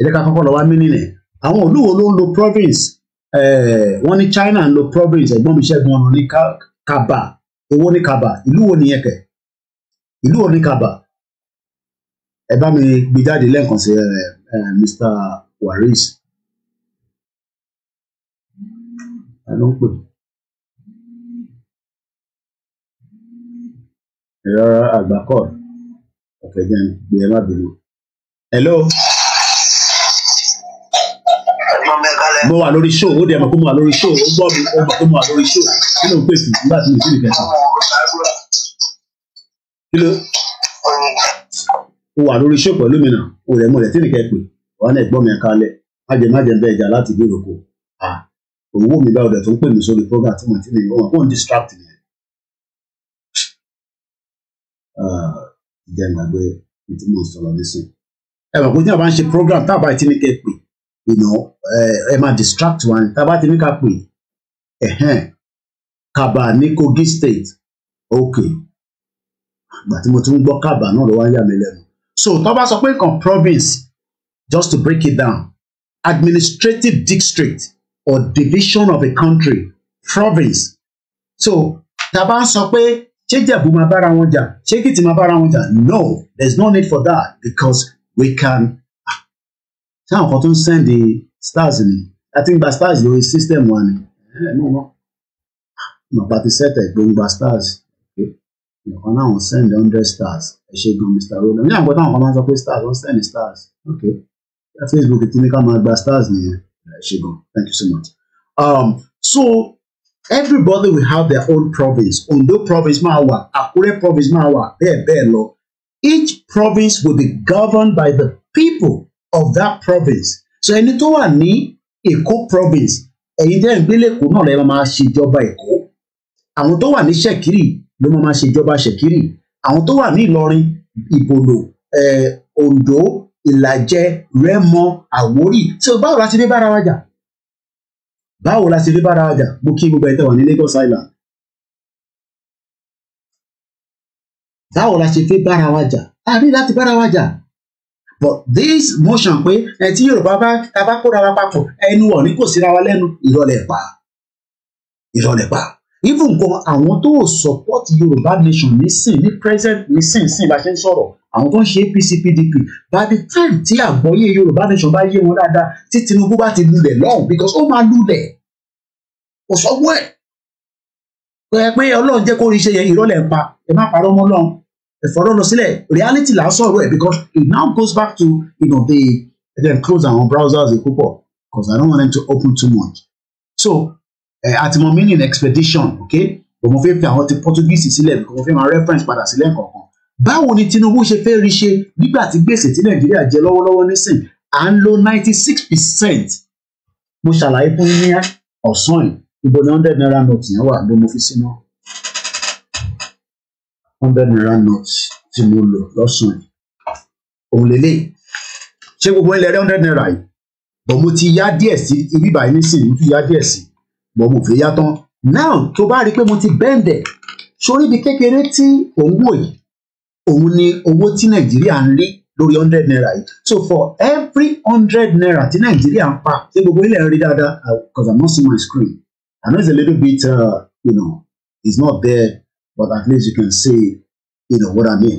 Ẹ jẹ́ ká kọ́kọ́ lọ wá mí nílẹ̀. Àwọn lo province. Eh, wọ́n ní China ń lo province ẹ̀gbọ́n mi ṣẹ́gun ọ̀nà ní Kaba. Èwo ní Kaba? Ìlú wo nìyẹn kẹ̀? Ìlú wo ní Kaba? Ẹ bá mi gbé jáde lẹ́ẹ̀kan sí eh, eh, Mr. Waris. I don't know. rárá àgbà kọ ọkẹjẹ ń gbé ẹ má bínú. hello. mo wà lórí show ó dẹ̀ mọ̀ pé mo wà lórí show ó gbọ́ mi ó mọ̀ pé mo wà lórí show kí ló ń pèsè nígbà tí mo ti rí kẹsàn kí ló ó wà lórí show pẹ̀lú mi náà ó rẹ̀ mo rẹ̀ tí nìkẹ́ pè wà ní ẹ̀gbọ́n mi ẹ̀ka alẹ́ májèmájè bẹ́ẹ̀ jà láti gbèrò kò òun wò mí báyọ̀ dẹ̀ tó ń pè mí sórí program tí mo ti rí ọmọ kò ń distract mi. jẹ́ gbàgbé tí mò ń sọ̀rọ̀ nísìn. ẹ mọ̀ pé tí a bá ń ṣe program tá a bá ti ní kẹ́ pè eh, ẹ máa distract wa ni tá a bá ti ní ká pè ẹ̀hẹ́n Kaba ní Kogi state ok àgbà tí mo tún ń gbọ́ Kaba náà ló wá ń yà mí lẹ́nu. so tó bá sọ pé nǹkan province just to break it down administrative district or division of a country province so tá a bá ń sọ pé ṣé jẹ̀bú máa bára wọn jà ṣé kìtì máa bára wọn jà no there is no need for that because we can táwọn ah, kan tó ń send the stars ni àti ń gba stars lórí system wa ni ẹ mọ̀ mọ́ màbá ti sẹ́tẹ̀ gbóngbà stars nǹkan náà wọ́n send hundred stars ẹ ṣe gan Mr. rola ní àgbọ̀tá àwọn kan máa ń sọ pé stars wọ́n send stars okay Facebook ti ní ká máa gba stars nìyẹn eh, ẹ ṣe gan thank you so much. Um, so everybody will have their own province Ondo province máa Akure province máa wà bẹ́ẹ̀ bẹ́ẹ̀ lọ each province will be governed by the people of that province so ẹni tó wà ní Èkó province ẹ̀yin tẹ́ ń gbélé Èkó náà lẹ́yìn máa ṣèjọba Èkó àwọn tó wà ní Ṣẹ̀kírì ló máa ṣèjọba Ṣẹ̀kírì àwọn tó wà ní Ìlọrin Ìbòlò eh, Oǹdó Ìlàjẹ Rẹ́mọ Àwórì tí o báwo la ti dé bára wa báwo la ṣe fi bára jà mo kí gbogbo ẹ̀ tẹ́ wà ní Lagos Island báwo la ṣe fi bára wa jà a ní láti bára wa jà but this motion pé ẹ tí Yorùbá bá ta bá kóra wa papọ̀ ẹnu ọ̀ ní kò síra wa lẹ́nu ìrọ̀lẹ́ pa ìrọ̀lẹ́ pa even gan àwọn tó support yorùbá nation nísìn ní present nísìn sìn bá ṣe ń sọ̀rọ̀ àwọn tó ń ṣe apc pdp by the time tí àgbọ́yé yorùbá nation bá yé wọn dáadáa tí tinubu bá ti lulẹ̀ lọ́hùn because ó máa lulẹ̀ kò sọ́wọ́ ẹ̀ tó yẹ pé ọlọ́run jẹ́ kó rí iṣẹ́ yẹn ìrọ́lẹ̀ pa ẹ má parọ́ mọ́ lọ́hùn ẹ̀fọ́rọ́ lọ sílẹ̀ reality là ń sọ̀rọ̀ ẹ̀ because it now goes back to you know, the then close àwọn browsers púpọ̀ because I don't want them to open too much so Eh, àti mọ meaning expedition ok kò mo fẹ́ fi àwọn ti Portuguese sílẹ̀ kò mo fẹ́ máa reference padà sílẹ̀ kankan báwo ni Tinubu ṣe fẹ́ rí ṣe nígbà tí gbèsè tí Nàìjíríà jẹ lọ́wọ́lọ́wọ́ nísìn à ń lo ninety six percent mo ṣàlàyé fún ní ọ̀sán yìí ibo ni hundred naira note yẹn wà ló mo fi síná hundred naira note tí mo lò lọ́sàn yìí òun lélẹ̀ ṣé gbogbo ilẹ̀ rẹ̀ hundred naira yìí bọ̀ mo ti yá díẹ̀ sí ibi báyìí nísìnyí mo ti yá díẹ̀ sí i bọ́ mo fi yá now tó bá rí i pé mo ti bẹ́ǹdẹ̀ sórí ibi kékeré tí òun wò yìí òun ni owó tí nàìjíríà ń rí lórí hundred naira yìí so for every hundred naira tí nàìjíríà ń pa ṣé gbogbo ilẹ̀ ń rí dáadáa because i'm not seeing my screen i know it's a little bit uh, you know it's not there but at least you can see you know what i mean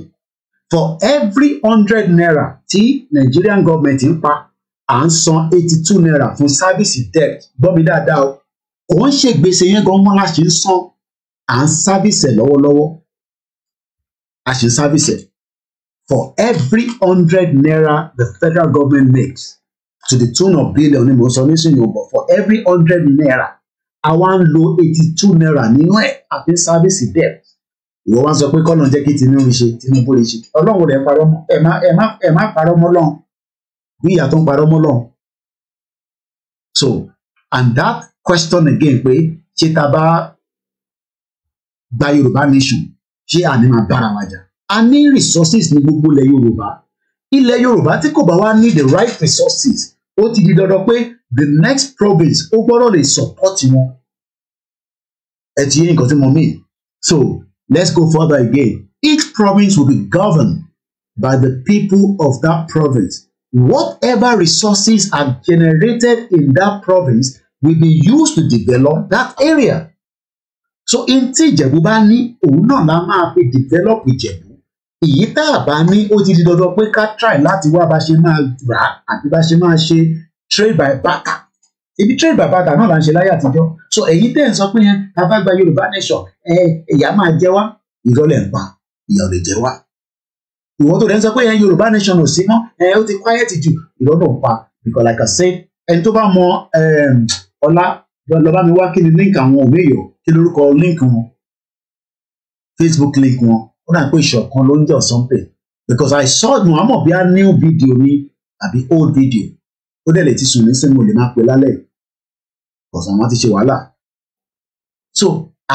for every hundred naira tí nigerian government ń pa à ń san eighty two naira fún service debt gbọ́ mi dáadáa o kò ń ṣe gbèsè yẹn gan wọn la ṣe ń san à ń sábìsẹ lọ́wọ́lọ́wọ́ a ṣe ń sábìsẹ for every hundred naira the federal government makes to the tune of billion ni mo sọ nísìnyí o but for every hundred naira àwa ń lo eighty two naira nínú ẹ̀ àfi sábìsì debt ìwọ wá ń sọ pé kọ́nà jẹ́ kí Tinubu ṣe Tinubu lè ṣe ọlọ́run rẹ̀ parọ́ mọ́ ẹ̀ má ẹ̀ má ẹ̀ má parọ́ mọ́ lọ́hùn bí ìyá tó ń parọ́ mọ́ lọ́hùn so and that question again pé ṣé ta bá gba yorùbá nation ṣé àní máa bára wa jà a ní resources ní gbogbo ilẹ̀ yorùbá ilẹ̀ yorùbá tí kò bá wá ní the right resources ó ti di dandan pé the next province ó gbọ́dọ̀ lè support wọn ẹ ti yé nǹkan tí mo mean so let's go further again each province will be governed by the people of that province whatever resources are generated in that province will be used to develop that area. So in tí Ìjẹ̀bú bá ní òun náà la máa fi develop Ìjẹ̀bú èyí tá a bá ní ó ti di dandan pé ká try láti wá bá ṣe máa rà àti bá ṣe máa ṣe trade by barter ibi trade by barter náà là ń ṣe láyé àtijọ́ so èyí tẹ́ ẹ̀ ń sọ pé yẹn tá a bá gba Yorùbá nation ẹ ìyá máa jẹ wá ìrọ̀lẹ́ ń pa ìyá ò lè jẹ wá ìwọ tó rẹ̀ ń sọ pé yẹn Yorùbá nation ò sí mọ́ ẹ ó ti quiet jù ìrọ̀lẹ́ ń pa because like I said ẹni tó bá mọ ọlá lọba mi wá kí ni link àwọn òwe yọ kí lórúkọ link wọn facebook link wọn ó náà pé ìṣọ̀kan ló ń jọ sọmpẹ because i saw muhammed bíi a new video ni àbí old video ó dẹ̀ lè ti sùn ní sẹ́mu lè máa pè lálẹ́ because àwọn ti ṣe wàhálà so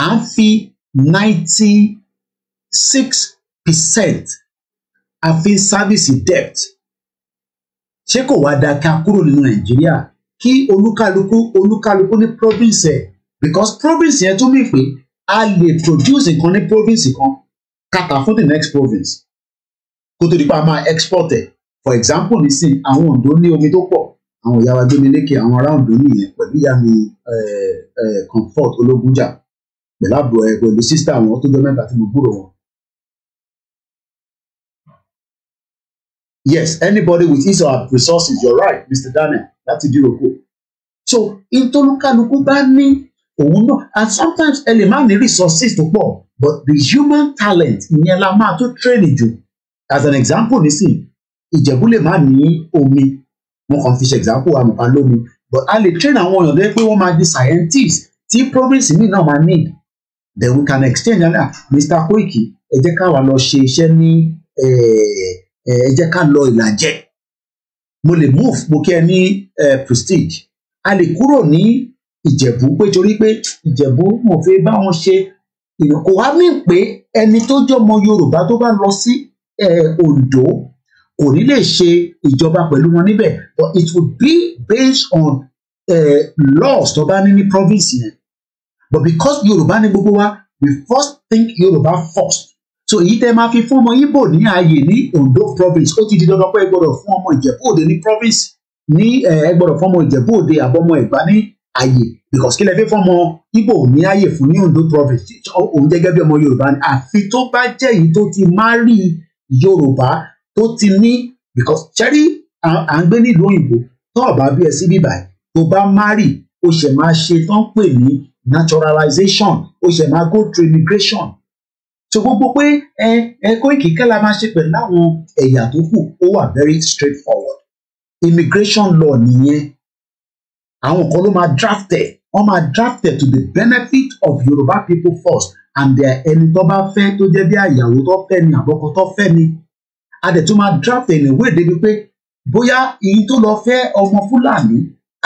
à ń fi ninety six percent àfi service debt ṣé kò wá da ká kúrò nínú nàìjíríà kí olúkálukú olúkálukú ní province ẹ̀ because province yẹn tún mí pé a lè produce nǹkan ní province kan kàkà fún the next province kó tó di pa máa export ẹ̀ for example nísìnyí àwọn Ondo ní omi tó pọ̀ àwọn ìyá wa gbémi lékè àwọn ará Ondo nìyẹn pẹ̀lú ìyá mi eh, eh, comfort ológunjà pẹ̀lú àbò ẹ̀ pẹ̀lú sísítà àwọn tó jọ mẹ́ta tí mo gbúrò wọn. Yes, anybody with ease of her resources, you're right, Mr. Daniel láti díroko so ìtolúkálukú bá ní òun náà and sometimes ẹ lè má ní resources tó pọ̀ but the human talent ìyẹn la máa tó train jù as an example nísìn ìjẹ̀bú lè má ní omi mo kàn fi ṣe example àmọ̀pá lómi but a lè train àwọn èèyàn lẹ́yìn pé wọ́n máa di scientist tí province mi náà máa need then we can exchange and ah Mr. Koiki ẹ jẹ́ ká wá lọ ṣe iṣẹ́ ní eh, eh, ẹ jẹ́ ká lọ ìlàjẹ́ mo lè move mo kí ẹ ní prestige a lè kúrò ní ìjẹ̀bú pé torí pé ìjẹ̀bú mo fẹ́ bá wọn ṣe kò wá mí pé ẹni tó jọmọ yorùbá tó bá lọ sí ondo kò ní lè ṣe ìjọba pẹ̀lú wọn níbẹ̀ but it would be based on uh, laws tó bá ní ní province yẹn but because yorùbá ní gbogbo wa we first think yorùbá first so èyí tẹ́ máa fi fún ọmọ Ìgbò ní ààyè ní Ondo province ó ti di dandan pé ẹ gbọ́dọ̀ fún ọmọ Ìjẹ̀bú Òde ní province ní ẹ gbọ́dọ̀ fún ọmọ Ìjẹ̀bú Òde àbọmọ Ẹ̀gbá ní ààyè because kí lẹ fi fún ọmọ Ìgbò ní ààyè fún ní Ondo province òun gẹ́gẹ́ bí ọmọ Yorùbá ni àfi tó bá jẹ́ èyí tó ti márì Yorùbá tó ti ní because cherry à ń gbé nílùú òyìnbó tó ọba bí ẹ sí bíbà tó bá márì ó ṣe máa ṣe tán pè ní naturalization ó ṣe máa go through immigration so gbogbo pé ẹ ẹ Koiki kẹ́la máa ṣe pẹ̀lú àwọn ẹ̀yà tó kù ó wà very straightforward immigration law nìyẹn àwọn kan ló máa draft ẹ̀ wọ́n máa draft ẹ̀ to the benefit of Yorùbá people first and their ẹni tó bá fẹ́ tó jẹ́ bí àyàwó tó fẹ́ ni àbọ̀kọ tó fẹ́ ni a dẹ̀ tún máa draft ẹ̀ ní wéde bíi pé bóyá èyí tó lọ fẹ́ ọmọ Fúlàní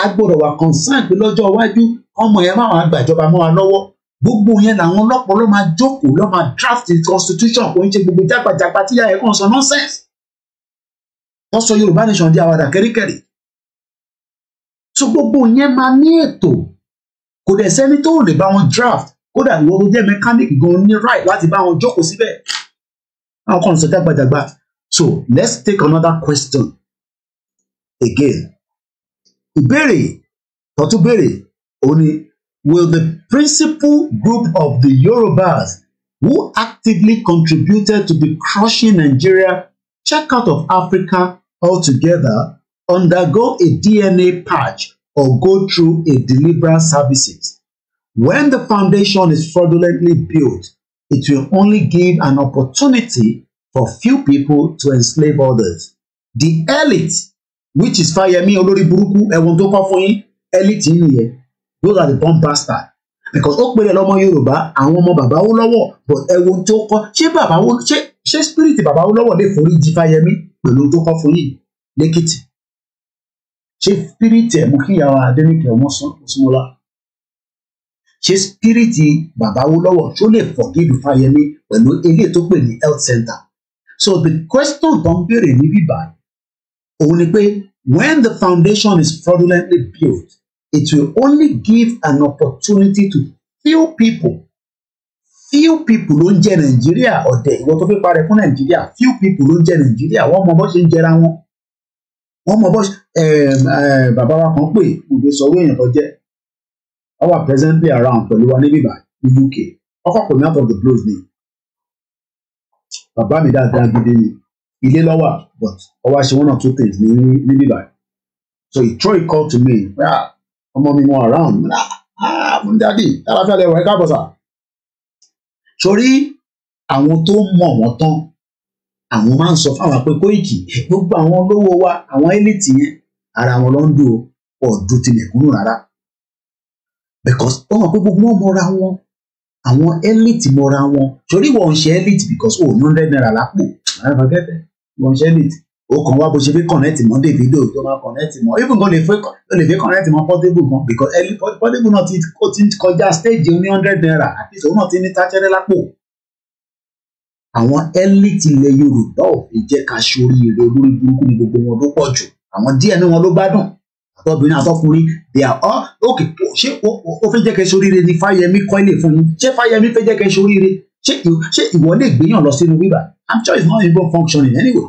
a gbọ́dọ̀ wà concerned pé lọ́jọ́ iwájú ọmọ yẹn máa wà gbàjọba mọ́ wa lọ́wọ́ gbogbo yẹn làwọn ọlọ́pàá ló máa jókòó ló máa draft the constitution kò ń ṣe gbogbo jágbàjàgbà tí yàrá ẹ̀kọ́ sọ nonsense wọ́n sọ yorùbá nation di àwàdà kẹ́ríkẹ́rí so gbogbo yẹn máa ní ètò kò dẹ̀ sẹ́ni tó lè bá wọn draft kódà ìwọ tó jẹ́ mechanic gan ní right láti bá wọn jókòó síbẹ̀ àwọn kan sọ jágbàjàgbà so let's take another question again ìbéèrè tó tún béèrè òun ni will the principal group of the Yorubas who actively contributed to the crushing Nigeria checkout of Africa altogether undergo a DNA patch or go through a deliverance services. When the foundation is fraudulently built, it will only give an opportunity for few people to enslave others. The elite, which is Fayemi Oloriburuku, ẹ̀wọ̀n tó kọ́ fún yín, elite nìyẹn those are the bomb bastard because ó pèrè lọ́mọ yorùbá àwọn ọmọ bàbá ó lọ́wọ́ but ẹwo tó kọ́ ṣé bàbá ó ṣe ṣé spirit bàbá ó lọ́wọ́ lè forí jí fáyemí pẹ̀lú tó kọ́ fún yìí lẹ́kìtì ṣé spirit ẹ̀ mú kí ìyàwó adẹ́nìkẹ́ ọmọ súnmọ́lá ṣé spirit bàbá ó lọ́wọ́ ṣó lè forgive fáyemí pẹ̀lú ilé tó pè ní health center so the question tó ń béèrè níbí báyìí òun ni pé when the foundation is fraudulently built it will only give an opportunity to few people few people ló ń jẹ nàìjíríà ọ̀dẹ̀ ìwọ tó fi parẹ́ fún nàìjíríà few people ló ń jẹ nàìjíríà wọ́n mọ bó ṣe ń jẹra wọn wọ́n mọ bó ṣe bàbá wa kan pè òde sọwọ èèyàn tó jẹ wọ́n wà presently around pẹ̀lú wa níbí ní UK ọkọ pè mí out of the blues ni bàbá mi dáadáa gidi ni ilé lọ́wọ́ but ọwọ́ àṣẹ one or two things ní níbí báyìí so he throw a call to me. Yeah ọmọ mi wọn around ah, ah, fún dádì aláfẹ́ alẹ́ wọ̀ ẹ́ káàbọ̀ sà. sórí àwọn tó mọ̀ wọ́n tán àwọn máa ń sọ fáwọn pé Koiki gbogbo àwọn olówó wa àwọn élìtì yẹn ara wọn ló ń dùn ọ̀dùn ti mẹ̀kúnnù rárá because wọ́n mọ̀ pé gbogbo wọn mọ̀ra wọn àwọn élìtì mọ̀ra wọn torí wọn ń ṣe élìtì because òun ń rẹ́ náírà lápò àwọn ẹ̀fọn kẹfẹ́ wọn ń ṣe élìtì ó kàn wá bó ṣe fi connect mọ́ Davido tó máa connect mọ́ even gan lè fi ó lè fi connect mọ́ Portable gan because ẹni Portable náà ti ó ti kọjá stage ní hundred naira àti ìṣòwò náà ti ní tájẹ́rẹ́ lápò. àwọn elite ilẹ̀ Yorùbá ò fi jẹ́ ká ṣoríire olórí burúkú ni gbogbo wọn ló pọ̀ jù àwọn díẹ̀ ní wọn ló gbádùn àtọ́bìnrin àtọ́kùnrin they are all okay ṣé ó fẹ́ jẹ́ kẹ́ ṣoríire ni Fáyẹmí kọ́ ilé fún yín ṣé Fáyẹmí fẹ́ jẹ́ kẹ́ ṣoríire ṣé ìwọ lè gbéyàn lọ sínú bíbà I'm sure it's not even functioning anyway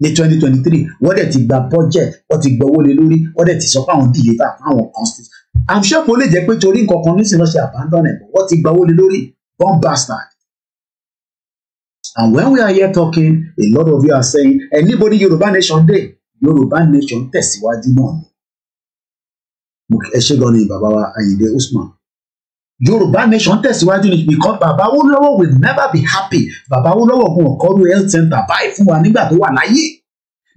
ní twenty twenty three wọ́n dẹ̀ ti gba budget wọ́n ti gba owó lé lórí wọ́n dẹ̀ ti sọ pé àwọn dìde ta fún àwọn constitution i'm sure kò lè jẹ́ pé torí nǹkan kan nísìnyí lọ́ọ́ ṣe abandon ẹ̀ wọ́n ti gba owó lé lórí born bastard and when we are here talking a lot of you are saying anybody níbo nation dé yorùbá nation tẹ̀síwájú náà ni ẹ ṣe gan ni bàbá wa Ayinde Usman yorùbá nation tẹ̀síwájú ni because Baba Awólọ́wọ̀ will never be happy bàbá Awólọ́wọ̀ gun ọ̀kọ́rú health center báyìí fún wa nígbà tó wà láyé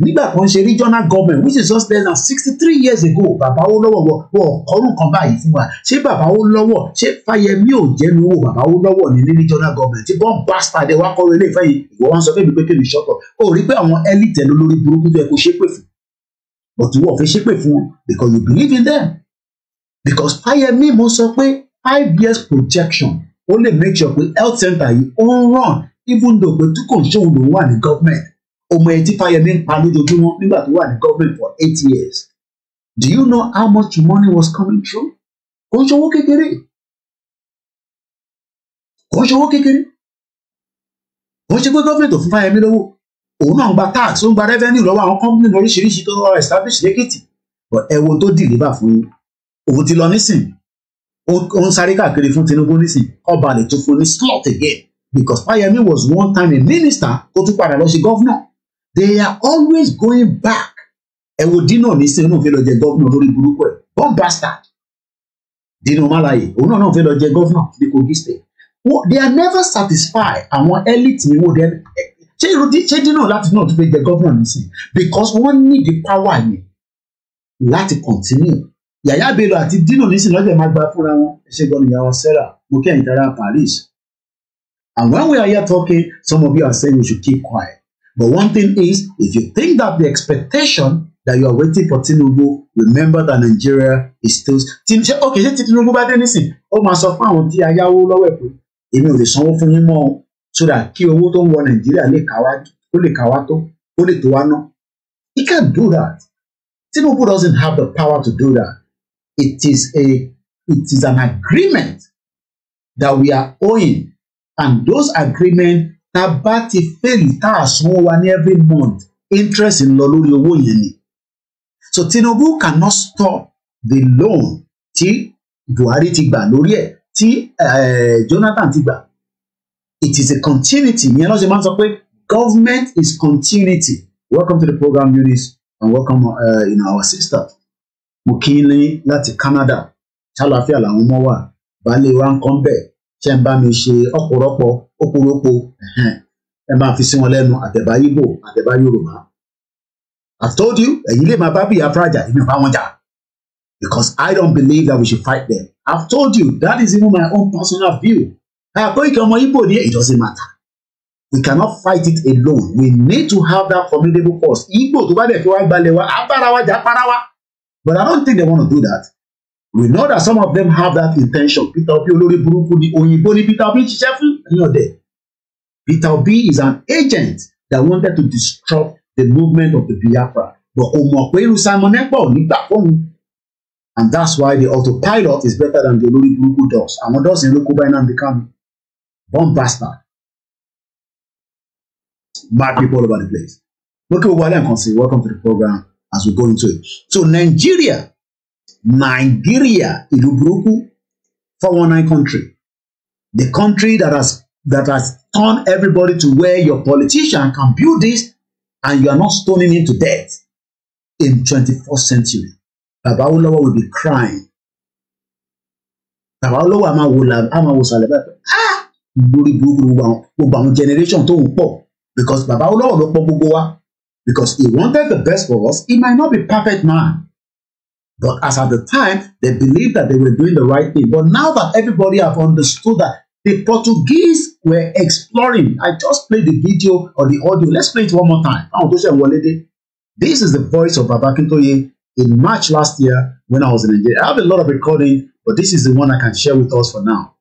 nígbà tó ń ṣe regional government which is just less than sixty three years ago bàbá Awólọ́wọ̀ wọ ọ̀kọ́rú kan báyìí fún wa ṣé Baba Awólọ́wọ̀ ṣé Fáyẹmí ò jẹ́nu owó bàbá Awólọ́wọ̀ ní ní regional government tí born bastard ẹ̀ wá kọ́ ilé ìfẹ́ yìí ìwọ wọn sọ fún mi pé kí mi ṣọ́tọ̀ o rí pé àwọn elite ẹ̀ lólórí burúkú tó yẹ kó ṣépè fún but ìwọ ò fẹ́ ṣépè fún because you believe in them because Fáyẹmí mo sọ pé five years projection ó lè make sure pé health center yìí ó ń ràn even though pé tí kò ń ṣòun lòun wà ní government ọmọ ẹ tí Fáyẹmí ń pa lójoojúmọ́ nígbà tó wà ní government for eight years do you know how much money was coming through kò ń ṣòwò kékeré kò ń ṣòwò kékeré kò ń ṣe pé government ò fún Fáyẹmí lówó òun náà ń gba tax ó ń gba revenue lọ́wọ́ àwọn company lóríṣiríṣi tó lọ́wọ́ establish lẹ́kìtì but ẹ̀wọ̀n tó deliver fún yín òun ti lọ nísìnyí ó ń sáré káàkiri fún Tinubu nísìn ọba lè tún fún ní slot again because Fáyẹmí was one time a minister tó tún padà lọ sí governor they are always going back ẹ wo Dino nísìn òun náà fẹ́ lọ jẹ governor lórí burúkú ẹ born bastard Dino Malaye òun náà náà fẹ́ lọ jẹ governor ní Kogi state they are never satisfied àwọn elite ni wọ́n dẹ́ ṣé irú ṣé Dino láti náà tún fẹ́ jẹ governor nísìn because wọ́n need the power yẹn láti continue yàyà bello àti dino nísìnyí lọ́jọ́ máa gba fúnra wọn ṣe gbọ́n ìyàwó sarah mokẹ́ ìdára paris and when we are here talking some of you are saying you should keep quiet but one thing is if you think that the expectation that you are waiting for tinubu remember that nigeria is still tin ṣe ok ṣe ti tinubu bá dé nísìn ó máa sọ fún àwọn tí ayáwó lọ́wọ́ ẹ̀ pé èmi ò lè sanwó fún yín mọ́ so that kí owó tó ń wọ nàìjíríà lè kà wá ó lè kà wá tó ó lè tó wá ná he can't do that tinubu doesn't have the power to do that It is a it is an agreement that we are owing and those agreement tá a bá ti fẹ́ẹ̀lì tá a wa ni every month interest ń lọ lórí owó yẹn ni so Tinubu cannot stop the loan tí Buhari ti gbà lórí ẹ̀ tí eh, Jonathan ti gbà it is a continuity yẹn lọ́sẹ̀ máa ń sọ pé government is continuity welcome to the program Unis, and welcome uh, you know, our sister mo kí ní láti Canada ṣàlàáfíà làwọn ọmọ wà baálé wa ń kán bẹ́ẹ̀ ṣe ń bá mi ṣe ọ̀pọ̀rọ̀pọ̀ ọ̀pọ̀rọ̀pọ̀ ẹ máa fi sí wọn lẹ́nu àtẹ̀bá Ìgbò àtẹ̀bá Yorùbá I've told you ẹ̀yin lè máa bá Biafra jà èmi ò bá wọn jà because I don't believe that we should fight them I've told you that is even my own personal view àkóyíkẹ́ ọmọ Ìgbò ni it doesn't matter we cannot fight it alone we need to have that formidable force Ìgbò tó bá dẹ̀ fi wá gbalẹ̀ wa àbára wa jà para wa. But I don't think they want to do that. We know that some of them have that intention. Peter Obi olórí burúkú ni òyìnbó ni Peter Obi ṣiṣẹ́ fún ẹ̀yìn ọ̀dẹ̀. Peter Obi is an agent that wanted to disrupt the movement of the Biafra. But kò Simon Ekpa ò ní gbà fóun. And that's why the autopilot is better than the olórí burúkú does. Àwọn does yẹn ló kó bá Nnamdi Kanu. bastard. Mad people all over the place. Lókè gbogbo alẹ́ welcome to the program as we go into it. So Nigeria, Nigeria, ìlú burúkú, 419 country, the country that has that has turned everybody to where your politician can build this and you are not stoning him to death in 21st century. Baba Olawa will be crying. Baba Olawa ama Ah, wo la ama wo sàlẹ̀ bẹ́ẹ̀ ah lórí burúkú gbogbo àwọn generation tó ń pọ̀ because Baba Olawa ló pọ̀ gbogbo wa. because he wanted the best for us. He might not be perfect man. But as at the time, they believed that they were doing the right thing. But now that everybody have understood that the Portuguese were exploring, I just played the video or the audio. Let's play it one more time. This is the voice of Babakintoye in March last year when I was in Nigeria. I have a lot of recording, but this is the one I can share with us for now.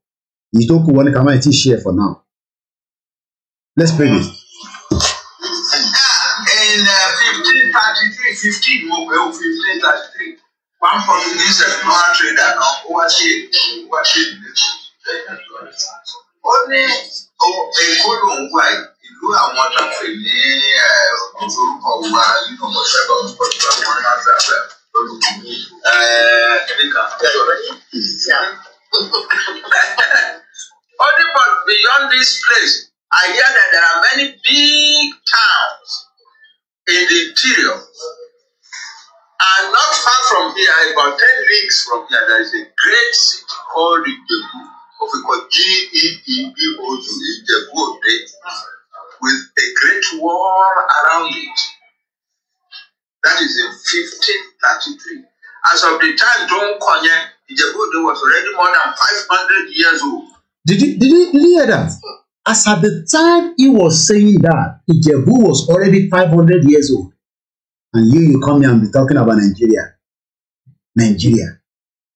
Let's play this. in uh, fifteen 1533, 15 fifteen mo pè ó fifteen thirty three one forty three september trader kan ó wá sí èkó wá sí èkó ó ní èkó lòún wà ìlú àwọn tó pè ní orúkọ wa nínú ọ̀sẹ̀kọ̀ ọ̀sẹ̀kọ̀ àwọn aláàbẹ̀ olùkọ́ ẹ̀ẹ́dẹ́gbẹ̀kan. Only but beyond this place, I hear that there are many big towns in the interior. And not far from here, about ten leagues from here, there is a great city called Ijebu, of called G-E-E-B-O-U, Ijebu Ode, with a great wall around it. That is in fifteen thirty-three. As of the time Don Konye, Ijebu Ode was already more than five hundred years old. Did you, did you hear that? As at the time he was saying that, Ijebu was already 500 years old. And you, you come here and be talking about Nigeria. Nigeria,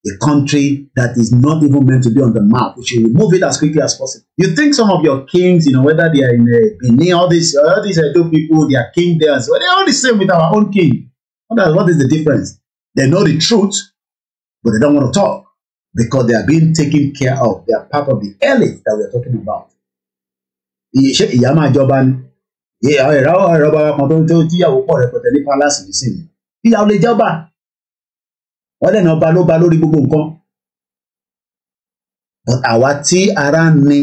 a country that is not even meant to be on the map. We should remove it as quickly as possible. You think some of your kings, you know, whether they are in uh, Benin, all these, all these Edo people, their king there, so they're all the same with our own king. What is the difference? They know the truth, but they don't want to talk because they are being taken care of. They are part of the elite that we are talking about. iṣẹ́ ìyá máa jọba ni ẹ̀rọ ẹ̀rọ bàbá kan tó tó tíyàwó pọ̀ rẹpẹtẹ ní palace nísìnyí ìyàwó lè jọba wọ́n lẹ́nu ọba ló ba lórí gbogbo nǹkan àwa tí ara ń ni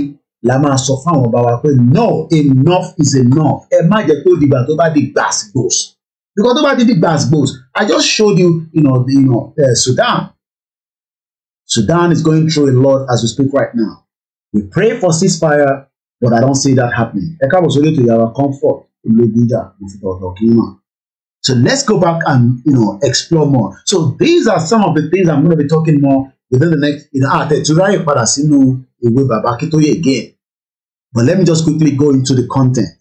la máa sọ fáwọn ọba wa pé no enough is enough ẹ má jẹ́ kó dìgbà tó bá di gbàsgbòs because tó bá ti di gbàsgbòs I just showed you, you know, you know, uh, Sudan Sudan is going through a lot as we speak right now we pray for ceasefire but I don't see that happening. Ẹ káàbọ̀ to ètò Comfort ilé gbígbà mo So let's go back and you know explore more. So these are some of the things I'm going to be talking more within the next. In know, àtẹ̀túráyè padà sínú ìwé Bàbá Akíntóyè again. But let me just quickly go into the content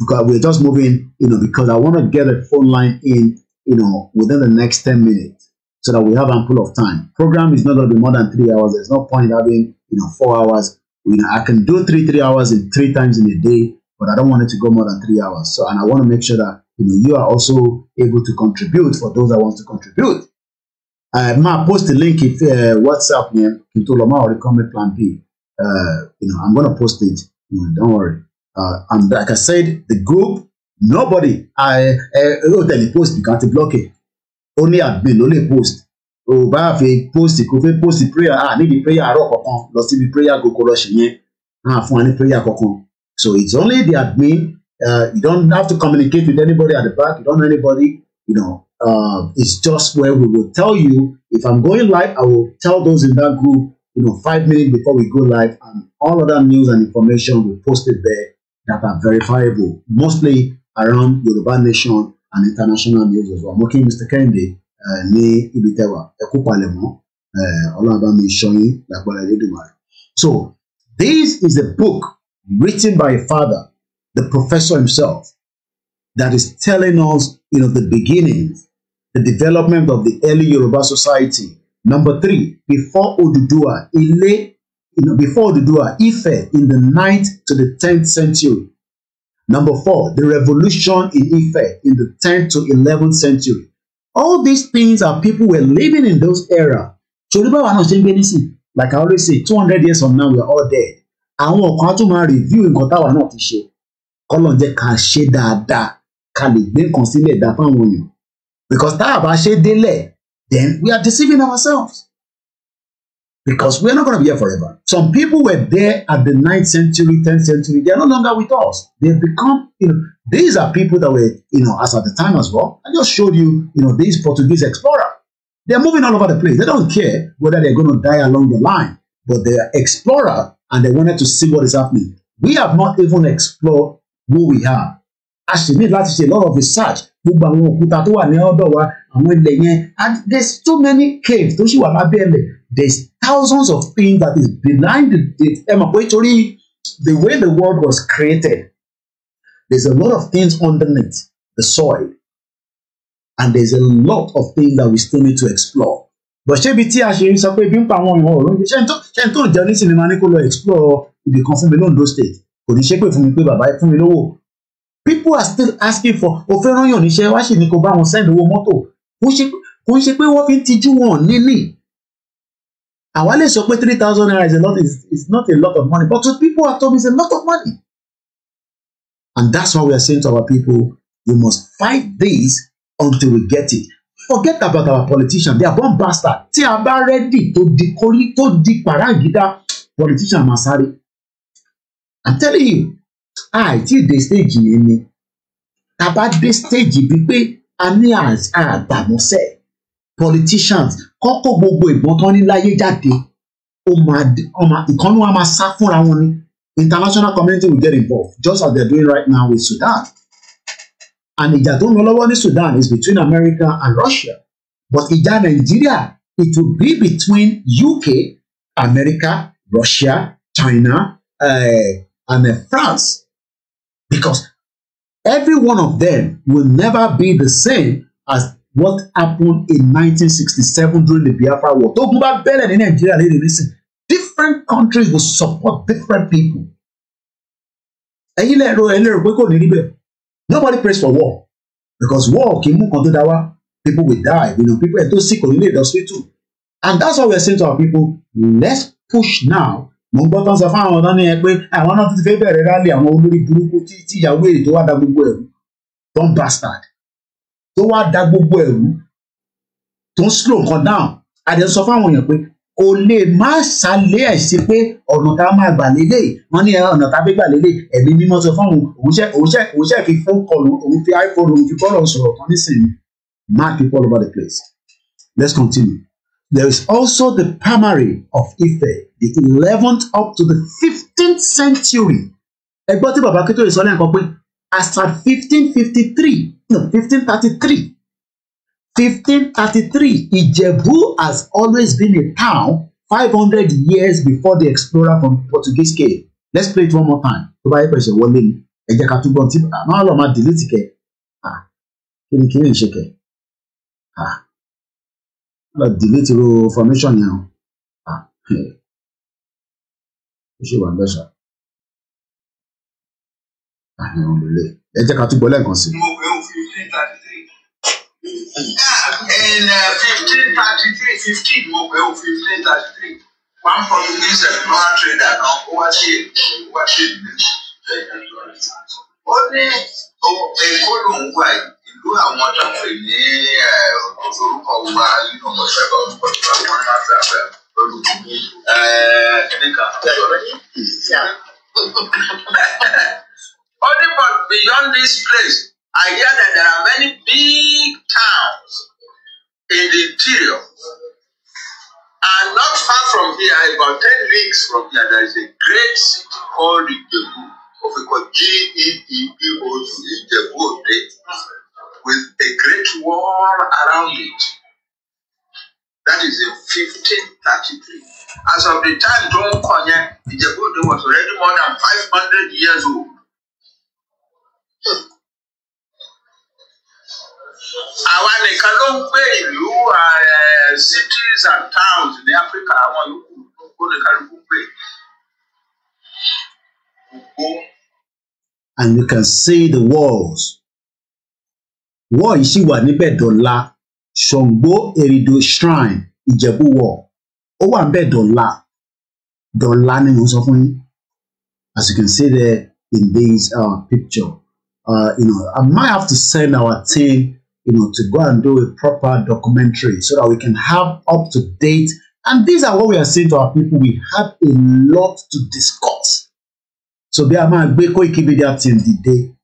because we're just moving, you know, because I want to get a phone line in, you know, within the next 10 minutes so that we have ample of time. Program is not going to be more than three hours. There's no point having, you know, four hours you know, I can do three three hours in three times in a day, but I don't want it to go more than three hours. So, and I want to make sure that you know you are also able to contribute for those that want to contribute. I might post the link if uh, WhatsApp me into Loma or Recommend Plan B. Uh, you know, I'm gonna post it. You know, don't worry. Uh, and like I said, the group nobody I uh, post can't block it. Only admin, only post o bá fi post kó fẹ́ post prayer ah níbi prayer àárọ̀ kankan lọ síbi prayer kókó lọ ṣe yẹn ah fún wa prayer so it's only the admin uh, you don't have to communicate with anybody at the back you don't know anybody you know uh, it's just where we will tell you if I'm going live I will tell those in that group you know five minutes before we go live and all other news and information we posted there that are verifiable mostly around Yoruba Nation and international news as well. I'm okay, Mr. Kennedy. Eh, ní ibitewa tẹwà ẹ eh, Ọlọ́run bá mi ṣọyín lágbára Elédùmarè. So this is a book written by a father, the professor himself, that is telling us you know the beginnings, the development of the early Yoruba society. Number three, before Odudua, Ile, you know, before Oduduwa, Ife in the 9th to the 10th century. Number four, the revolution in Ife in the 10th to 11th century. all these things are people were living in those era torí wa náà ṣe ń gbé nísìn like I always say two hundred years from now we are all dead àwọn ọ̀kan á tún máa review nǹkan táwa náà ti ṣe kọ́lọ̀ jẹ́ ká ṣe dáadáa ká lè gbé nǹkan sílẹ̀ dá fáwọn èèyàn because tá a bá ṣe délẹ̀ then we are deceiving ourselves because we are not going to be here forever some people were there at the ninth century tenth century they are no longer with us they have become you know These are people that were, you know, as at the time as well. I just showed you, you know, these Portuguese explorer. They're moving all over the place. They don't care whether they're going to die along the line, but they're explorer and they wanted to see what is happening. We have not even explored who we are. Actually, sì ní láti ṣe a lot of research. and there's too many caves There's thousands of things that is behind the, the, the way the world was created. There's a lot of things underneath the soil, and there's a lot of things that we still need to explore. But ṣébi tí a ṣe sọ pé bí ń pa àwọn ìwọ̀n òrùn ṣé ń tó ń jẹun ní sinimá ní kó lọ explore ibì kan fún mi lóńdó state kò ní ṣépè fún mi pé bàbá fún mi lówó. People are still asking for o fẹ́ yàn níṣẹ́ wá sì ni kò bá wọn send owó mọ́tò kò ń ṣe pé wọ́n fi ń tijú wọn níní. Àwa lè sọ pé three thousand naira is a lot is, is not a lot of money but to people at home is a lot of money. And that's why we are saying to our people, we must fight this until we get it. Forget about our politicians. They are born bastard. Tí a ready to di to tó di pàràǹgídá politician máa sáré. I'm telling you, àìtí dé stage yẹn ni. Tá a bá dé stage bíi pé a ní àgbàmọ́sẹ̀ politicians koko gbogbo but tán ní láyé jáde. Ó máa Oh my, máa sá fúnra wọn ni international community will get involved just as they're doing right now with Sudan and ìjà tó ń lọ lọ́wọ́ ní Sudan is between America and Russia but ìjà Nigeria, it will be between UK America Russia China uh, and uh, France because every one of them will never be the same as what happened in 1967 during the Biafra war tó gún bá bẹ́lẹ̀ ní Nàìjíríà lè rí nísìnyí different countries will support different people. ẹ̀yin lẹ́rọ ẹ pé kò ní rí nobody prays for war because war kì í mú kan tó dá wá people will die you know people ẹ̀ tó sì kò ní lè and that's why we are saying to our people let's push now mo ń gbọ́ tán sọ fáwọn ọ̀dọ́ ní ẹ pé àwọn náà ti fẹ́ bẹ̀rẹ̀ rálì àwọn olórí burúkú tí ìyàwó èrè tó wá da gbogbo ẹ̀rú don bastard tó wá da gbogbo ẹ̀rú tó ń slow nǹkan down àdé sọ fáwọn èèyàn pé kò lè má ṣàlẹ́ ẹ̀ sí pé ọ̀nà tá a máa gbà lélẹ̀ wọ́n ní ọ̀nà tá a fi gbà lélẹ̀ ẹ̀mí mímọ́ sọ fún òun òunṣẹ́ òunṣẹ́ òunṣẹ́ fi fún kọlù òun fi iphone òun fi kọ́lọ̀ sọ̀rọ̀ kan nísìnyí mark people all over the place let's continue there is also the primary of Ife the eleventh up to the fifteenth century ẹgbọ́n tí bàbá kí tó yẹ sọ lẹ́yìn kan pé as at fifteen fifty three no fifteen thirty three 1533, Ijebu has always been a town 500 years before the explorer from Portuguese came. Let's play it one more time. Tó bá yẹ pé ṣe wọlé ni, ẹ ká tún gbọ́n tí àmọ́ àlọ́ máa delete kẹ. Kíni kíni ìṣe kẹ? Lọ delete ro formation yẹn o. Ó ṣe wà lọ́ṣà. Ẹ ká tún lẹ́ẹ̀kan sí i in uh, fifteen thirty three fifteen mo pè ó fifteen thirty three one Portuguese explorer trader náà ó wá sí èkó wá sí ìlú ó ní èkó ló ń wá ìlú àwọn tó ń pè ní orúkọ wa nínú ọ̀sẹ̀kọ̀ orúkọ tó bá wọn máa fẹ́ fẹ́ olùkọ́ ẹ̀ẹ́dẹ́gbẹ̀ta ó ní but beyond this place. I hear that there are many big towns in the interior. And not far from here, about 10 leagues from here, there is a great city called Ijebu, of a called G-E-E-B-O-U, Ijebu with a great wall around it. That is in 1533. As of the time Don Konya, Ijebu was already more than 500 years old àwa nìkan ló ń gbé ìlú eh, cities and towns ní áfíríkà àwọn yòókù tó kó nìkan ló ń gbé. And you can see the walls. Wall yìí sì wà níbẹ̀ dọ̀la Ṣàngó Èrìdò shrine Ìjẹ̀bú wall ó wà níbẹ̀ dọ̀la dọ̀la ni mo sọ fún yín as you can see there in this uh, picture. Uh, you know, I might have to send our team you know, to go and do a proper documentary so that we can have up to date. And these are what we are saying to our people. We have a lot to discuss. So be a man, be quick till the day,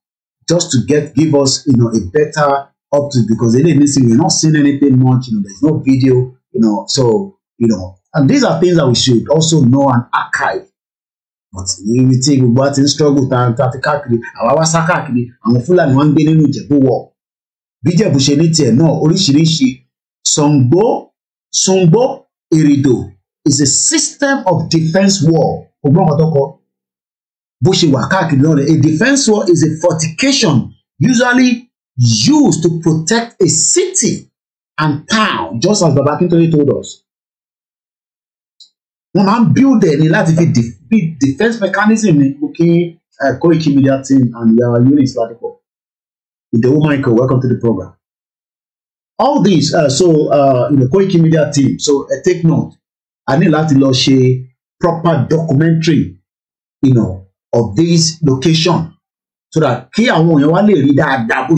just to get give us, you know, a better up to because they didn't see we're not seeing anything much, you know, there's no video, you know. So, you know, and these are things that we should also know and archive. But you think what in struggle, àwọn Haúsá káàkiri, àwọn Fúlàní wọ́n ń gbé nínú Ìjẹ̀bú wọ̀ bíjẹ̀bú ṣe ní tiẹ̀ náà oríṣiríṣi Ṣàngó Ṣàngó èrìdò is a system of defence war ọgbọ́n kan tó kọ bó ṣe wà káàkiri náà rẹ̀ a defence war is a fortification usually used to protect a city and town just as Baba Akintoye told us wọn máa ń build ẹ ní láti fi defence mechanism ní kókè uh, Koiki Media team and yàrá units ládìpọ̀ Idowu Michael, welcome to the program. All these, uh, so uh, in the Koiki Media team, so uh, take note, I need láti lọ ṣe proper documentary, you know, of this location so that kí àwọn want wá lè rí dáadáa bó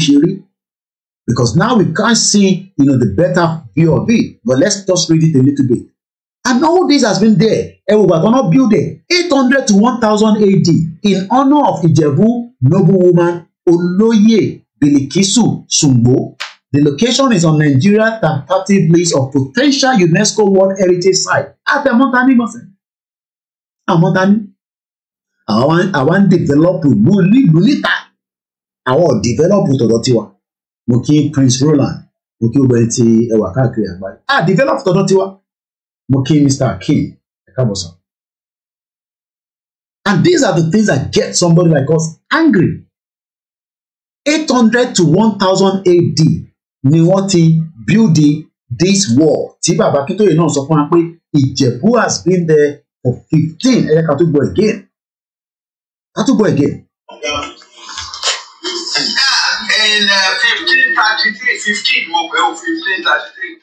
because now we can't see, you know, the better view of it but let's just read it a little bit. And all this has been there. Ewuba Tana built there 800 to 1000 AD in honor of Ijebu noble woman Oloye Bilikisu Sumbo. The location is on Nigeria's tentative list of potential UNESCO World Heritage Site. At the Àtẹ̀mọ́tání gbọ́sẹ̀. Àmọ́tání. Àwa ń dìvẹ́lọ́pù lùlù níta. Àwọn dìvẹ́lọ́pù tọ̀dọ̀ tiwa. Mo kí Prince Roland. Mo kí obìnrin ti ẹwà káàkiri àgbáyé. À dìvẹ́lọ́pù tọ̀dọ̀ tiwa. Mo kí Mr. Akeem ẹ̀ka bọ̀sán. And these are the things that get somebody like us angry eight hundred to one thousand AD ni wọ́n ti build this wall tí bàbá Akíntóyè náà sọ fún wa pé Ìjẹ̀bú has been there for fifteen ẹ̀yẹ́ ká tó gbọ́ again ká tó gbọ́ again. In uh, 1533, 15, mo pè ó 1533,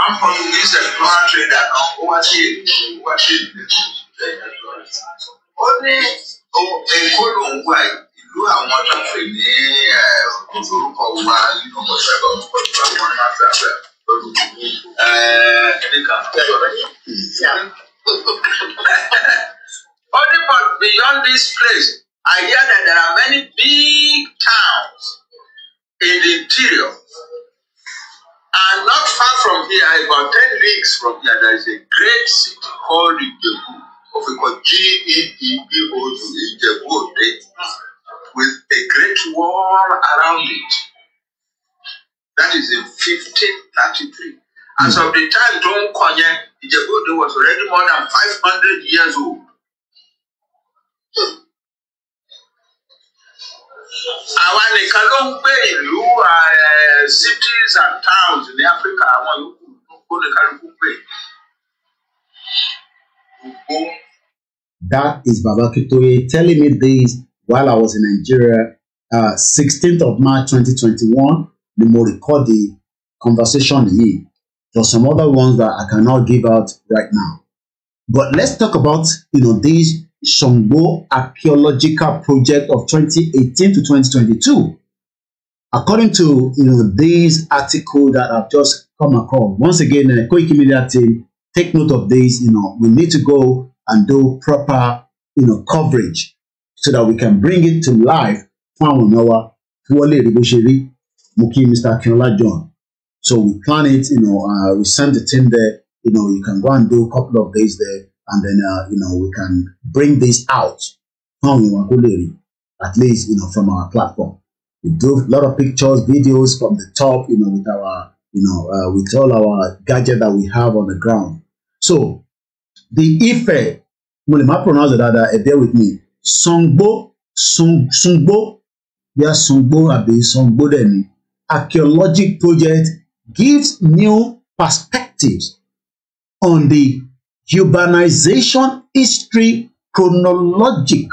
one Portuguese explorer trader kan ó wá sí ó wá sí ìgbésẹ̀ ìjọba. Ó ní èkó lòún wáyé ìlú àwọn tó ń pè ní eh, orúkọ wa nínú ọ̀sẹ̀gbọ̀ ọ̀sẹ̀gbọ̀ wọn ni wọ́n fẹ́ fẹ́ lórúkọ ẹ̀ẹ́dẹ́gbà Only but beyond this place, I hear that there are many big towns in the interior. And not far from here, about 10 leagues from here, there is a great city called Ijebu. Of course, G-E-E-B-O-U, Ijebu Ode with a great wall around it. That is in 1533. As mm. so the time Don Konye, Ijebudo was already more than 500 years old. Àwa nìkan ló ń gbé ìlú eh, cities and towns ní Africa? àwọn yòókù ló nìkan ló ń gbé. That is Baba Kitoye telling me this while I was in Nigeria, uh, 16th of March 2021, the mo record the conversation here. There are some other ones that I cannot give out right now. But let's talk about, you know, this Shango archaeological project of 2018 to 2022. According to, you know, this article that I've just come across, once again, the uh, Koiki Media team, take note of this, you know, we need to go and do proper, you know, coverage so that we can bring it to life Mr. Akinola John so we plan it you know uh, we send the team there you know you can go and do a couple of days there and then uh, you know we can bring this out at least you know from our platform we do a lot of pictures videos from the top you know with our you know uh, with all our gadget that we have on the ground so the Ife mo lè má pronounce it dáadáa bear with me sangbó sungbó bíá sangbó àbí sangbó dẹ̀ ni archaeologic project gives new perspectives on the urbanization history chronologic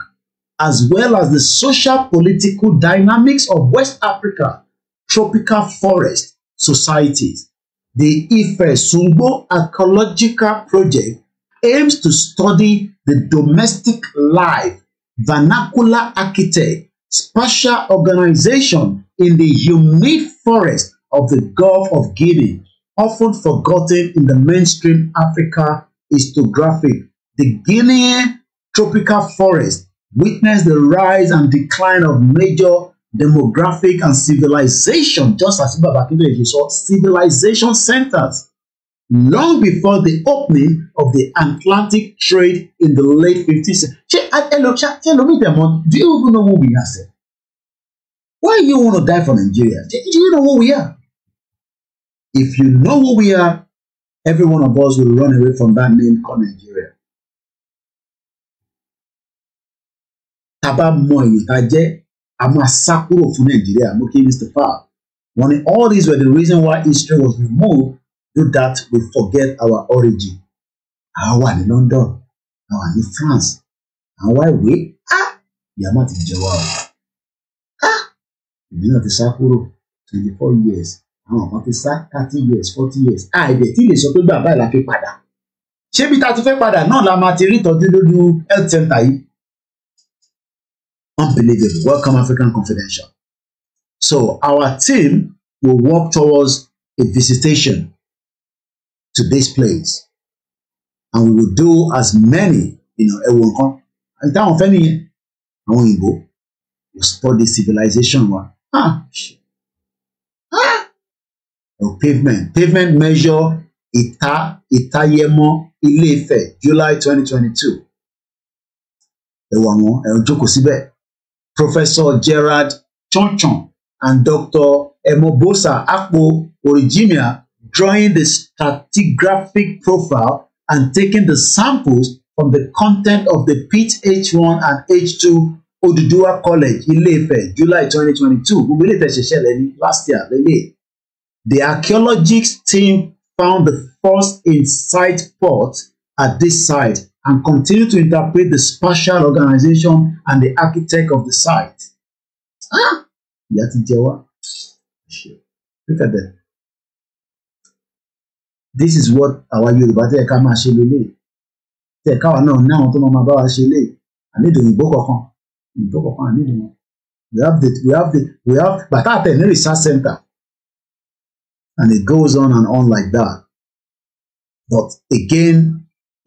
as well as the social political dynamics of West Africa tropical forest societies. The Ife Sungbo Archaeological Project aims to study the domestic life vernacular architect, spatial organization in the humid forest of the Gulf of Guinea, often forgotten in the mainstream Africa histographic. The Guinea tropical forest witnessed the rise and decline of major demographic and civilization, just as you Akindele sọ, civilization centers long before the opening of the Atlantic trade in the late 15th century. Do you even know who we are? Sir? Why you want to die for Nigeria? Do you know who we are? If you know who we are, every one of us will run away from that name called Nigeria. Taba Moyi Taje Amasakuro for Nigeria, Okay, Mr. Far. One, all these were the reason why history was removed do that we forget our origin àwa wà ní London àwa ní France àwa ìwé ah ìyá má ti jẹ wá o ah èmi náà ti sá kúrò twenty four years àwọn kan ti sá thirty years forty years àìdẹ̀ tí lè sọ pé bàbá ìlà fi padà ṣébi tá a ti fẹ́ padà náà la máa ti rí ìtọ́jú lójú health center yìí unbelievable welcome African Confidential so our team will work towards a visitation to this place and we will do as many you know ẹwọ nǹkan and táwọn fẹ́ nìyẹn àwọn òyìnbó will study civilization wa ah ah oh, pavement pavement measure ita itayemo ilé July 2022. twenty two ẹwọ àwọn Professor Gerard Chonchon and Dr. Emobosa Akpo Orijimia drawing the stratigraphic profile and taking the samples from the content of the pit H1 and H2 Oduduwa College, Ilefe, July 2022. Gbogbo ilé ìfẹ́ last year lélẹ̀. The archaeologists team found the first inside port at this site and continue to interpret the spatial organization and the architect of the site. Ah! yati ti Look at that this is what àwa yorùbá tẹ ká máa ṣe lélẹ̀ tẹ káwa náà náà tó máa bá wa ṣe lé ànídò òyìnbó kankan òyìnbó kankan ànídò wọn we have the we have the we have bàtà àtẹ ní research center and it goes on and on like that but again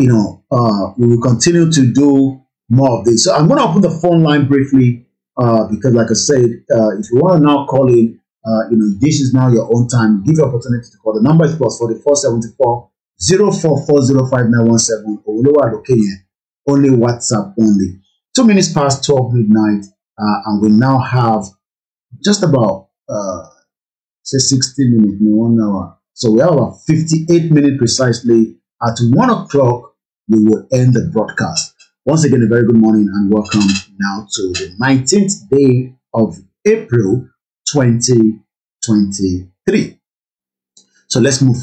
you know uh, we will continue to do more of this so i'm going to open the phone line briefly uh, because like i said uh, if you want to now call in uh, you know, this is now your own time. Give you opportunity to call. The number is plus 4474 04405917 Oluwa Lokenye. Only WhatsApp only. Two minutes past 12 midnight, uh, and we now have just about uh, say 60 minutes one hour. So we have about 58 minutes precisely. At one o'clock, we will end the broadcast. Once again, a very good morning and welcome now to the 19th day of April 2023. So let's move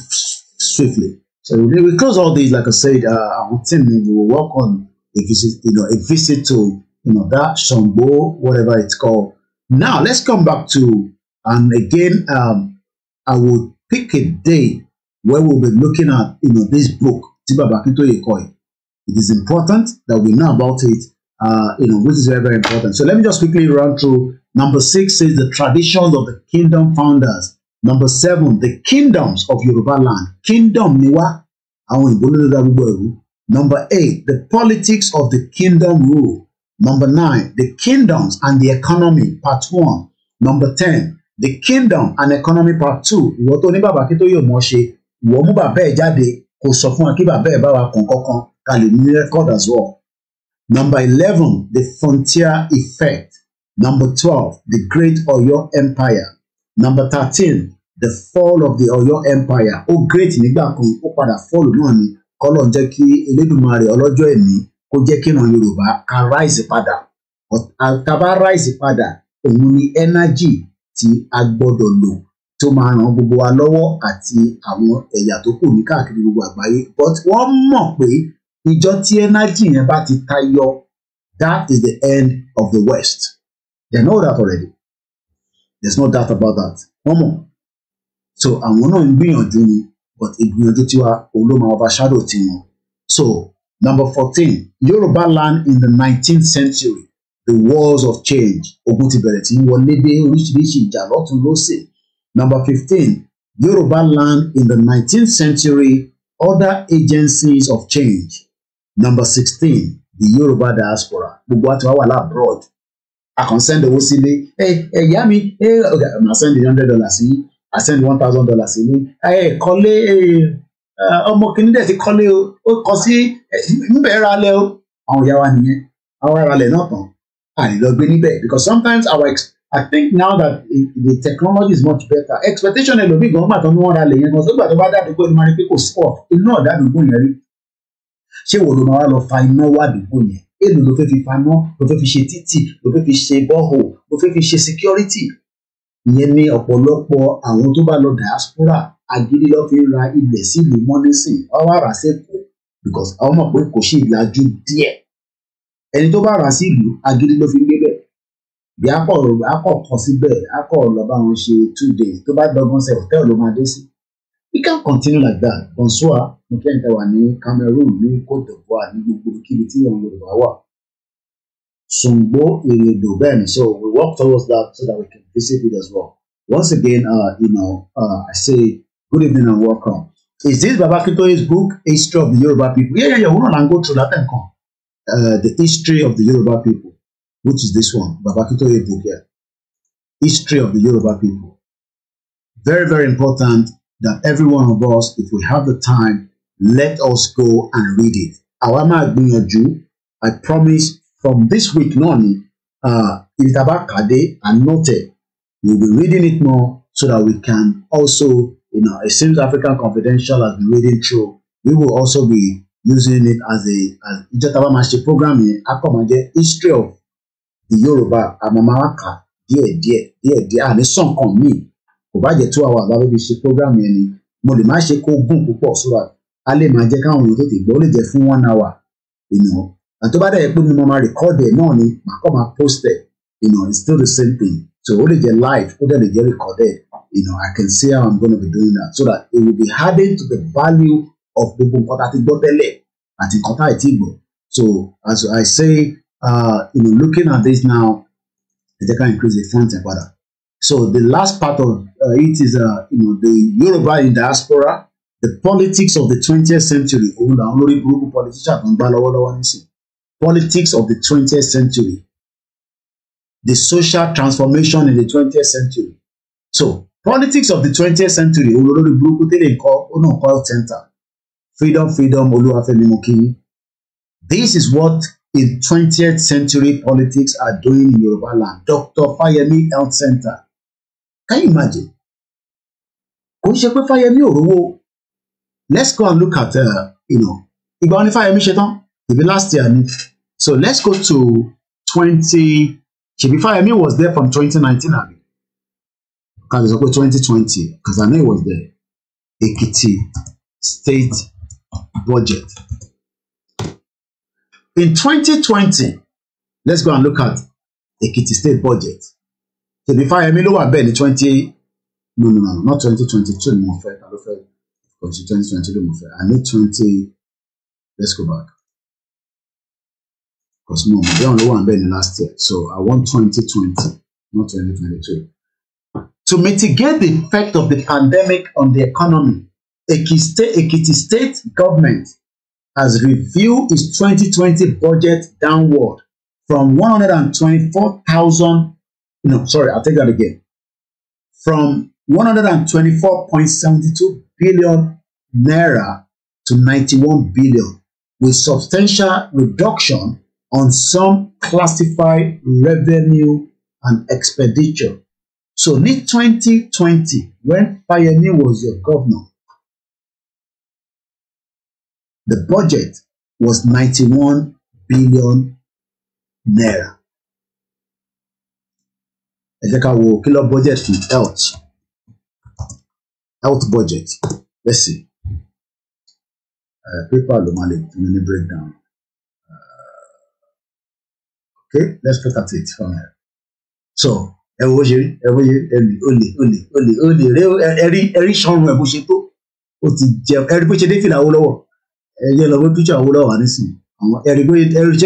swiftly. So we close all these, like I said, uh, our team we will work on a visit, you know, a visit to you know that Shambo, whatever it's called. Now let's come back to and again um, I would pick a day where we'll be looking at you know this book, Tiba bakito Koi. It is important that we know about it, uh, you know, which is very, very important. So let me just quickly run through Number six says the traditions of the kingdom founders. Number seven, the kingdoms of Yoruba land. Kingdom niwa, Number eight, the politics of the kingdom rule. Number nine, the kingdoms and the economy, part one. Number ten, the kingdom and economy, part two. Number eleven, the frontier effect. Number 12, the Great Oyo Empire. Number 13, the fall of the Oyo Empire. Ó great nígbà kan, ó padà fall náà ni. Kọ́lọ̀ jẹ́ kí Elédùmarè ọlọ́jọ́ ẹ̀mí kó jẹ́ kí ìran Yorùbá ká rise padà. Àtàbá rise padà, òun ni energy tí a gbọ́dọ̀ lò tó máa ran gbogbo wa lọ́wọ́ àti àwọn ẹ̀yà tó kù ní káàkiri gbogbo àgbáyé. But wọ́n mọ̀ pé ìjọ tí energy yẹn bá ti tayọ, that is the end of the West. They know that already. There's no doubt about that. Wọ́n mọ̀. So àwọn náà ń gbìyànjú ni but ìgbìyànjú tiwa olóma overshadow tiwọn. So number fourteen Yorùbá land in the nineteenth century the wars of change ogun ti bẹ̀rẹ̀ tí ń wọlé dé oríṣiríṣi ìjà lọ́tún lọ́sì. Number fifteen Yorùbá land in the nineteenth century other agencies of change. Number sixteen the Yorùbá diaspora gbogbo àti wàhálà abroad I kàn send owó sílé ẹ ẹ ìyá mi ẹ I màá send hundred dollars sí I send one thousand dollars sílé ẹ kọ́lé ọmọ kìnìún dẹ̀ ti kọ́lé o ó kọ́ sí níbẹ̀ ra lẹ o àwọn ìyá wa nìyẹn àwọn ara lẹ̀ náà tán a lè lọ gbé níbẹ̀ because sometimes our I think now that the technology is much better expectation ẹlòmíì gan-an gbàtọ́ ni wọ́n ra lẹ̀ yẹn gan-an sọ́gbà tó bá dàdúgbò ni wọ́n rí pé kò score iná ọ̀dàdúgbò yẹn rí ṣé wo ló máa wá lọ fa iná wà dúgbò yẹn èlò ló fẹ́ fi pamọ́ ló fẹ́ fi ṣe títì ló fẹ́ fi ṣe bọ́hò ló fẹ́ fi ṣe security ìyẹn ni ọ̀pọ̀lọpọ̀ àwọn tó bá lọ diaspora agídí ló fi ń ra ilẹ̀ sílùú mọ́nísìn wọ́n wá rà sẹ́kọ̀ọ́ because àwọn mọ̀ pé kò sí ìlàjú díẹ̀ ẹni tó bá rà sílùú agídí ló fi ń gbé bẹ̀ bí akọ̀ akọ̀ kan síbẹ̀ akọ̀ lọ wọn ṣe two days tó bá dọ́gbọ́n sẹ́ hòtẹ́ẹ̀lì ló máa dé sí we can not continue like that bonsoir mo kí Cameroon ní Côte d'Ivoire ní gbogbo kíbi tí ìwọ̀n Sungbo Eredo bẹ́ẹ̀ so we work towards that so that we can visit it as well once again uh, you know uh, I say good evening and welcome is this Baba book history of the Yoruba people yeah yeah yeah we no na go through that nǹkan uh, the history of the Yoruba people which is this one Baba book here history of the Yoruba people very very important that every one of us, if we have the time, let us go and read it. Àwa máa gbìyànjú, I promise, from this week náà ni, uh, and note we will be reading it more so that we can also, you know, it seems African Confidential has been reading through. We will also be using it as a, as ìjọba máa ṣe program history of the Yoruba, àmọ́ máa wá kà And díẹ̀díẹ̀ song on me bá jẹ́ two hours lábẹ́ fi ṣe program yẹn ni mo lè má ṣe kó gùn púpọ̀ sóra a lè máa jẹ́ káwọn èèyàn tètè gbọ́ ó lè jẹ́ fún one hour ìnà àti tó bá dẹ̀ pé mo máa record ẹ̀ náà ni màá kọ́ máa post ẹ̀ ìnà it's still the same thing so ó lè jẹ́ live ó dẹ̀ lè jẹ́ recorded you know, I can see how I'm gonna be doing that so that it will be adding to the value of gbogbo nǹkan tá a ti gbọ́ tẹ́lẹ̀ àti nǹkan tá a ti gbọ́ so as I say uh, you know, looking at this now ẹ jẹ́ ká increase the funds ẹ̀ padà. So the last part of uh, it is, uh, you know, the Yoruba in diaspora, the politics of the 20th century. politician Politics of the 20th century. The social transformation in the 20th century. So politics of the 20th century call center. Freedom freedom This is what in 20th century politics are doing in Yoruba land. Dr. Fayemi Health Center. can you imagine kò ń ṣe pé Fáyẹmí ò rówó let's go and look at uh, you know ìgbà wọn ni Fáyẹmí ṣe tán ìbí last year ni so let's go to twenty ṣèbí Fáyẹmí was there from twenty nineteen àbí kàbí sọ pé twenty twenty because I know he was there Èkìtì state budget in twenty twenty let's go and look at Èkìtì state budget tèmi fáyemí ló wà bẹ́ẹ̀ ní twenty no no no not twenty twenty two ni mo fẹ́ ta ló fẹ́ kọ̀ọ̀tù twenty twenty ló mo fẹ́ i need twenty let's go back because mo mọ̀ bí àwọn ló wà bẹ́ẹ̀ ní last year so i want twenty twenty not twenty twenty two. To mitigate the effect of the pandemic on the economy, Ekiti State government has reviewed its twenty twenty budget downward from one hundred and twenty-four thousand. No, sorry, I'll take that again. From 124.72 billion naira to 91 billion, with substantial reduction on some classified revenue and expenditure. So, ní 2020, when Fayemi was your governor, the budget was 91 billion naira ẹ jẹ́ ká wo kí ló budget fún health health budget let's see uh, paper ló máa lè fún mi ní breakdown uh, okay let's look at it from here so ẹ wo ṣe rí ẹ wo ṣe rí ẹrì olè olè olè olè ẹrí ẹrí sanwó ẹ bó ṣe tó ó ti jẹ ẹrí bó ṣe dé fìlà owó lọ́wọ́ ẹ yẹ lọ bó píṣọ owó lọ́wọ́ nísìnyí àwọn ẹrí bó ṣe ẹrí bó ṣe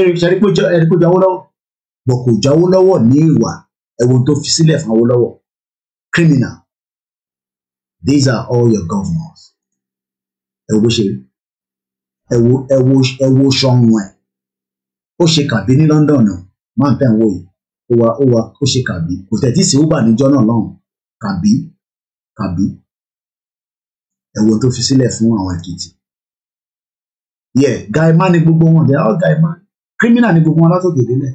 ẹrí bó ṣe owó lọ́wọ́ bọ kò jáwó lọ́wọ́ ní ìwà ẹ̀wọ̀n tó fi sílẹ̀ fún Awólọ́wọ̀ criminal these are all your governors ẹ̀wọ̀ bó ṣe rí ẹ̀wọ̀ ẹ̀wọ̀ ẹ̀wọ̀ sọ̀hún ẹ̀ ó ṣe kàbí ní London náà máa ń tẹ̀ ń wò yìí ó wà ó wà ó ṣe kàbí kò tẹ̀ tí sí uber níjọ́ náà lọ́hùn kàbí kàbí ẹ̀wọ̀n tó fi sílẹ̀ fún àwọn Èkìtì yeah gaima ni gbogbo wọn they are all gaima criminal ni gbogbo wọn látòkè délẹ̀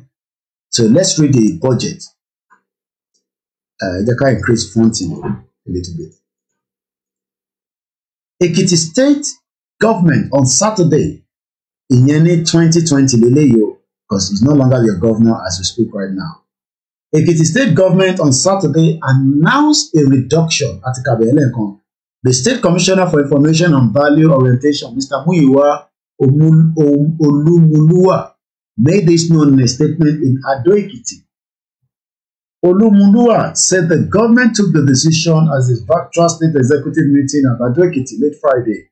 so let's read the budget uh, jẹ́ ká increase funding a little bit. Ekiti state government on Saturday in ní 2020, twenty because he's no longer your governor as we speak right now. Ekiti state government on Saturday announced a reduction at kàbẹ̀ ẹlẹ́ẹ̀kan The State Commissioner for Information and Value Orientation, Mr. Muiwa Olumuluwa, made this known in a statement in Ado Ekiti Olumulua said the government took the decision as his Bactra State Executive meeting at Adoekiti late Friday.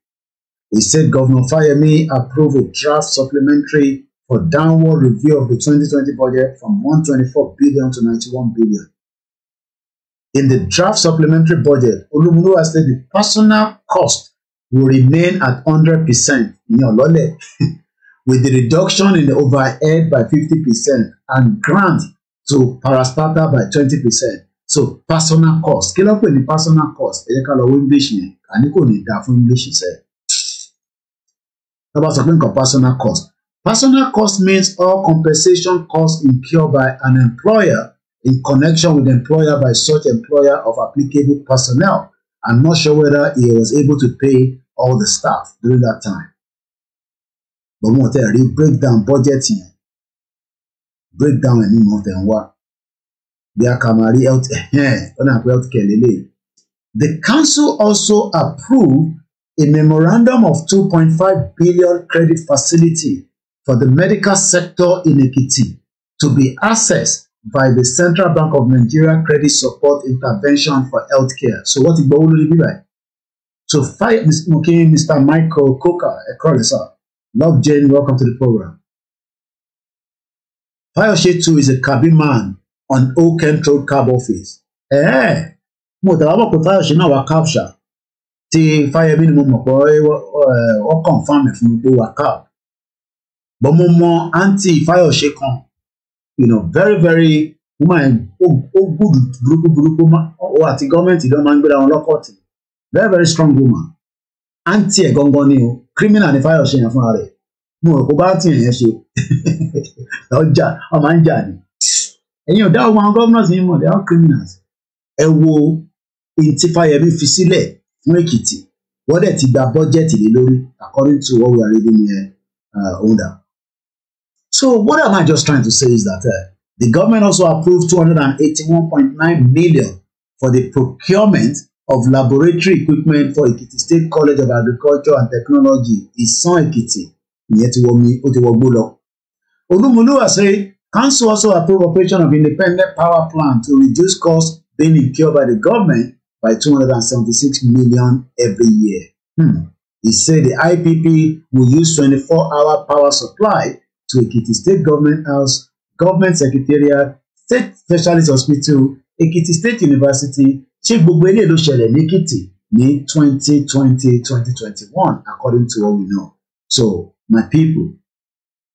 He said Governor Fayemi approved a draft supplementary for downward review of the 2020 budget from 124 billion to 91 billion. In the draft supplementary budget, Olumulua said the personal cost will remain at 100% in Olole, with the reduction in the overhead by 50% and grant So, parastatal by twenty percent so personal cost kí ló pè ní personal cost ẹ jẹ́ ká lọ wo english yẹn àní kò ní dáa fún english sẹ́ tó bá sọ pé nǹkan personal cost personal cost means all compensation costs incurred by an employer in connection with employer by such employer of applicable personnel I'm not sure whether he was able to pay all the staff during that time but wọn ò rí breakdown budget yẹn breakdown ẹ̀mí mọ́ tẹ̀ ń wá bí a kà máa rí health ọ̀nà àpò health care lélẹ̀. The council also approved a memorandum of two point five billion credit facility for the medical sector in Ekiti to be accessed by the Central Bank of Nigeria Credit Support Intervention for Healthcare. So wọ́n ti gbọ́ owó lórí bíbáyìí. So five, Mr. Michael Coker, Ekorisa, Love Jane, welcome to the program. Bioshe too is a cabin man on Old Control Cab office. Eh, mo tẹ̀wá bọ̀ pé Fayose náà wà capsha tí Fáyẹmí ni mo mọ̀ pé ọ kọ̀nfàmì fún mi pé wà cap. But mo mọ àǹtí Fayose kan, you know, very very woman ó gùdù burúkú burúkú ó àti gọ́ọ̀mẹ̀ntì ló máa ń gbéra wọn lọ́kọ̀tì. Very very strong woman. Àǹtí ẹ̀ gangan ni o, criminal ni Fayose yẹn fúnra rẹ̀. Mo rò kó bá àǹtí yẹn ṣe. [laughs] ọjà ọmọ ń jà ní. ẹ̀yin ọ̀dà ọmọ àwọn gọ́vnọ̀sì yìí mọ̀ they are criminals. ẹ wo ntí Fáyẹmí fi sílẹ̀ fún Èkìtì wọ́n dẹ̀ ti gba bọ́jẹ́tì lé lórí according to what we are reading here uh, under. So what am I just trying to say is that uh, the government also approved two hundred and eighty-one point nine million for the procurement of laboratory equipment for Ekiti State College of Agriculture and Technology, Isan Ekiti ìyẹn ti wọ mi ó ti wọ gbó lọ Olumuluwa said, Council also approved operation of independent power plant to reduce costs being incurred by the government by 276 million every year. Hmm. He said the IPP will use 24-hour power supply to Ekiti State Government House, Government Secretariat, State Specialist Hospital, Ekiti State University, ṣé gbogbo eléyìí ló ṣẹlẹ̀ ní 2020-2021 according to what we know. So, my people,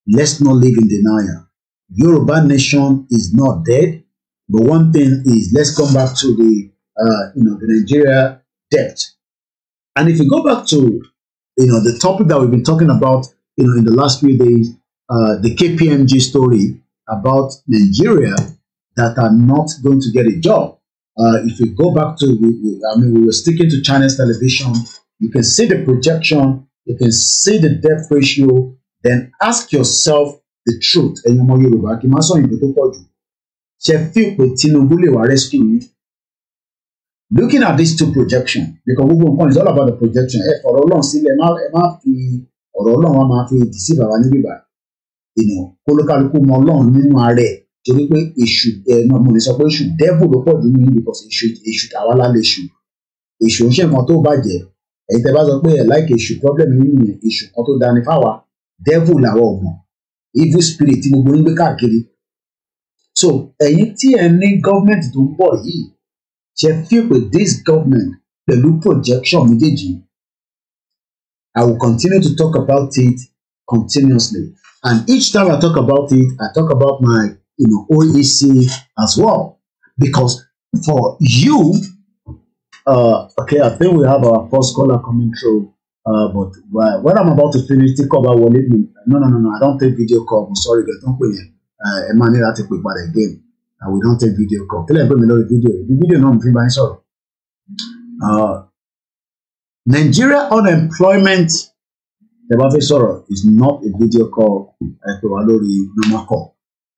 Let's not live in denial. Yoruba nation is not dead, but one thing is let's come back to the uh, you know the Nigeria debt. And if you go back to you know the topic that we've been talking about you know in the last few days, uh, the KPMG story about Nigeria that are not going to get a job. Uh, if you go back to, I mean, we were sticking to Chinese television. You can see the projection. You can see the debt ratio then ask yourself the truth ẹ̀yin ọmọ Yorùbá kì í má sọ òyìnbó tó pọ̀ jù ṣe fíì pé Tinubu lè wá rescue yín looking at these two projections because gbogbo nǹkan is all about the projection ẹ ọ̀rọ̀ Ọlọ́run sílẹ̀ ẹ má fi ọ̀rọ̀ Ọlọ́run wa máa fi èdè sí bàbá níbí bá ìnà kólókálukú mọ Ọlọ́run nínú ara ẹ̀ torí pé èṣù ẹ náà mo lè sọ pé èṣù devil ló pọ̀ jù nínú yìí because èṣù èṣù tàwa lá lè ṣù èṣù ń ṣe nǹkan tó bàjẹ́ ẹ̀yin tẹ́ bá sọ pé ẹ̀ láìkè èṣù problem nínú yẹn èṣù kan tó dání fáwa devil làwọn ọmọ evil spirit tí gbogbo yín gbé káàkiri so ẹ̀yin tí ẹ ní gọọmenti tó ń bọ̀ yìí ṣe fi pé this government pẹ̀lú projection méjèèjì I will continue to talk about it continuously and each time I talk about it I talk about my you know, OEC as well because for you uh, okay I think we have our first caller coming through. Uh, but well, what I'm about to finish the call bá wọlé me. no no no no I don't take video call mo sorry gẹ̀ don't ń pè yẹn ẹ máa ní láti again and uh, we don't take video call Tell ń pè the video The video náà mo fi bá uh, Nigeria unemployment The bá fẹ́ is not a video call ẹ pè wá lórí normal call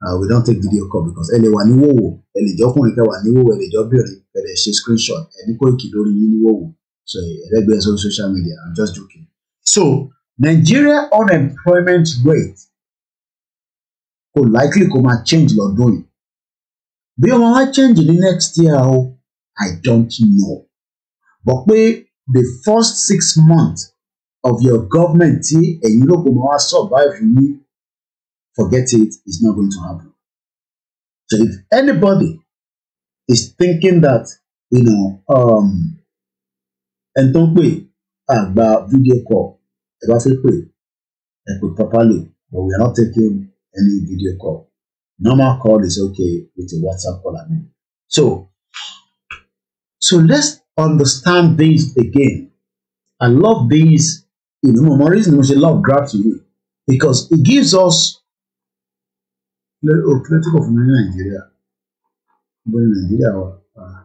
uh, we don't take video call because ẹ lè wà ní wòwò ẹ lè jọkùnrin kẹ́ wà ní wòwò ẹ lè jọ bìnrin ẹ lè ṣe screenshot ẹ ní kó ìkì lórí yín ní wòwò. So Eregbe's on social media. I'm just joking. So Nigeria unemployment rate could likely come máa change lọ́dún yìí. Bí wọ́n wá change the next year o, I don't know. But pé the first six months of your government tí ẹ̀yin ló kò máa wá survive you forget it, it's not going to happen. So if anybody is thinking that, you know, um, ẹni tó ń pè àgbà fídíò kọ ẹ bá fẹ́ pè ẹ pè properly but we are not taking any video call normal call is okay with a WhatsApp call I mean so so let's understand this again I love this you know my reason was a love grab to you because it gives us oh political from Nigeria but in Nigeria uh,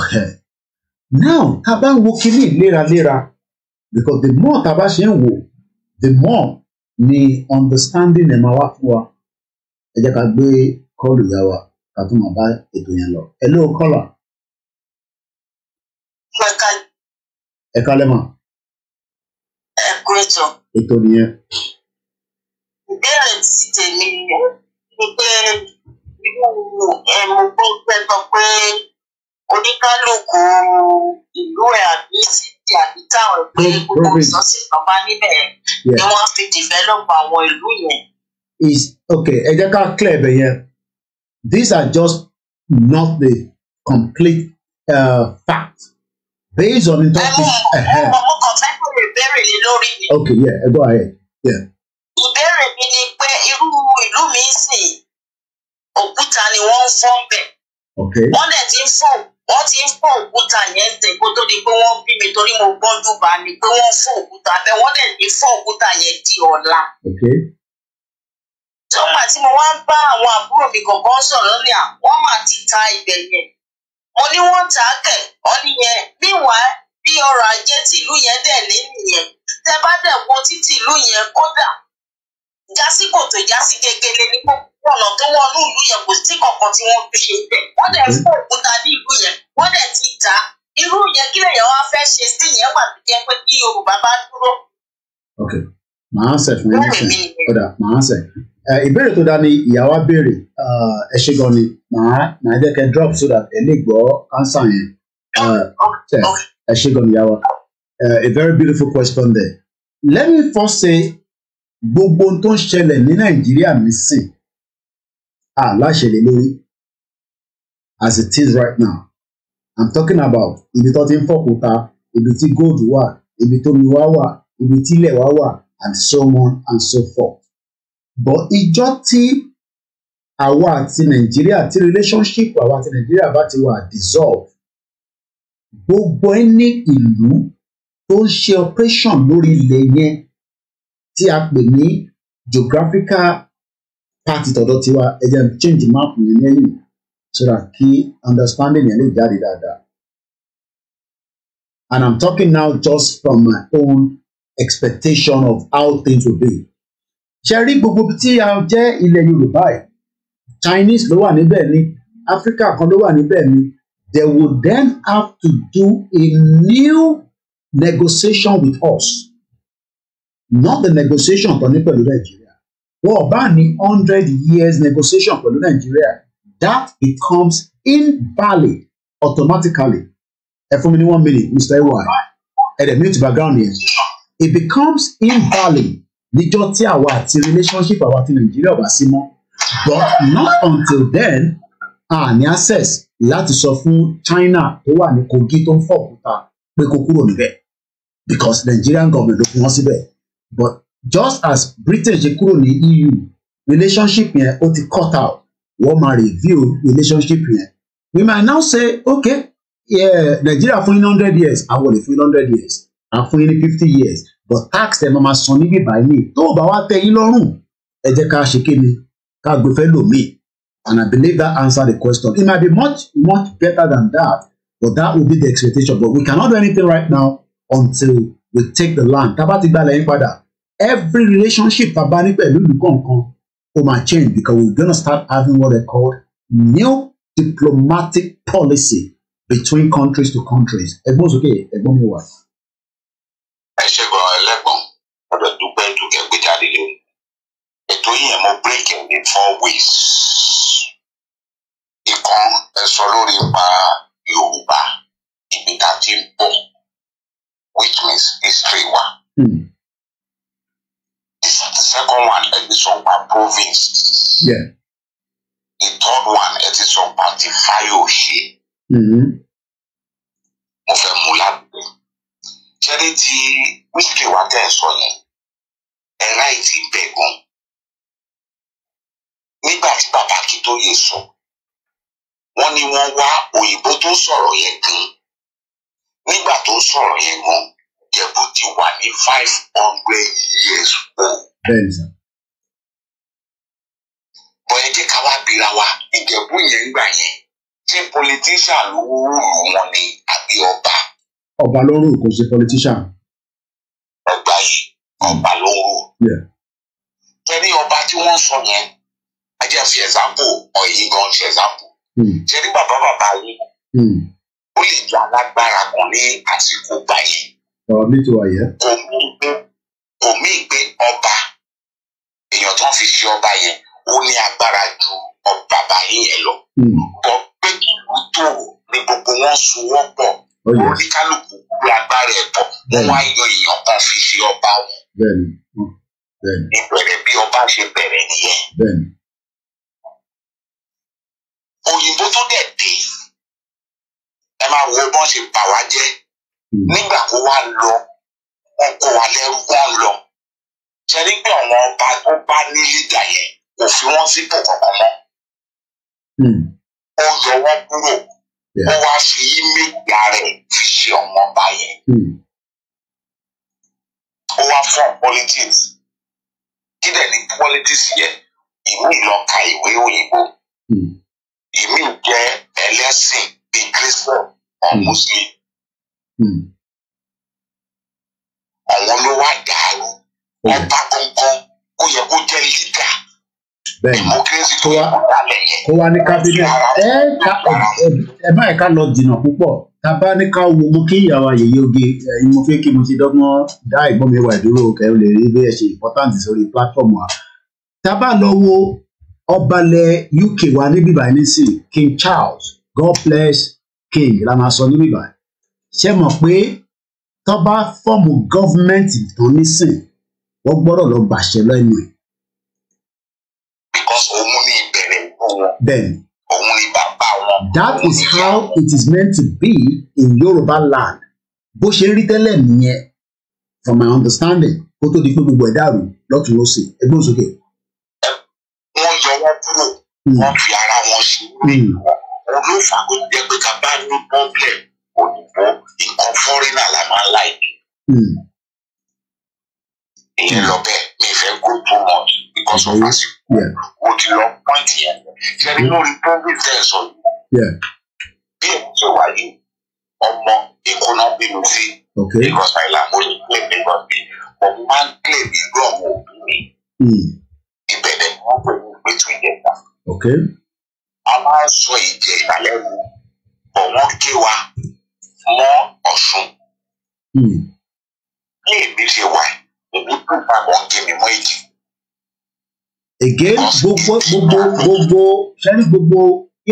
okay. now tá a bá ń wo kinní léraléra because the more tá a bá ṣe ń wò the more ni understanding ẹ̀ máa wá fún wa ẹ jẹ́ ká gbé kọ́ọ̀lù yá wa ká tún máa bá ètò yẹn lọ hello caller. ẹ kálẹ́ mà. ẹ kú ètò. ètò nìyẹn. ìbéèrè ti tèmi ni pé irú ẹ̀mú gbọ́ngbẹ́ sọ pé oníkálukú ìlú ẹ àbí síbi àbí táwọn pé gbogbo ìsọsí kan bá níbẹ̀ ni wọ́n fi develop àwọn ìlú yẹn. is okay ẹ jẹ́ ká clear bẹ̀ yẹn these are just not the complete uh, fact based on interpretation. ẹ mọ mo kàn fẹ́ kó lè bẹ̀rẹ̀ lé lórí mi. okay yeah go ahead. Yeah. ìbéèrè mi ni pé irú ìlú mi sìn òkúta ni wọ́n ń fọ́ ń bẹ̀. wọ́n dẹ̀ ti ń fọ́ wọ́n ti ń fọ́ òkúta yẹn tẹ̀ kó tó di pé wọ́n bí mi torí mo gbọ́njú bá ni pé wọ́n fọ́ òkúta bẹ́ẹ̀ wọ́n dẹ̀ ní fọ́ òkúta yẹn di ọ̀la. sọ́mà tí mo wá ń bá àwọn àbúrò mi kọ̀ọ̀kan sọ̀rọ̀ ní à wọ́n mà ti ta ibẹ̀ yẹn mo ní wọ́n tà kẹ̀ ọ́ nìyẹn meanwhile bí ọrọ̀ ajé tìlú yẹn dẹ̀ ní nìyẹn tẹ bá dẹ̀ wọ títì ìlú yẹn kódà jásí jásí gegele ní pọ̀ ọ̀nà tó wọn ní ìlú yẹn kò sí kankan tí wọ́n fi ṣe bẹ̀ wọ́n dẹ̀ hmm. fún òkúta ní ìlú yẹn wọ́n dẹ̀ ti dá irú yẹn kí lèèyàn wá fẹ́ ṣe sí yẹn wà tó jẹ́ pé kí Yorùbá bá dúró. ok màá sẹ fún yín nísìnyí kódà màá sẹ ìbéèrè tó dáa ni ìyàwó béèrè ẹ ṣe gan ni màá màá jẹ́ kẹ́ drop so that ẹ lè gbọ́ answer yẹn ẹ ṣe gan ni ìyàwó a very beautiful question there let me first say gbogbo tó ń ṣẹlẹ̀ ní Nàìjíríà mi sìn a ah, láṣẹ lórí as it is right now i'm talking about ibi tó ti ń fọkùnta ibi tí gold wà ibi tómi wá wà ibi tílẹ̀ wá wà and so on and so forth but ìjọ tí àwa àti nàìjíríà tí relationship àwa àti nàìjíríà bá ti wà dissolve gbogbo ẹni ìlú tó ń ṣe operation lórí ilẹ̀ yẹn tí a pè ní geographical káàtì tọ̀dọ̀ tiwa ẹ jẹ́ change map yẹn lẹ́yìn so that kí understanding yẹn lè jáde dáadáa. And I'm talking now just from my own expectation of how things will be. Ṣé rí gbogbo tí a jẹ́ ilẹ̀ Yorùbá ẹ̀ Chinese ló wà níbẹ̀ ni Africa kan ló wà níbẹ̀ ni they would then have to do a new negotiation with us not the negotiation tó ní pẹ̀lú Nàìjíríà wọn bá ní hundred years negotiation pẹ̀lú nàìjíríà that becomes invalid automatically ẹ fún mi ní one minute mr ewa ẹ dẹ̀ mute background yẹn it becomes invalid níjọ́ tí àwa àti relationship àwa àti nàìjíríà wà sí mọ́ but not until then a ní access láti sọ fún china tó wà ní kogi tó ń fọ òkúta pé kó kúrò níbẹ̀ because nigerian government ló fi wọ́n síbẹ̀ but just as Britain ṣe kúrò ní EU relationship yẹn ó ti cut out wọ́n máa review relationship yẹn we might now say okay yeah, Nigeria fún yín hundred years àwọn lè fún yín hundred years à fún yín ní fifty years but tax ẹ̀ máa máa san níbí báyìí tó o bá wá tẹ́ yín lọ́rùn ẹ jẹ́ ká ṣe kéde ká gbé fẹ́ lòmíì and I believe that answer the question it might be much much better than that but that would be the expectation but we cannot do anything right now until we take the land tá a bá ti gbalẹ̀ yín padà every relationship tá a bá ní pẹ̀lú ìlú kọ̀ọ̀kan ó change because we're gonna start having what they call new diplomatic policy between countries to countries. ẹ̀gbọ́n sókè ẹ̀gbọ́n mi wà. ẹ ṣe gan ẹlẹ́gbọ̀n ọ̀dọ̀ dúpẹ́ dúkẹ́ gbé jáde lé ètò yìnyẹn mo break it in four ways. ìkan ẹ sọ lórí ipa Yorùbá ibi tá a ti ń bọ̀ which means history wa. Hmm. The second one, it is Okpa province. Yeah. The third one, it is Okpa the Fayose. Mm-hmm. Mo fẹ́ mú lábẹ́. Ṣẹ́rí ti Wíṣíkì wa tẹ̀ sọ yẹn, ẹ̀rá ì ti bẹ̀ gan. Nígbà tí bàbá Akíntóye sọ, wọ́n ní wọ́n wá òyìnbó tó sọ̀rọ̀ yẹn gan. Nígbà tó sọ̀rọ̀ yẹn gan. Ìjẹ̀bú ti wà ní five hundred years old. Bẹ́ẹ̀ni sà. Bọ̀ ẹ jẹ́ ká wá bira wa, Ìjẹ̀bú yẹn ń gbà yẹn. Ṣé politician ló rúlù wọn ni àbí ọba? Ọba ló rú kò ṣe politician. Ọgbà yìí, ọba ló rú. Kẹ́ni ọba tí wọ́n sọ yẹn, ẹ jẹ́ fi example, ọ̀yìn gan ṣe example. Hmm. Ṣé ní bàbá bàbá yìí? Hmm. Ó lè jẹ́ alágbára kan ní àsìkò báyìí ọ̀rọ̀ mi ti wà yẹ. kò mí pé kò mí pé ọba èèyàn tó ń fi ṣe ọba yẹn ó ní agbára ju ọba báyìí yẹn lọ. Hmm. bọ pé kí ìlú tó ni gbogbo wọn sowọ́pọ̀ oníkálukú kúrò ẹ̀ pọ̀ wọn wá yọ èèyàn kan fi ṣe ọba wọn. Hmm. ìbẹ̀rẹ̀ bí ọba ṣe bẹ̀rẹ̀ nìyẹn. òyìnbó tó dẹ̀ dé ẹ máa wo bọ́n ṣe bà wá jẹ́. Hmm. nígbà tó wà lọ wọn kó wa lọ ṣe rí pé àwọn tó bá ní lídà yẹn kò fi wọn sípò kankan mọ́ hmm. ó yọ wọn kúrò ó wá fi ímélì rẹ fi ṣe ọmọ ọba yẹn hmm. ó wá fún politics kí dẹ̀ ní politics yẹn ìmí lọ ìwé òyìnbó ìmí jẹ́ ẹlẹ́sìn bíi christian or muslim. Hmm. àwọn ló wá dàrú ọba gangan kó yẹ kó jẹ́ lídà democracy tó yẹ kó dalẹ̀ yẹn. kó wá ní cabinet ẹ ká ẹ báyìí ká lọ jìnnà púpọ̀ tá a bá ní ká wo mo kí ìyàwó ayẹyẹ oge ẹyin mo fẹ́ kí mo ti dọ́gbọ́n dá ìgbọ́n mi wà dúró kẹ́ ẹ lè rí bí ẹ ṣe important sórí platform wa tá a bá lọ wo ọbalẹ̀ UK wa níbí báyìí nísìn King Charles God bless King la máa sọ níbí báyìí ṣe mọ̀ pé tó bá fọ́ọ̀mù gọ́fìmẹ̀ntì tó nísìn wọ́n gbọ́dọ̀ lọ gbàṣẹ lẹ́nu ẹ̀. because òun ni ìbẹ̀rẹ̀ fún wọn. òun ni bàbá wọn. that is how it is meant to be in Yorùbá land bó ṣe rí tẹ́lẹ̀ nìyẹn from my understanding kó tó di pé gbogbo ẹ̀dá rù lọ́tún lọ́sẹ̀ ẹgbẹ́ òsókè. wọ́n yọ wọ́n kúrò hmm. wọ́n fi ara wọn ṣe. olùfàgò hmm. jẹ́ pé ká bá òyìnbó nǹkan fọ́rínà la máa ń láìpẹ́. Hmm. ìyẹn lọ bẹ́ẹ̀ mi fẹ́ go too much because of àsìkò o ti lọ point yẹn ṣe ni lórí covid tẹ̀ sọ yìí bí èmi ṣe wà yìí ọmọ èkó náà bínú sí Lagos Island mo ní pé Lagos bí mo máa ń tẹ̀lé ìlú àwọn òbí mi ìbẹ̀rẹ̀ hmm. ni wọ́n pè ní ìpètù ìjẹta. a máa ń sọ ìjẹ ìbàlẹ̀ wo bọ̀ wọ́n ké wa mọ́ Ọ̀ṣun hmm. bí èmi ṣe wà èmi tó papọ̀ kí mi mọ́ èjì. Again, gbogbo gbogbo gbogbo ṣẹ́ni gbogbo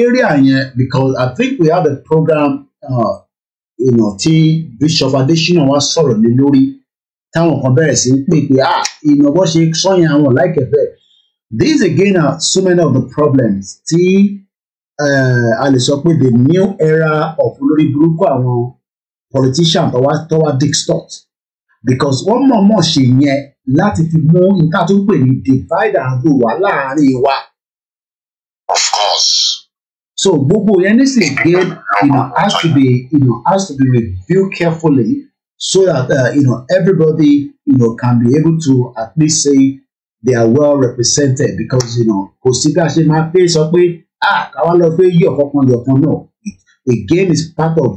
area yẹn because I think we have a program uh, you know, tí Bishop Adesina wa sọ̀rọ̀ lé lórí táwọn kan bẹ̀rẹ̀ sí ń pè pé ah ìnáwó ṣe sọ́yìn àwọn láìkẹ́ bẹ́ẹ̀. again are so many of the problems tí. Eh, a lè sọ pé the new era of olórí burúkú àwọn politician tó wá Dick Stott, distort because wọ́n mọ̀ọ́mọ̀ ṣe yẹn láti fi mú nǹkan tó ń pè ní divide and rule wá láàárín wa. of course. so gbogbo yẹn nísìnyí again you know, has to be you know, has to be reviewed carefully so that uh, you know, everybody you know, can be able to at least say they are well represented because you know, kò sí bí a ṣe máa pé sọ pé ah káwa lọ fẹ́ yí ọ̀kọ̀kan yọ ọ̀kan náà the game is part of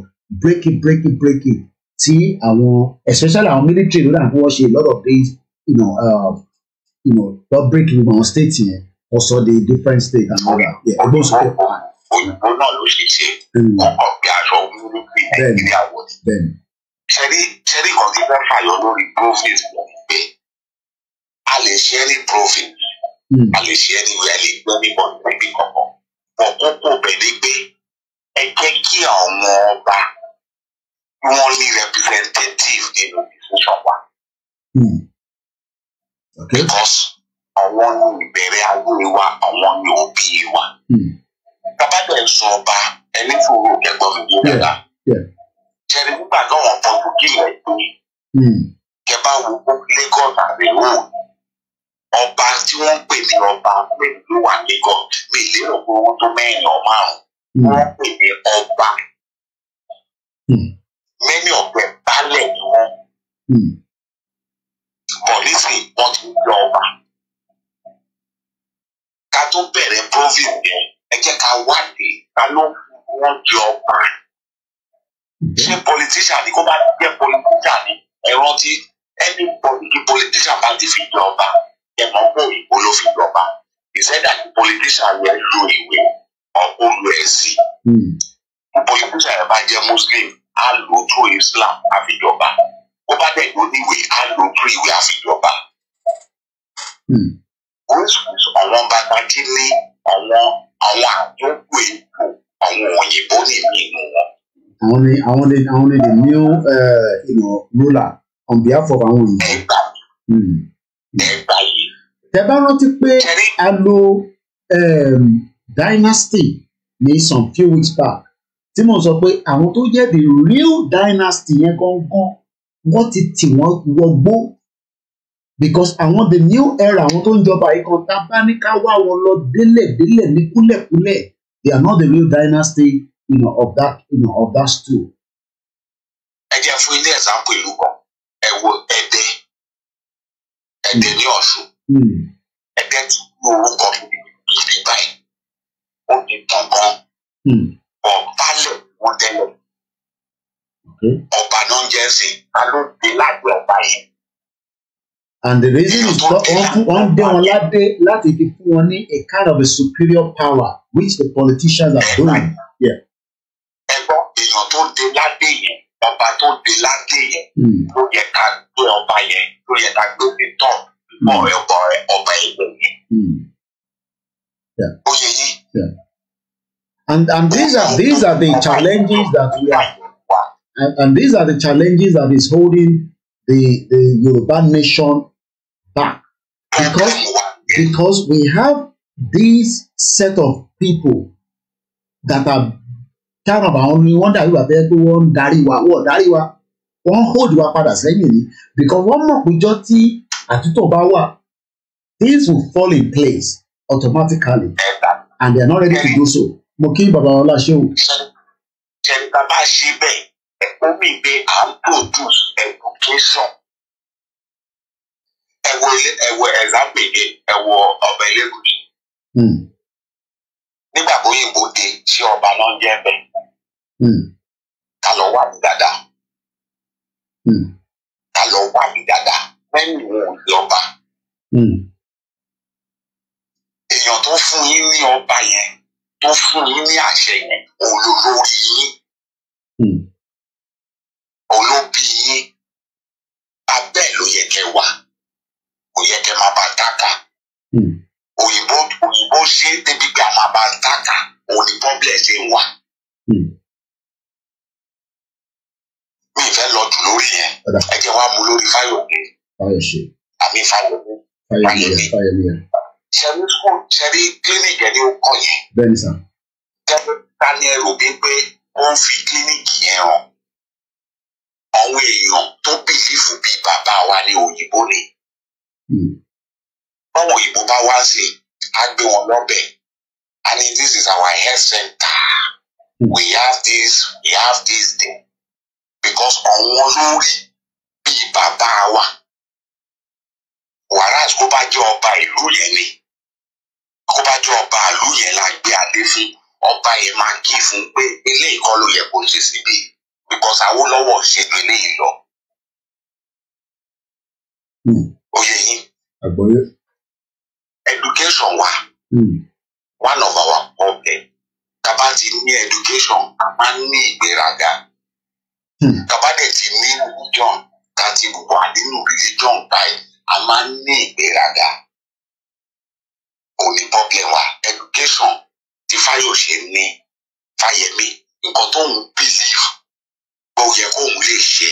breaking breaking breaking tí àwọn especially àwọn military ló dàn kí ṣe a lot of things you know, uh, you know lọ break gbogbo àwọn state yẹn also the different state and all that yeah ẹgbẹ́ òṣèlú. òyìnbó náà ló ṣe ṣe kọ́kọ́ hmm. pé aṣọ òmìnira nàìjíríà wọ̀ ni ṣẹ́rí ṣẹ́rí kan tí wọ́n fàyọ lórí profit wọ́n pé a lè ṣe any profit hmm. a lè ṣe any wẹ́ẹ̀lì gbẹ́mí níbi kankan wọn kókó bẹ̀lẹ́ gbé ẹ jẹ́ kí àwọn ọba wọn ní representative nínú decision wa. Hmm. because àwọn ní ìbẹ̀rẹ̀ ayé wa àwọn ní òbí wa. Hmm. tabadẹ sọ ọba ẹni fòrò kẹgbọn mi yé dada jẹrìí nígbà náà wọn pọtugí lẹ pé kẹ bá wo Lagos àbẹ̀wò ọba tí wọ́n ń pè ní ọba ló wà lẹ́kọ̀ọ́ mi lérò pé owó tó mẹ́rin ọmọ àrùn hmm. wọ́n ń pè ní ọba hmm. many of them baálẹ̀ ni wọ́n hmm. bọ̀ nísìnyí wọ́n ti ń yọ ọba ká tó bẹ̀rẹ̀ province yẹn ẹ jẹ́ ká wádìí ká ló wọ́n jẹ ọba ṣé politician ni kó bá jẹ́ politician ni ẹ rántí anybody kí politician bá ti fi jẹ ọba ẹ̀kọ́ òyìnbó ló fi jọba ìṣẹ́dá kí politician lo ìwé ọ̀pọ̀ lu ẹ̀sìn politician hmm. yẹn bá jẹ́ muslim á lò tó islam àfijọba ó bá dẹ̀ ló níwèé á lò tó ìwé àfijọba. Hmm. oríṣiríṣi àwọn bàbá tí ní àwọn àwọn àdókò ètò àwọn òyìnbó nìyí nù wọn. àwọn ni àwọn ni àwọn ni the new uh, you know, ruler on behalf of àwọn òyìnbó. ẹgbàá hmm. ẹgbàá tẹ bá rántí pé a lo um, dynasty ní some few weeks back tí mo sọ pé àwọn tó jẹ́ the real dynasty yẹn gangan wọ́n ti tì wọ́n wọgbó because àwọn the new era àwọn tó ń jọba yìí kan tá a bá ní ká wá wọn lọ délẹ̀ ní kúlẹ̀kúlẹ̀ they are not the real dynasty you know, of that you know, of that stool. ẹ jẹ́ fún ilé ẹ̀sán pẹ̀lú kan ẹ wo ẹ̀dẹ́ ẹ̀dẹ́ ní Ọ̀ṣun Hmm. ẹgbẹ́ tí owó kan tó ní ìlú báyìí ó ní kankan hmm. ọ̀bálẹ̀ wọn tẹ́lẹ̀ ọba náà jẹ́ sí ta ló ọba yìí. And the reason is wọ́n dé wọn ládé láti fi fún wọn ní a kind of a superior power which the politicians are doing. Ẹ̀gbọ́n èèyàn tó dé ládé yẹn ọba tó dé ládé yẹn hmm. ló yẹ ká gbé ọba yẹn ló yẹ ká gbé omi tán ọ̀rẹ́ hmm. And, and these are these are the challenges that we are and, and these are the challenges that is holding the the Yoruba nation back because because we have this set of people that are kind of àwọn ni wọ́n dàrú àbẹ pé wọ́n ń darí Dariwa wọ́n darí wa hold wa padà sẹ́yìn ni because more we just see àtúntò bá wà things will fall in place automatically and they are not ready to do so mo kí bàbá ọlá ṣéwù. jẹ̀ǹtà bá ṣe bẹ́ẹ̀ ẹ̀kọ́ mi gbé à ń produce education ẹ̀wọ̀ ẹ̀wọ̀ ẹ̀zágbèdè ẹ̀wọ̀ ọ̀bẹ lẹ́kùnrin nígbà tó yìnbó dé tí ọba náà jẹ bẹ hmm. ta ló wà ní dáadáa hmm. ta ló wà ní dáadáa pẹ́ẹ́lì wọn ò ọba. Hmm. èèyàn tó fún yín ní ọba yẹn tó fún yín ní àṣẹ yẹn òun yín hmm. òun yín abẹ́ ló yẹ kẹ́ wà kò yẹ kẹ́ máa bá tàkà hmm. òyìnbó òyìnbó ṣe débi pé máa bá tàkà òun pọ́blẹ̀ ṣe ń wà. mi fẹ́ lọ jù lórí yẹn ẹ jẹ́ wá mú lórí fáyọ̀kẹ́ fàyọṣe. àmì fàyọmí. fàyọmí fàyọmí ẹ. ṣẹ̀rí skul ṣẹ̀rí clinic ẹni ó kọ yẹn. bẹ́ẹ̀ni sà. jẹ́pẹ́ tani ẹrù mi pé ó ń fi clinic yẹn hàn. àwọn èèyàn tó bìlífù bí bàbá wa ní òyìnbó ni. Hmm. báwọn òyìnbó bá wá sí a gbé wọn lọ́bẹ̀ and this is our health center. Hmm. we have this we have this thing because àwọn lórí bíi bàbá wa whereas kó bá jẹ́ ọba ìlú yẹn ni kó bá jẹ́ ọba ìlú yẹn la gbé adé fún ọba yẹn máa kí fún pé ilé ìkọ́ ló yẹ ṣe síbi because Awólọ́wọ̀ ṣe ju eléyìí lọ. oyè hmm. yín education wa hmm. one of our problem tàbá ti ní education a máa ń ní ìgbéraga hmm. tàbá dẹ̀ ti ní religion tàti wà nínú religion báyìí a máa ń ní ìgbéraga kò ní problem wa education tí Fáyọ̀ṣe ní Fáyẹmí nǹkan tó ń believe bó yẹ kó òun lè ṣe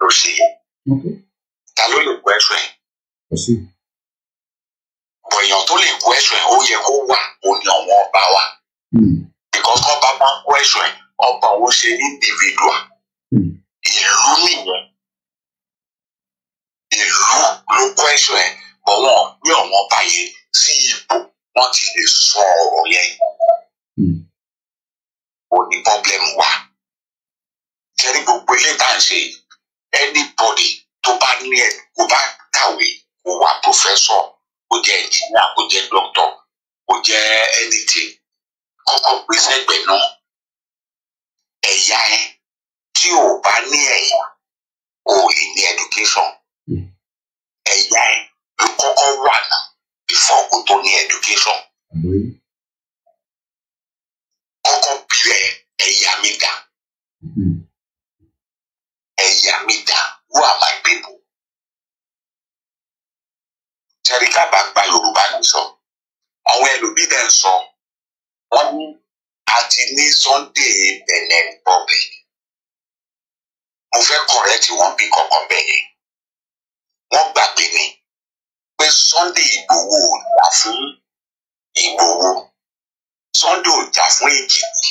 ló ṣe ta ló lè question ẹ bọ̀yàn tó lè question ẹ ó yẹ kó wà ó ní ọ̀wọ́n ọba wa hmm. because ọba máa ń question ẹ ọba òun ṣe individual hmm. ìlú nìyẹn ìlú ló kọ́ ẹ̀sọ́ ẹ̀ bọ̀ wọ́n gbé ọ̀wọ́n báyé sí ipò wọ́n ti lè sọ ọ̀rọ̀ yẹn. ò hmm. ní pọ́blẹ́mù wa jẹ́rí gbogbo ilé tá ń ṣe anybody tó bá ní ẹ̀ kó bá kàwé kó wà professor kó jẹ́ engineer kó jẹ́ doctor kó jẹ́ anything kọ́kọ́ gbé sẹ́gbẹ̀ẹ́ náà ẹ̀yà ẹ tí ò bá ní ẹ̀yà ò ní education ẹ̀yà ẹ̀ ló kọ́kọ́ wà náà before kó tó ní education. kọ́kọ́ bìrẹ̀ ẹ̀yà mi dá mm-hmm. ẹ̀yà mi dá who are my people. tẹ̀ríkà bá gba Yorùbá ní sọ àwọn ẹlòmíì dẹ̀ ń sọ wọ́n ní àti ní Sunday Benin Republic mo fẹ́ correct wọn bí kankan bẹ́ẹ̀ yẹn wọ́n gbàgbé ni pé Sunday Ìgbòho ò jà fún Ìgbòho Sunday ò jà fún Èkìtì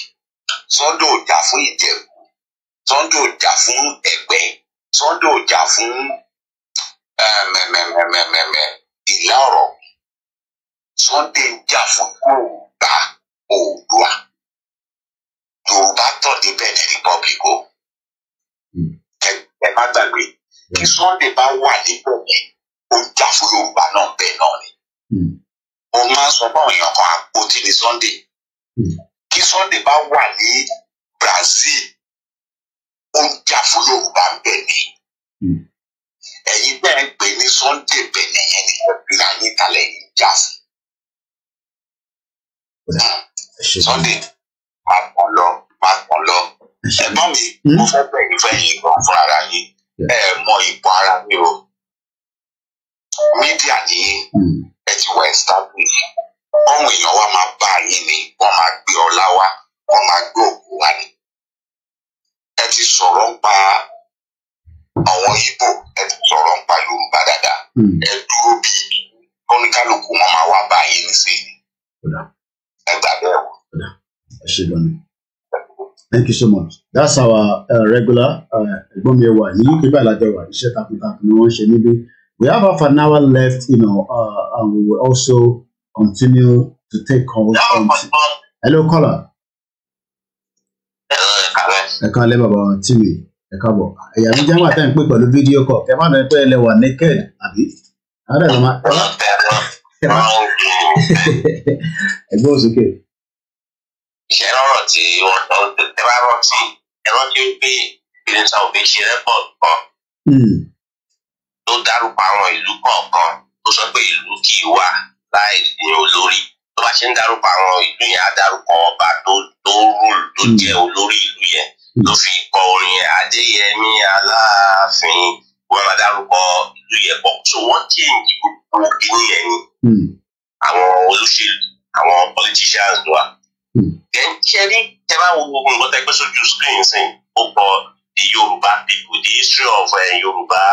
Sunday ò jà fún Ìjẹ̀bú Sunday ò jà fún Ẹ̀gbẹ́ Sunday ò jà fún mẹ̀mẹ̀mẹ̀mẹ̀mẹ̀ ìlà ọ̀rọ̀ Sunday ń jà fún Yorùbá Oòduà Yorùbá tọ̀ débẹ̀ ní republic o hmm. ẹ má gbàgbé bí Sunday bá wà nípò yẹn ó jà fún Yorùbá náà bẹ́ẹ̀ náà ni hmm. mo máa ń sọ báwọn èèyàn kan àpótí ní Sunday hmm. kí Sunday bá wà ní Brazil ó ń jà fún Yorùbá bẹ́ẹ̀ ni hmm. ẹ̀yin bẹ́ẹ̀ ń pè ní Sunday bẹ̀rẹ̀ yẹn ni wọ́n fi ra yín kalẹ̀ yín jà sí. Sunday máa kàn lọ máa kàn lọ ẹ̀gbọ́n mi mo fẹ́ bẹ̀rẹ̀ fẹ́ yín gan fúnra yín ẹ mọ ipò ara mi o mídíà ní hmm. ẹ ti wà establish ọ̀hún èèyàn wa máa bá yín ni wọ́n máa gbé ọlá wa wọ́n máa gbé òkú wa ni ẹ ti sọ̀rọ̀ ń pa àwọn Ìgbò ẹ ti sọ̀rọ̀ ń pa Yorùbá dáadáa hmm. ẹ dúró bí oníkálukú wọn máa wá bá yín nísìnyí ẹ gbà bẹ́ẹ̀ wò thank you so much that's our uh, regular uh, ẹ̀gbọ́n mi wà ní uk báyìí lájọ wà iṣẹ́ takuntakun ni wọ́n ṣe níbí we have half an hour left you know uh, and we will also continue to take calls on hello caller. ẹ̀ka lẹ́ bàbá tv ẹ̀ka bọ̀ ẹ̀yà mi jẹ́ wà tẹ́ ń pè pẹ̀lú fídíò kọ̀ kẹ́ má lọ pé ẹ lẹ wà naked àbí. ẹ̀gbọ́n [laughs] òsókè iṣẹ́ lọ́rọ̀ tí wọ́n tẹ bá rántí ẹ rántí pé ìpínlẹ̀ sáwọn fi ṣe rẹ́pọ̀d kan hmm. tó dárúkọ àwọn ìlú kọ̀ọ̀kan tó sọ pé ìlú kì í wà láì ní olórí tó bá ṣe ń dárúkọ àwọn ìlú yẹn á ọba tó tó rúlù tó hmm. jẹ́ olórí ìlú yẹn hmm. ló fi kọ orin Adéyẹmí Aláàfin wọn máa ìlú yẹn pọ̀ so wọ́n change gbogbo kìnìyẹn ni àwọn olóṣèlú àwọn politicians wa then hmm. ṣẹ́rí tẹ bá wo gbogbo nǹkan tẹ gbé sójú screen sí ó gbọ́ the Yorùbá people the history of uh, Yorùbá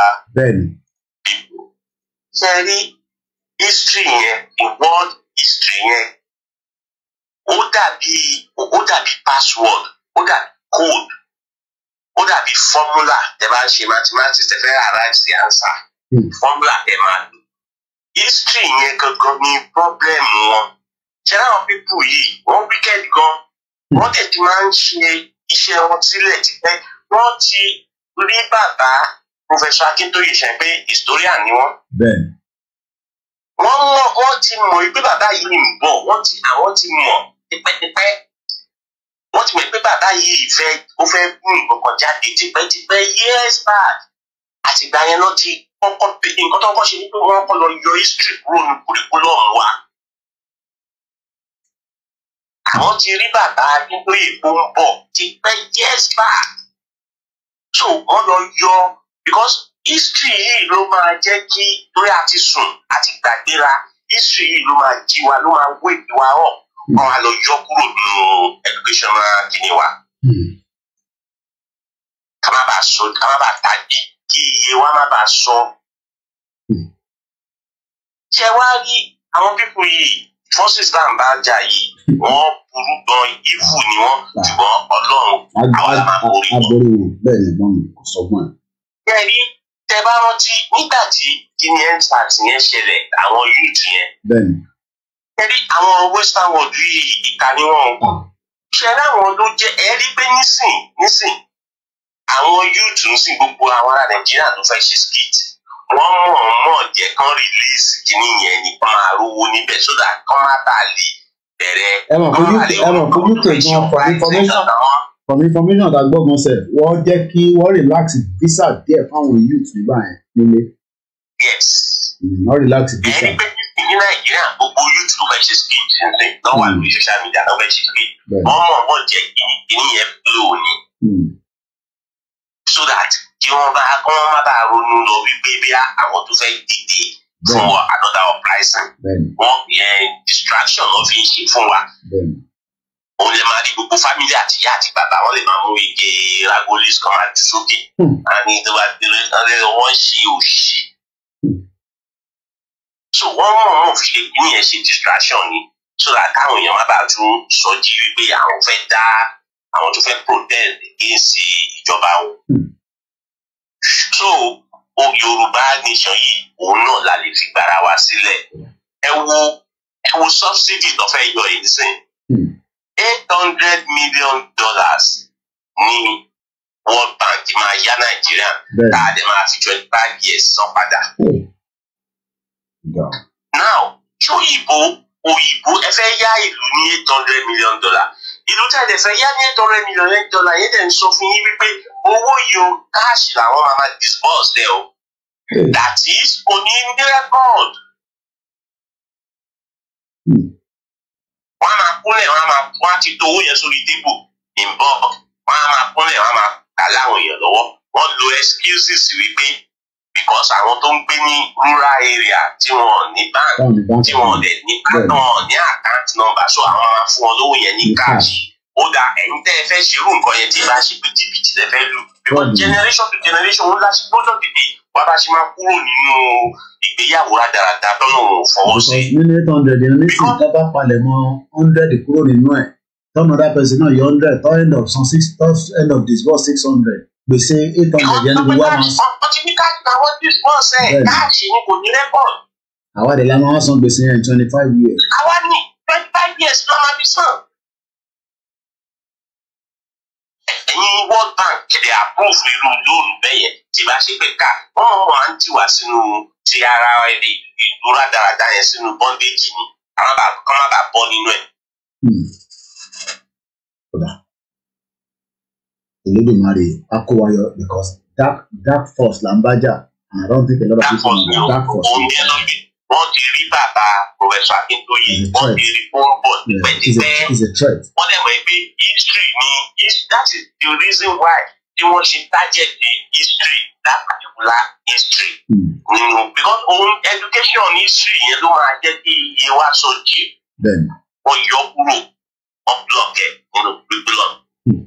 people ṣẹ́rí history yẹn the world history yẹn ó dàbí ó dàbí password ó dàbí code ó dàbí formula tẹ bá ń ṣe mathematics tẹ fẹ́ arrive the answer hmm. formula tẹ máa lò history yẹn gangan ni problem wọn ṣe láwọn pípù yìí wọ́n wicked gan wọ́n dẹ̀ ti máa ń ṣe iṣẹ́ wọn sílẹ̀ tipẹ́ wọ́n ti rí bàbá professor Akintoye ṣe pé historian ni wọ́n. wọ́n mọ̀ wọ́n ti mọ̀ pé bàbá yìí ń bọ̀ wọ́n ti àwọn ti mọ̀ tipẹ́tipẹ́ wọ́n ti mọ̀ pé bàbá yìí fẹ́ ó fẹ́ mú nǹkan jáde tipẹ́tipẹ́ years back àtìgbà yẹn lọ ti kọ́kọ́ nǹkan tó kọ́ ṣe ni pé wọ́n kọ́ lọ yọ history kúrò ní kúrìkúlọ̀mù wa àwọn ti rí bàbá Adédọ́yè tó ń bọ̀ ti pẹ́ years back so wọ́n lọ yọ because history yìí ló máa jẹ́ kí lórí àti sùn àti gbàgbéra history yìí ló máa jí wa ló máa wé wa ọ̀ hmm. wọ́n á lọ yọ kúrò nínú educational kìíní wa hmm. ká má bàa sọ ká má bàa tàbí kí iye wa má bàa sọ. Hmm. ṣé wàá rí àwọn pípọ̀ yìí wọ́n sì sáà bá jà yìí wọ́n burú gan ìfù ni wọ́n ṣùgbọ́n ọlọ́run àwọn àmà borí wọn. bẹ́ẹ̀ ni bọ́ọ̀nù kò sọgbọ́n. kẹ́rí tẹ bá rántí nígbà tí kíni endsars yẹn ṣẹlẹ̀ àwọn youth yẹn. bẹ́ẹ̀ni. kẹ́rí àwọn western world yìí ìka ni wọ́n ń kọ́. ṣẹlẹ̀ àwọn ló jẹ́ ẹ rí pé nísìn nísìn àwọn youth ń sìn gbogbo àwọn ará nàìjíríà ló fẹ́ ṣe skit wọ́n mọ̀ọ́mọ̀ jẹ́ kán rìlíìsì kínní yẹn ni kán máa rówó níbẹ̀ sódà kán má bàa lè bẹ̀rẹ̀. ẹ mọ̀ fojú ẹ mọ̀ fojú kẹ̀gbọ́n for information for information ta gbọ́gbọ́n sẹ̀ wọ́n jẹ́ kí wọ́n relax visa díẹ̀ fáwọn youth nígbà yẹn nílé. yes. Hmm, wọ́n relax visa. ẹni pé ní nàìjíríà gbogbo youth ló fẹ́ ṣe speech nílé lọ́wọ́ àti social media ló ṣe speech wọ́n mọ̀ọ́mọ̀ jẹ́ kínní kí wọ́n bá kí wọ́n má bàa ronú lọ wípé bí àwọn tó fẹ́ dìde fún wa another uprising wọ́n yẹn eh, distraction lọ fi ń ṣe fún wa òun lè máa rí gbogbo fámìlì àti ìyá àti bàbá wọn lè máa mú ike ragolis kan máa sókè àní ìjọba ìpínlẹ̀ wọn ṣe òṣì hmm. so wọn mọ wọn fi lè gbé yẹn ṣe distraction ni so that káwọn èèyàn má bàa tún sọ jí wípé àwọn fẹ́ dá àwọn tó fẹ́ protest against ìjọba wọn. Hmm so yorùbá nation yìí òun náà la lè fi gbára wa sílẹ̀ ẹ wo ẹ wo subsidy tó fẹ́ yọ yìí sìn hmm. eight hundred million dollars ní World Bank máa yá Nàìjíríà tá a lè máa fi twenty five years san padà. Hmm. now ṣé òyìnbó òyìnbó ẹ fẹ́ yá ìlú ní eight hundred million dollars ìlú tẹ̀lé fẹ́ yá ní eight hundred million dollars yẹn tẹ̀ ń sọ fún yín wípé owó yìí o káàṣì làwọn máa máa disburse dẹ o hmm. that is kò ní ní record hmm. wọn máa kúnlẹ̀ wọn máa wọn ti to owó yẹn sórí tébù in bulk wọn máa kúnlẹ̀ wọn máa ta láwọn èèyàn lọ́wọ́ wọn lo excuses wípé because àwọn tó ń gbé ní rural area tí wọn ní bank tí wọn lè ní bank náà ní account number so àwọn máa fún wọn lówó yẹn ní káàṣì ó da ẹ̀yin tẹ́ ẹ fẹ́ ṣerú nǹkan yẹn tí ìbá ṣe pé jìbìtì lẹ fẹ́ lù generation to generation ó láṣẹ gbọ́dọ̀ dìde wà bá ṣe máa kúrò nínú ìgbéyàwó rádaràda tọ́nà fọwọ́ sí. nínú eight hundred generation tó bá palẹ̀ mọ́ hundred kúrò nínú ẹ̀ tọ́nà that person náà yọ hundred tó end of some six tó end of this was six hundred gbèsè eight hundred yẹn gbogbo wa máa san. ọtí ní káàkiri àwọn disbọ́ọ̀sì ẹ̀ káàṣì kò ní rẹ́kọ̀d. àwa ní world bank kẹ̀dẹ̀ approve irú lóònù bẹ́yẹn tí bá ṣe pé ká wọ́n wọ́n á ń tiwa sínú ti ara ẹ̀dẹ̀ ìdúrà dáradára yẹn sínú bondage ni àwọn kan má bàa nínú ẹ̀. Hmm. Elédùmarè á kó because dark dark force là ń bá jà and I don't think a lot of people know dark force wọ́n ti rí bàbá professor Akintoye wọ́n ti rí fún bọ̀ tipẹ́tipẹ́ wọ́n dẹ̀ mọ̀ pé history ni that is the reason why tí wọ́n ṣe target the history that particular history nínú mm. Hmm, because òun education history yẹn ló máa jẹ́ kí iye wa sọ jì wọ́n yọ kúrò wọ́n block ẹ̀ nínú curriculum hmm.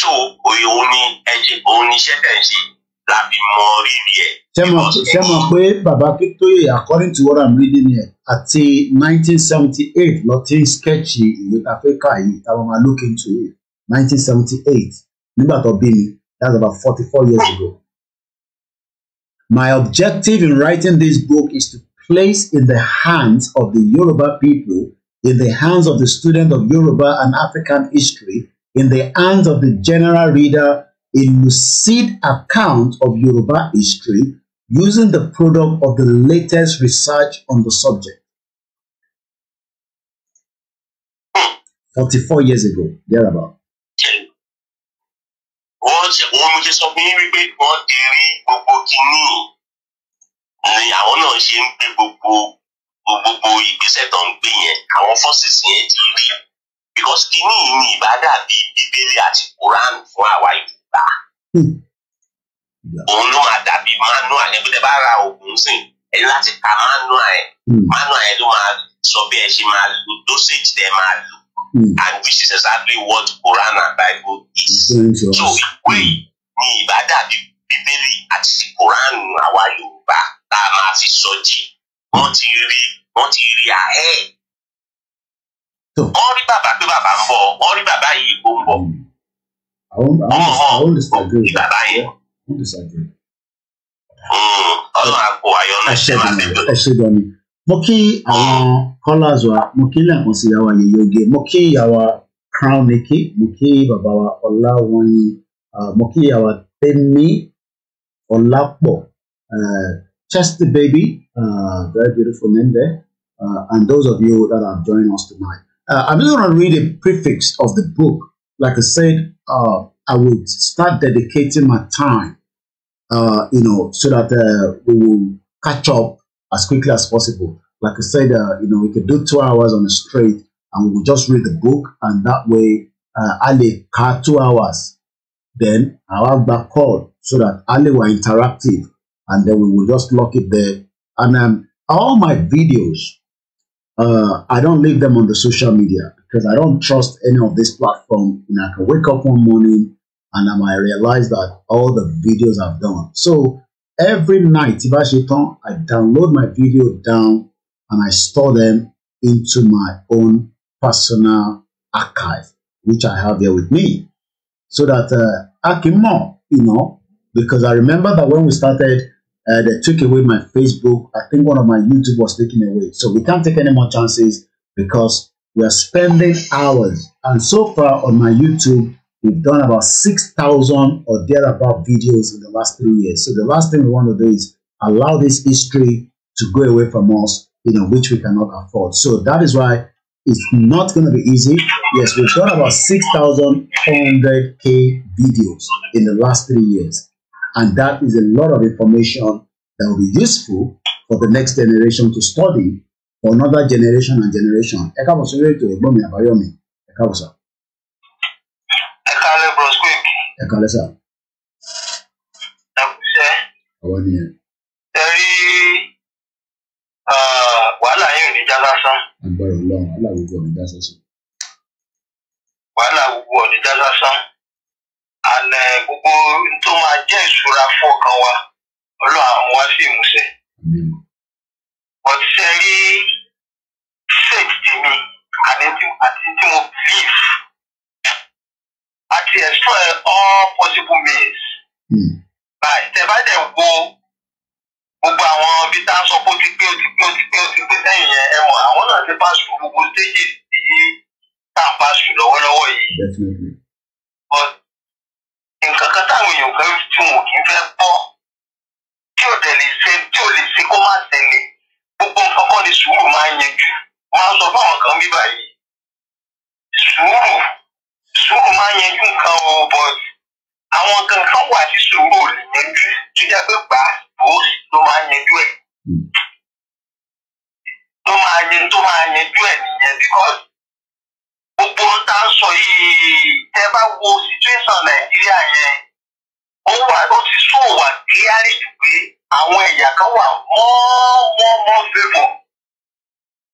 so òye òun ni ẹ̀jẹ̀ òun ni iṣẹ́ tẹ̀ ń ṣe la fi mọ rírì ẹ̀. ṣé mọ̀ pé bàbá Kítóyè according to what i'm reading here àti nineteen seventy eight lọ ti ń skẹ́ẹ̀chì ìwé afẹ́kà yìí táwọn máa look into it nineteen seventy eight nígbà tó bí mi that's about forty four years ago. My objective in writing this book is to place in the hands of the Yoruba people in the hands of the student of Yoruba and African history, in the hands of the general reader A lucid account of Yoruba history using the product of the latest research on the subject. 44 years ago, thereabout. wọ́n ni àwọn náà ṣe ń gbé gbogbo gbogbo ìgbésẹ̀ tó ń gbé yẹn àwọn forces yẹn ti rí because kínní ni ìbá dàbí bíbélì àti koran fún àwa yìí gbà hmm. òun dàbí manua ẹ bí ẹ bá ra oògùn sìn ẹ láti ka manua ẹ hmm. manua ẹ ló máa sọ bí ẹ ṣe máa lo dosage tẹ máa lo hmm. and this is exactly what Quran and Bible is so ìwé ni ìbá dàbí bíbélì àti Quran àwa Yorùbá tá a máa fi sọjí wọ́n ti rí wọ́n ti rí ahẹ́ wọ́n rí bàbá pé bàbá ń bọ̀ wọ́n rí bàbá yìí kó ń bọ̀. I won't, I won't, mm-hmm. I won't disagree. I uh-huh. won't disagree. Ọlọ́run àpò tó. Ẹ crown Baby, uh, very beautiful name there, uh, and those of you that are joining us tonight. Uh, I'm just going to read a prefix of the book like I said, uh, I would start dedicating my time, uh, you know, so that uh, we will catch up as quickly as possible. Like I said, uh, you know, we could do two hours on the straight and we'll just read the book, and that way, uh, Ali car two hours. Then I'll have that call so that Ali were interactive, and then we will just lock it there. And um, all my videos, uh, I don't leave them on the social media because I don't trust any of this platform. And I can wake up one morning and I might realize that all the videos I've done. So every night, if I I download my video down and I store them into my own personal archive, which I have here with me. So that uh, I can more, you know, because I remember that when we started, uh, they took away my Facebook. I think one of my YouTube was taken away. So we can't take any more chances because we are spending hours and so far on my youtube we've done about 6,000 or thereabout videos in the last three years so the last thing we want to do is allow this history to go away from us you know which we cannot afford so that is why it's not going to be easy yes we've done about 6,400k videos in the last three years and that is a lot of information that will be useful for the next generation to study for another generation and generation ẹ káàbọ̀ sórí ètò ẹ̀gbọ́n mi àbáyọ̀mí ẹ káàbọ̀ sà. ẹ kálẹ́ bros ẹ kálẹ́ sà. ẹ ẹ rí wàhálà yín ò ní já lásán. agbára Ọlọ́run wàhálà gbogbo ò ní já sásán. wàhálà gbogbo ní wa Ọlọ́run àwọn wá sí ọ̀ṣẹ́ rí faith tèmi àti tí mo believe àti explore all possible means. Hmm. báyìí tẹ bá dẹ̀ wo gbogbo àwọn bí tá a sọ pé ó ti pé ó ti pé ó ti pé ó ti pé sẹ́yìn yẹn ẹ̀wọ̀n àwọn náà ti pass through gbogbo stages yìí tá a pass through lọ́wọ́lọ́wọ́ yìí. but nǹkan kan táwọn èèyàn kan tí wọn kì í fẹ́ gbọ́ tí ò dẹ̀ lè ṣe tí kó má ṣẹlẹ̀ gbogbo nǹkan ni sùúrù máa ń yanjú máa ń sọ fún àwọn kan bí báyìí sùúrù sùúrù máa ń yanjú nǹkan o but àwọn nǹkan wà tí sùúrù ò lè yanjú tó jẹ́ pé gbà tó ló máa yanjú ẹ̀ tó máa yanjú tó máa yanjú ẹ̀ nìyẹn because gbogbo tá a sọ yìí tẹ́ bá wo situation nàìjíríà yẹn ó wà ó ti sóòwò clearly jù pé àwọn ẹ̀yà kan wà more more more favour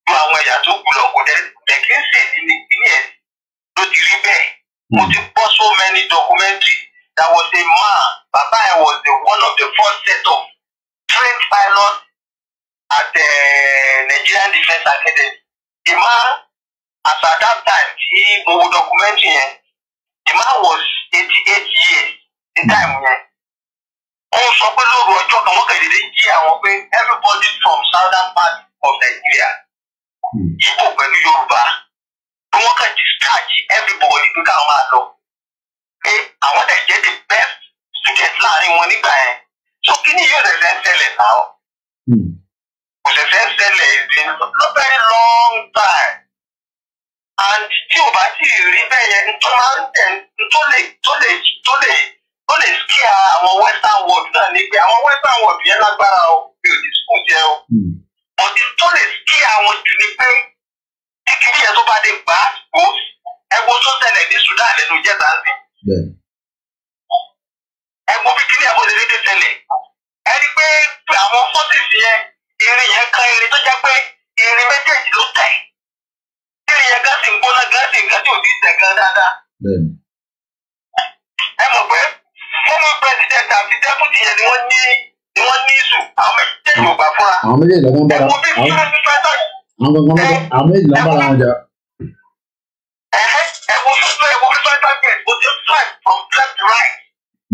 ju àwọn ẹ̀yà tó kù lọ kò dẹ̀ lẹ́kìn ṣèdí ní ìpínlẹ̀ ló ti rí bẹ́ẹ̀ mo ti hmm. gbọ́ so many documentary that was a man bàbá ẹ̀ was the one of the first set of trained pilots at the eh, Nigerian Defence Academy the man as at that time tí mo wo documentary yẹn the man was eighty eight years ní time yẹn ó sọ pé lóru ọjọ́ kan wọ́n kẹ̀lé jí àwọn pé everybody from southern part of Nigeria hmm. Igbo pẹ̀lú Yorùbá bí wọ́n kàn discharge everybody pé káwọn máa lọ pé àwọn dẹ̀ the best student láàrin wọn nígbà yẹn so kí ni yóò ṣẹ̀ṣẹ̀ ń ṣẹlẹ̀ náà hmm. kò ṣẹ̀ṣẹ̀ ṣẹlẹ̀ ìdí ló very long time and tí o bá sì rí bẹ́ẹ̀ yẹn tó máa ń tẹ̀ tó lè tó lè tó lè ó lè kíá àwọn western world náà ní pé àwọn western world yẹn lágbára o bí o ti sùn jẹ o ọtí hmm. tó lè kíá àwọn jù ni pé kékeré yẹn tó bá dé gbà á kó ẹgbó tó tẹlẹ ní Sudan lẹnu jẹta ń sìn ẹgbó kékeré yẹn bó lè dédé tẹlẹ ẹni pé àwọn forces yẹn irin yẹn kan irin tó jẹ pé irin méjèèjì ló tẹ irin yẹn gán sì ń gbóná gán sì ń gán tí ò ti tẹ gán dáadáa ẹ mọ̀ pé former president àti deputy yẹn ni wọ́n ní ni wọ́n ní ìṣù àwọn méjèèjì ò gbà fúnra. àwọn méjèèjì ló ń bára àwọn méjèèjì ló ń bára wọn jà. ẹ̀wọ̀n fífẹ́ ẹ̀wọ̀n fífẹ́ target o ti fight from left to right.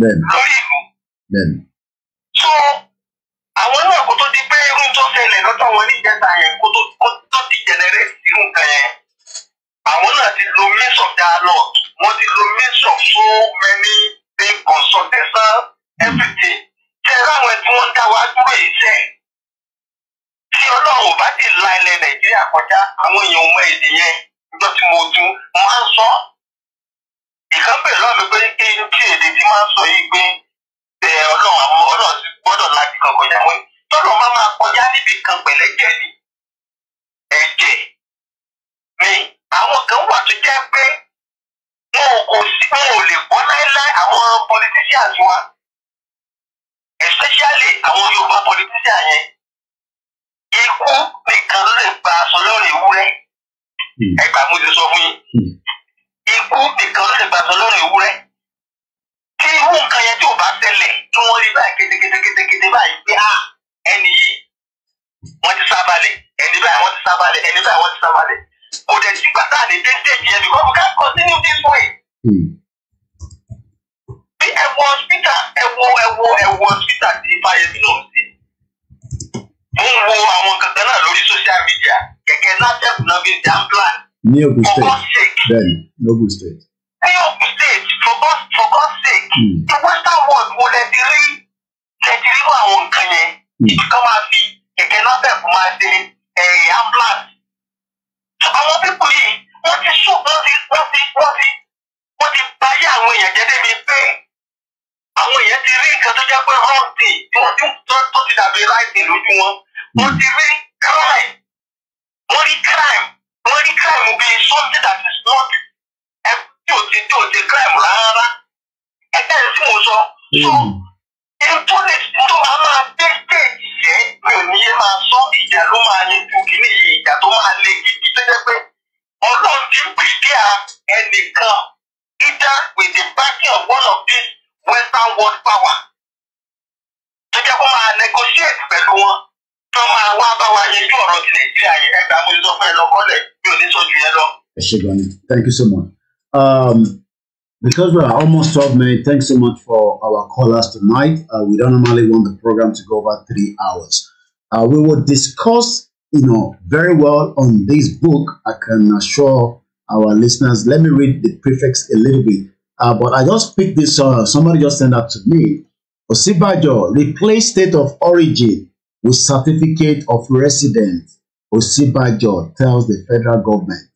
bẹ́ẹ̀ni lórí ìlú. bẹ́ẹ̀ni. so àwọn náà kó tó di pé irun tó ṣẹlẹ̀ lọ́tọ̀ wọn ní ìjẹta yẹn kó tó ti generate irun kan yẹn àwọn náà ti lo means of dialogue wọ́n ti lo means of so many the consultation everything tẹ láwọn tí wọ́n dá wa dúró iṣẹ́ tí ọlọ́run bá dé la ilẹ̀ nàìjíríà kọjá àwọn èèyàn mọ èdè yẹn níjọ́ tí mo dún máa ń sọ ìkan bẹ̀rẹ̀ lọ́ọ̀mí pé kí n kí èdè tí máa ń sọ yìí pé ọlọ́run àwọn ọlọ́run ti gbọ́dọ̀ láti kan kọjá wọn tọ́lọ́ máa máa kọjá níbi kan pẹ̀lẹ́jẹ̀ ni ẹ̀jẹ̀ ni àwọn kan wà tó jẹ́ pé wọn kò sí wọn ò lè bọ́ láéláé àwọn politicians wa especially àwọn Yorùbá politicians yẹn ikú nìkan ló lè gba aṣọ lórí ewúrẹ́ hmm. ẹgbà mo ti sọ fún yín hmm. ikú nìkan ló lè gba aṣọ lórí ewúrẹ́ tí irú nǹkan yẹn tí ò bá tẹ̀lẹ̀ tí wọ́n rí báyìí kétékétékété báyìí pé a ah, ẹni yìí wọ́n ti sábàlẹ̀ ẹni báyìí wọ́n ti sábàlẹ̀ ẹni báyìí wọ́n ti sábàlẹ̀ ó dẹ̀ ti gbàtà ní déédéé yẹn because we can't continue this way. bí ẹ̀wọ̀ hospital ẹ̀wọ̀ ẹ̀wọ̀ ẹ̀wọ̀ hospital ti Fáyẹmí náà sí. mo ń wo àwọn kankan náà lórí social media kẹ̀kẹ́ náà tẹ̀kùn náà bíi plan. ní Ogun State bẹ́ẹ̀ni ní Ogun State. ní Ogun State for God for God's sake. Hmm. the western world wo lẹ ti rí lẹ ti rí fún àwọn nǹkan yẹn. ibi hmm. kan máa fi kẹ̀kẹ́ náà tẹ̀kùn máa ṣe eh, ambulance àwọn pípù yìí wọ́n ti sùn wọ́n ti wọ́n ti wọ́n ti wọ́n ti báyé àwọn èèyàn jẹ́ débi pé àwọn èèyàn ti rí nǹkan tó jẹ́ pé wrong thing tó ti dàbí right lójú wọn wọ́n ti rí crime wọ́n rí crime wọ́n rí crime bíi something that is not ẹ tí ò ti tí ò ti crime rárá ẹgbẹ́ ẹ̀ tí mo sọ. Hmm tó lè tó máa máa either with the backing of one of these western world power tó jẹ́ kó máa negotiate pẹ̀lú wọn tó máa wá bá wa yanjú ọ̀rọ̀ ti nàìjíríà yẹn ẹgbàá mo ti sọ fún ẹ lọ kọ́lẹ̀ mi ò ní sọ thank you so much. Um, because we are almost 12 minutes, thanks so much for our callers tonight. Uh, we don't normally want the program to go over three hours. Uh, we will discuss, you know, very well on this book. I can assure our listeners. Let me read the prefix a little bit. Uh, but I just picked this up. Uh, somebody just sent that to me. Osibajo, replace state of origin with certificate of residence. Osibajo tells the federal government.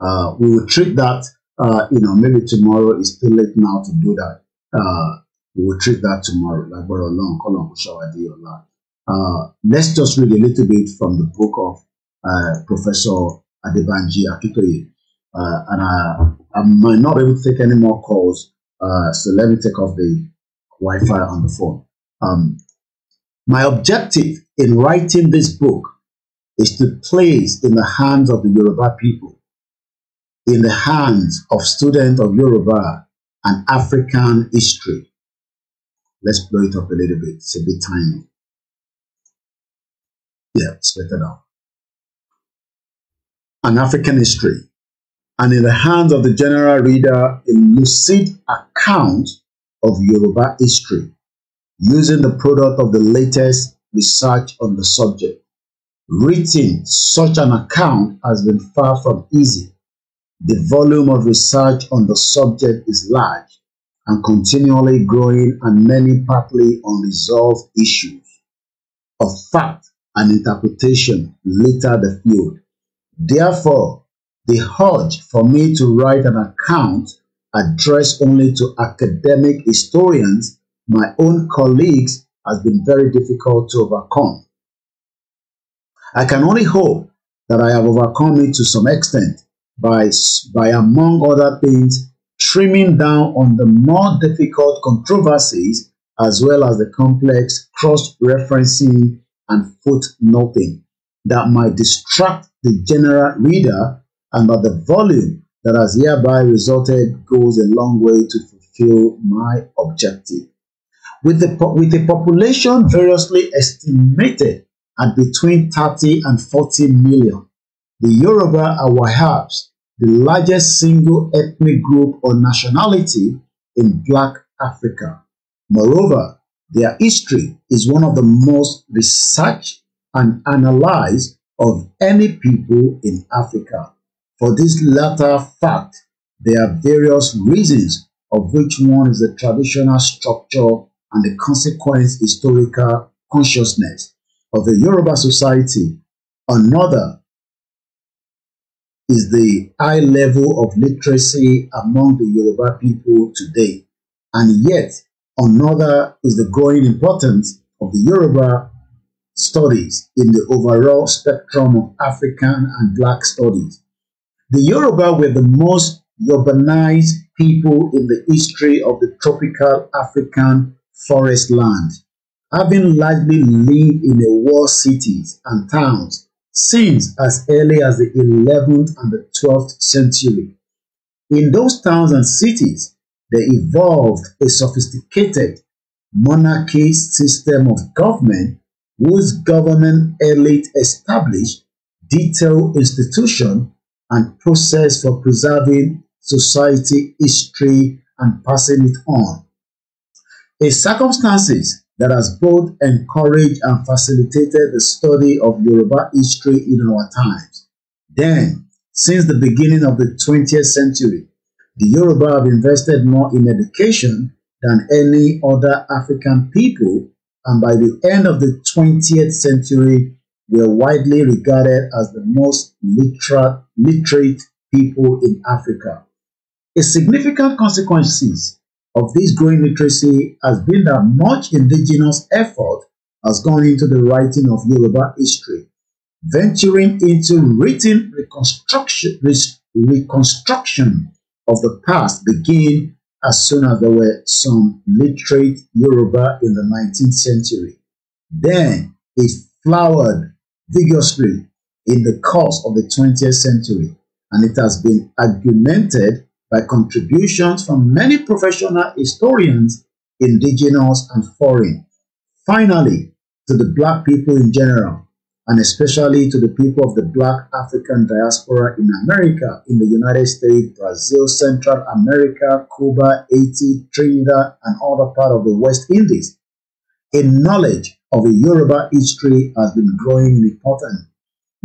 Uh, we will treat that uh, you know, maybe tomorrow is too late now to do that. Uh, we'll treat that tomorrow. Like borrow long, long, uh, let's just read a little bit from the book of uh, Professor Adebanji Akitoye. Uh, and I, I might not be able to take any more calls, uh, so let me take off the Wi Fi on the phone. Um, my objective in writing this book is to place in the hands of the Yoruba people in the hands of students of Yoruba and African history. Let's blow it up a little bit. It's a bit tiny. Yeah, split it up. An African history. And in the hands of the general reader, a lucid account of Yoruba history using the product of the latest research on the subject. Written such an account has been far from easy the volume of research on the subject is large and continually growing and many partly unresolved issues of fact and interpretation litter the field. Therefore, the urge for me to write an account addressed only to academic historians, my own colleagues, has been very difficult to overcome. I can only hope that I have overcome it to some extent by, by, among other things, trimming down on the more difficult controversies as well as the complex cross-referencing and footnoting that might distract the general reader and that the volume that has hereby resulted goes a long way to fulfill my objective. With the, with a population variously estimated at between 30 and 40 million, the Yoruba are perhaps the largest single ethnic group or nationality in Black Africa. Moreover, their history is one of the most researched and analyzed of any people in Africa. For this latter fact, there are various reasons, of which one is the traditional structure and the consequent historical consciousness of the Yoruba society. Another is the high level of literacy among the Yoruba people today. And yet, another is the growing importance of the Yoruba studies in the overall spectrum of African and Black studies. The Yoruba were the most urbanized people in the history of the tropical African forest land, having largely lived in the war cities and towns since as early as the 11th and the 12th century. In those towns and cities, they evolved a sophisticated monarchy system of government whose government elite established detailed institution and process for preserving society history and passing it on. A circumstances that has both encouraged and facilitated the study of Yoruba history in our times. Then, since the beginning of the 20th century, the Yoruba have invested more in education than any other African people, and by the end of the 20th century, were widely regarded as the most literate, literate people in Africa. A significant consequence of this growing literacy has been that much indigenous effort has gone into the writing of Yoruba history, venturing into written reconstruction, reconstruction of the past began as soon as there were some literate Yoruba in the 19th century. Then it flowered vigorously in the course of the 20th century, and it has been augmented by contributions from many professional historians, indigenous and foreign. Finally, to the black people in general, and especially to the people of the black African diaspora in America, in the United States, Brazil, Central America, Cuba, Haiti, Trinidad, and other part of the West Indies. A knowledge of a Yoruba history has been growing in importance.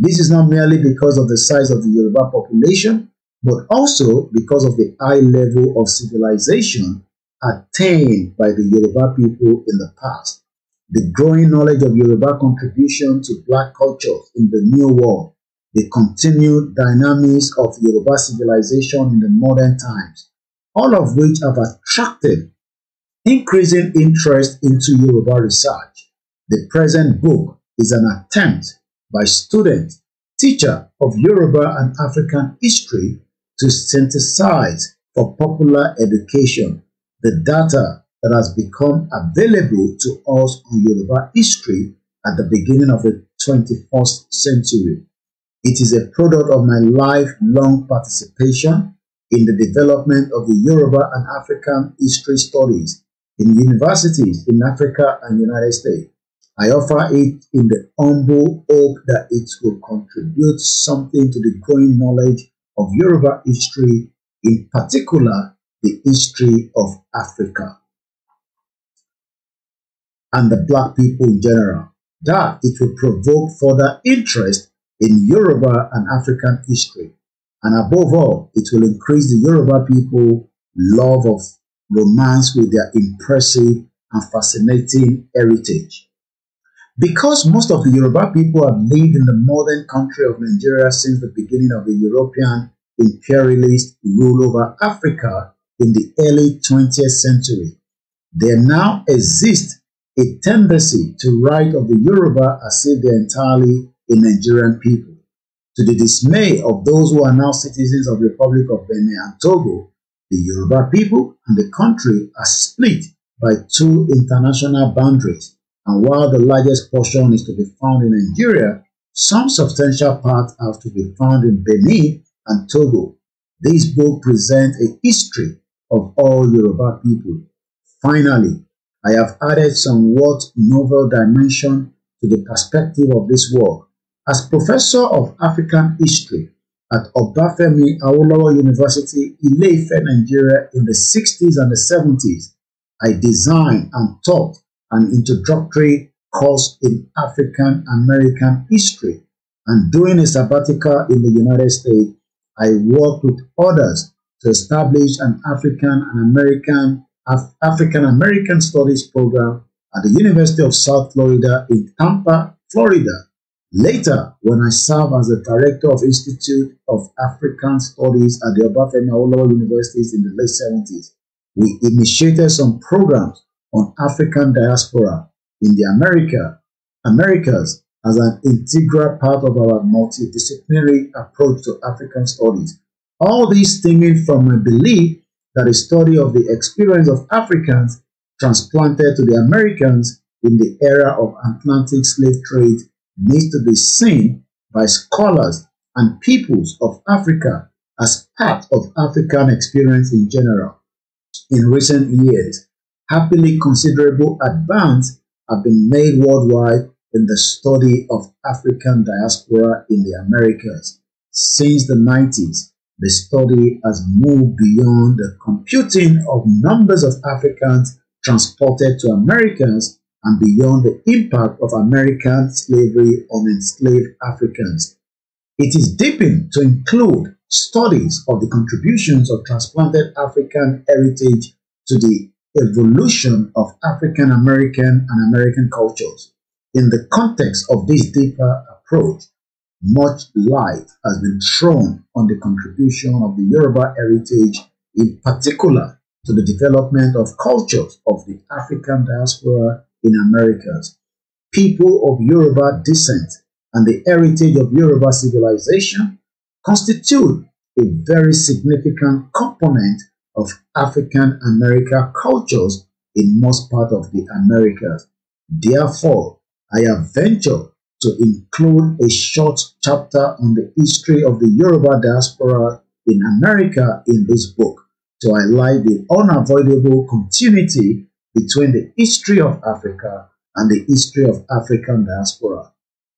This is not merely because of the size of the Yoruba population, but also because of the high level of civilization attained by the Yoruba people in the past, the growing knowledge of Yoruba contribution to black cultures in the New World, the continued dynamics of Yoruba civilization in the modern times, all of which have attracted increasing interest into Yoruba research. The present book is an attempt by students, teacher of Yoruba and African history to synthesize for popular education the data that has become available to us on Yoruba history at the beginning of the 21st century. It is a product of my lifelong participation in the development of the Yoruba and African history studies in universities in Africa and United States. I offer it in the humble hope that it will contribute something to the growing knowledge of Yoruba history, in particular the history of Africa and the black people in general, that it will provoke further interest in Yoruba and African history. And above all, it will increase the Yoruba people love of romance with their impressive and fascinating heritage. Because most of the Yoruba people have lived in the modern country of Nigeria since the beginning of the European imperialist rule over Africa in the early 20th century, there now exists a tendency to write of the Yoruba as if they're entirely a Nigerian people, to the dismay of those who are now citizens of the Republic of Benin and Togo the Yoruba people and the country are split by two international boundaries and while the largest portion is to be found in Nigeria, some substantial parts are to be found in Benin and Togo. This book presents a history of all Yoruba people. Finally, I have added somewhat novel dimension to the perspective of this work. As Professor of African History at Obafemi Awolowo University, Ile-Ife, Nigeria in the 60s and the 70s, I designed and taught an introductory course in African American history. And during a sabbatical in the United States, I worked with others to establish an African and American Af African American Studies program at the University of South Florida in Tampa, Florida. Later, when I served as the director of Institute of African Studies at the Obafemi Awolowo Universities in the late 70s, we initiated some programs on African diaspora in the America, Americas as an integral part of our multidisciplinary approach to African studies. All these stemming from a belief that a study of the experience of Africans transplanted to the Americans in the era of Atlantic slave trade needs to be seen by scholars and peoples of Africa as part of African experience in general. In recent years, happily considerable advance have been made worldwide in the study of African diaspora in the Americas. Since the 90s, the study has moved beyond the computing of numbers of Africans transported to Americas and beyond the impact of American slavery on enslaved Africans. It is deepened to include studies of the contributions of transplanted African heritage to the evolution of African American and American cultures. In the context of this deeper approach, much light has been thrown on the contribution of the Yoruba heritage, in particular to the development of cultures of the African diaspora in Americas. People of Yoruba descent and the heritage of Yoruba civilization constitute a very significant component of African American cultures in most part of the Americas. Therefore, I have ventured to include a short chapter on the history of the Yoruba diaspora in America in this book to highlight the unavoidable continuity between the history of Africa and the history of African diaspora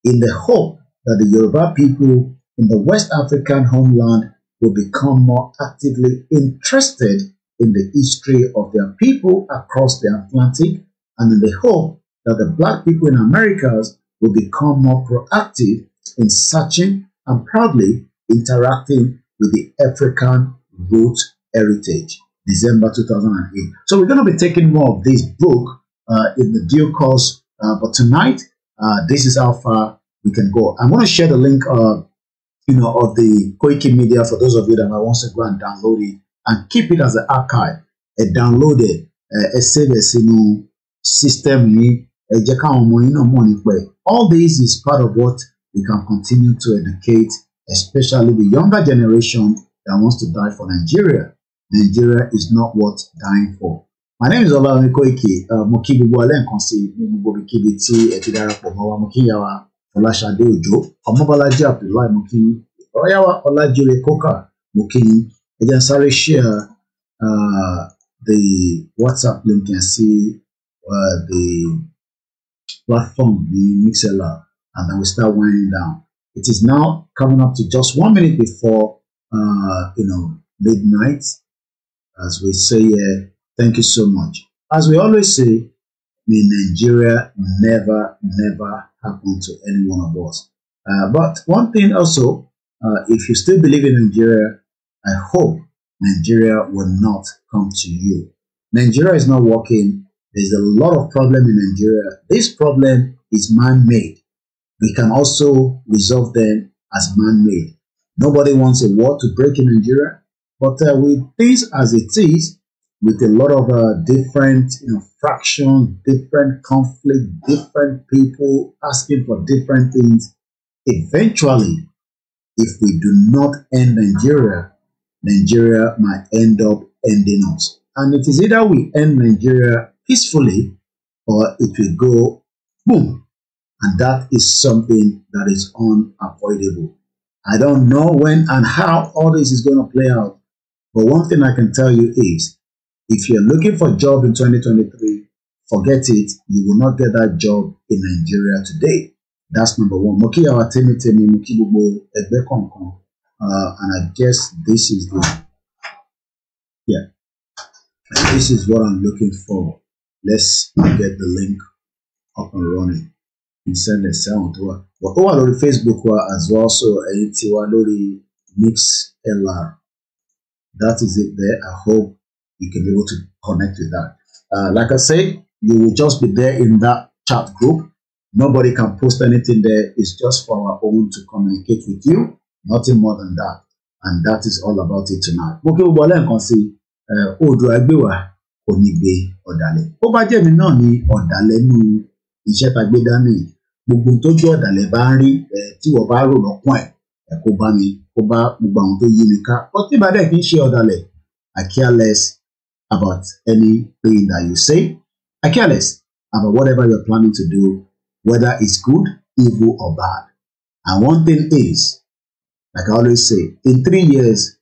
in the hope that the Yoruba people in the West African homeland will become more actively interested in the history of their people across the Atlantic and in the hope that the black people in Americas will become more proactive in searching and proudly interacting with the African root heritage. December 2008. So we're going to be taking more of this book uh, in the due course, uh, but tonight uh, this is how far we can go. I'm going to share the link uh, you know, of the Koiki Media for those of you that might want to go and download it and keep it as an archive, a eh, downloaded, eh, eh, a ẹ you know, sínú system yìí ẹ jẹ́ káwọn ọmọ yín All this is part of what we can continue to educate, especially the younger generation that wants to die for Nigeria. Nigeria is not worth dying for. My name is Olawale Koiki. Uh, Mokibi, kí gbogbo alẹ́ nǹkan sí gbogbo ibi tí ẹ ti darapọ̀ mọ́ wa, mo kí ìyá wa ọláṣadé òjò ọmọbọlájí abdullahi mo kí yín ọyáwá ọlájúre kókà mo kí yín ẹ jẹ́ sáré share uh, the whatsapp link and see uh, the platform the mixlr and then we start winding down it is now coming up to just one minute before uh, you know midnight as we say uh, thank you so much as we always say in Nigeria never, never happened to any one of us. Uh, but one thing also, uh, if you still believe in Nigeria, I hope Nigeria will not come to you. Nigeria is not working. There's a lot of problem in Nigeria. This problem is man-made. We can also resolve them as man-made. Nobody wants a war to break in Nigeria, but uh, with things as it is, with a lot of uh, different infractions, different conflict, different people asking for different things. Eventually, if we do not end Nigeria, Nigeria might end up ending us. And it is either we end Nigeria peacefully or it will go boom. And that is something that is unavoidable. I don't know when and how all this is going to play out, but one thing I can tell you is If you're looking for a job in 2023, forget it. You will not get that job in Nigeria today. That's number one. Mo kí àwa tèmi tèmi, mo kí uh, And I guess this is the yeah. And this is what I'm looking for. Let's get the link up and running. and Send a sound to her. But wà on Facebook wa as well, so ẹ̀yin ti Mix LR. That is it there. I hope you can be able to connect with that. Uh, like I say, you will just be there in that chat group. Nobody can post anything there. It's just for our own to communicate with you. Nothing more than that. And that is all about it tonight. Okay, kí gbogbo ọlẹ́ǹkan sí Oòduà gbé wa kò be gbé ọ̀dàlẹ̀. Ó bá jẹ́ mi náà ni ọ̀dàlẹ̀ nú iṣẹ́ ta gbé dání. Gbogbo tó jẹ́ ọ̀dàlẹ̀ bá ń rí tí wọ́n bá rò lọ́kàn ẹ̀ ẹ̀ kó bá mi kó bá gbogbo àwọn tó yí mi ká. Ọtí ìbàdàn kì í ṣe ọ̀dàlẹ̀. I care less about anything that you say. I care less about whatever you're planning to do, whether it's good, evil, or bad. And one thing is, like I always say, in three years,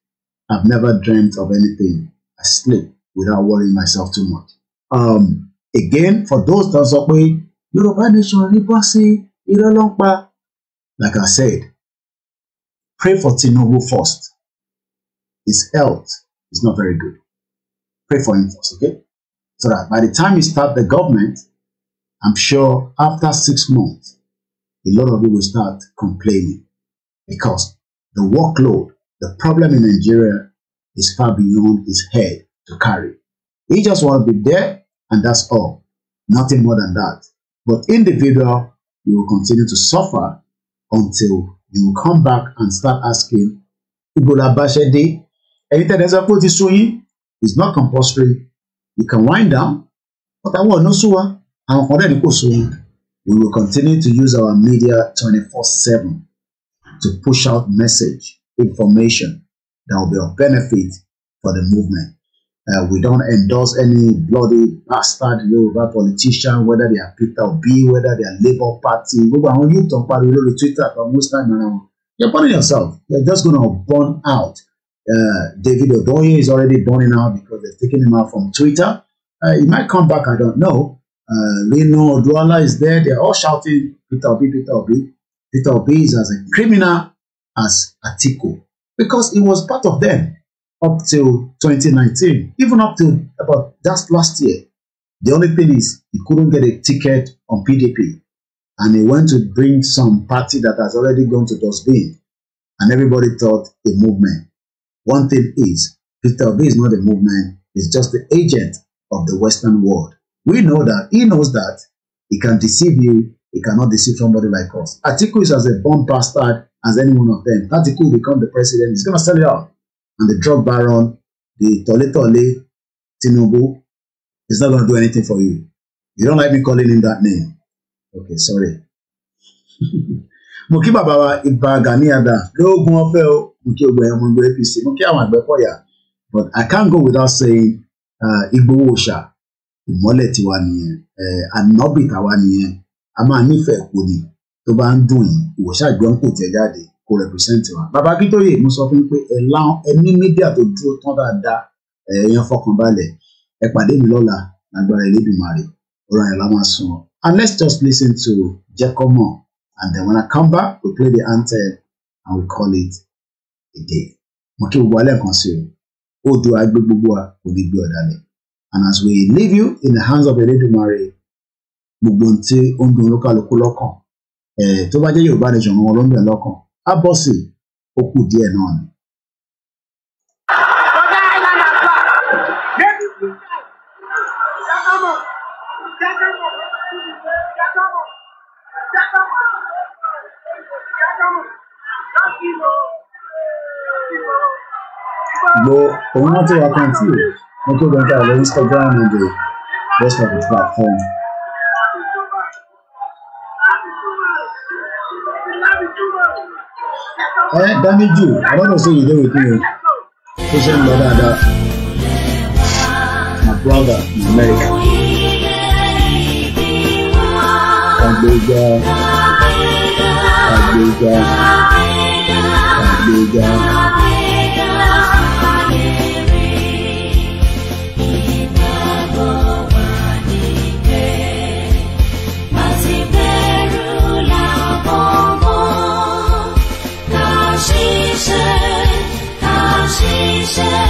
I've never dreamt of anything. I sleep without worrying myself too much. Um, again, for those that are pé Yorùbá nation a bọ́ Like I said, pray for Tinubu first. His health is not very good pray for him first, okay? So that by the time you start the government, I'm sure after six months, a lot of you will start complaining because the workload, the problem in Nigeria is far beyond his head to carry. He just want to be there and that's all. Nothing more than that. But individual, you will continue to suffer until you will come back and start asking, Ibola Bashede, anything that's supposed to it's not compulsory you can wind down but I ọ̀nà no wa àwọn already dẹ́ni we will continue to use our media twenty-four seven to push out message information that will be of benefit for the movement. Uh, we don't endorse any bloody bastard Yoruba politician, whether they are Peter or B, whether they are Labour Party. Gbogbo àwọn yóò tán pariwo lórí Twitter for most time You're burning yourself. You're just going to burn out. Uh, David Odoye is already burning out because they've taken him out from Twitter. Uh, he might come back, I don't know. Uh, Lino Oduala is there. They're all shouting, Peter Obi, Peter Obi. Peter Obi is as a criminal as Atiku because he was part of them up till 2019, even up to about just last year. The only thing is he couldn't get a ticket on PDP and he went to bring some party that has already gone to dustbin and everybody thought a movement. One thing is, Peter Obi is not a movement, he's just the agent of the Western world. We know that, he knows that, he can deceive you, he cannot deceive somebody like us. Atiku is as a bomb bastard as any one of them. Atiku become the president, he's going to sell you out. And the drug baron, the Tole Tole, Tinubu, is not going to do anything for you. You don't like me calling him that name. Okay, sorry. [laughs] Mukiba Baba Gani Ada, mo kí ọgbà ẹ̀wọ̀n ẹgbẹ́ APC mo kí àwọn Àgbẹ̀kọ̀yà but I can't go without saying uh, Ìgbòho Òòṣà ìmọ́lẹ̀ tiwa nìyẹn uh, ànábì tàwa nìyẹn a máa nífẹ̀ẹ́ kò ní tó bá ń dùn yìí Òòṣà gbọ́n kò tẹ̀ jáde kò represent wa. bàbá Akíntóyè mo sọ fún pé ẹ láwọn ẹ ní mídíà tó dúró tán dáadáa ẹ yẹn fọkànbalẹ̀ ẹ pàdé mi lọ́la lágbára Elédùmarè ọ̀rọ̀ yẹn la máa sùn and let's just listen to Jẹ́kọ́mọ̀ and then when I come back we play the anthem and we call it ètè mo kí gbogbo alẹ́ kan sí o do agbé gbogbo wa kò ní gbé ọ̀dàlẹ̀ and as we leave you in the hands of a gbogbo ohun gbogbo ó ń dùn olúkálukú lọ́kàn ẹ̀ tó bá jẹ́ Yorùbá nation wọn ló ń bẹ̀ lọ́kàn á bọ̀ sí ni. Bo pomaga to jak on czuje. No to będę ale Instagram i rest of the platform. Eh, damage I don't know say you do with me. Social media that my brother in America. Agbega, Agbega. begun. share.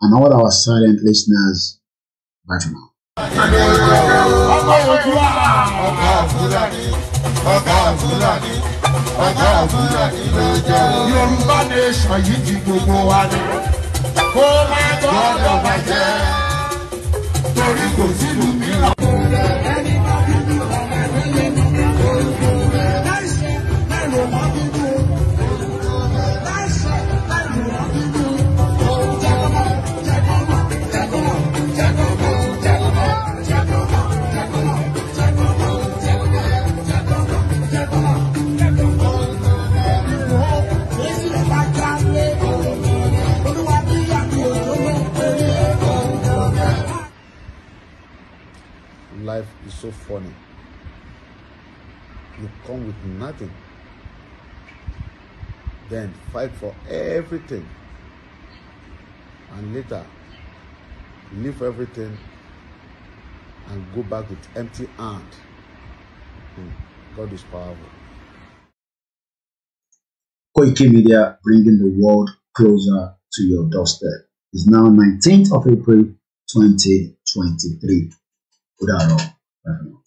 and all our silent listeners bye for now. torí kò sílùú mìíràn. so funny. You come with nothing. Then fight for everything. And later, leave everything and go back with empty hand. Hmm. God is powerful. Koike Media bringing the world closer to your doorstep. It's now 19th of April 2023. Good Gracias.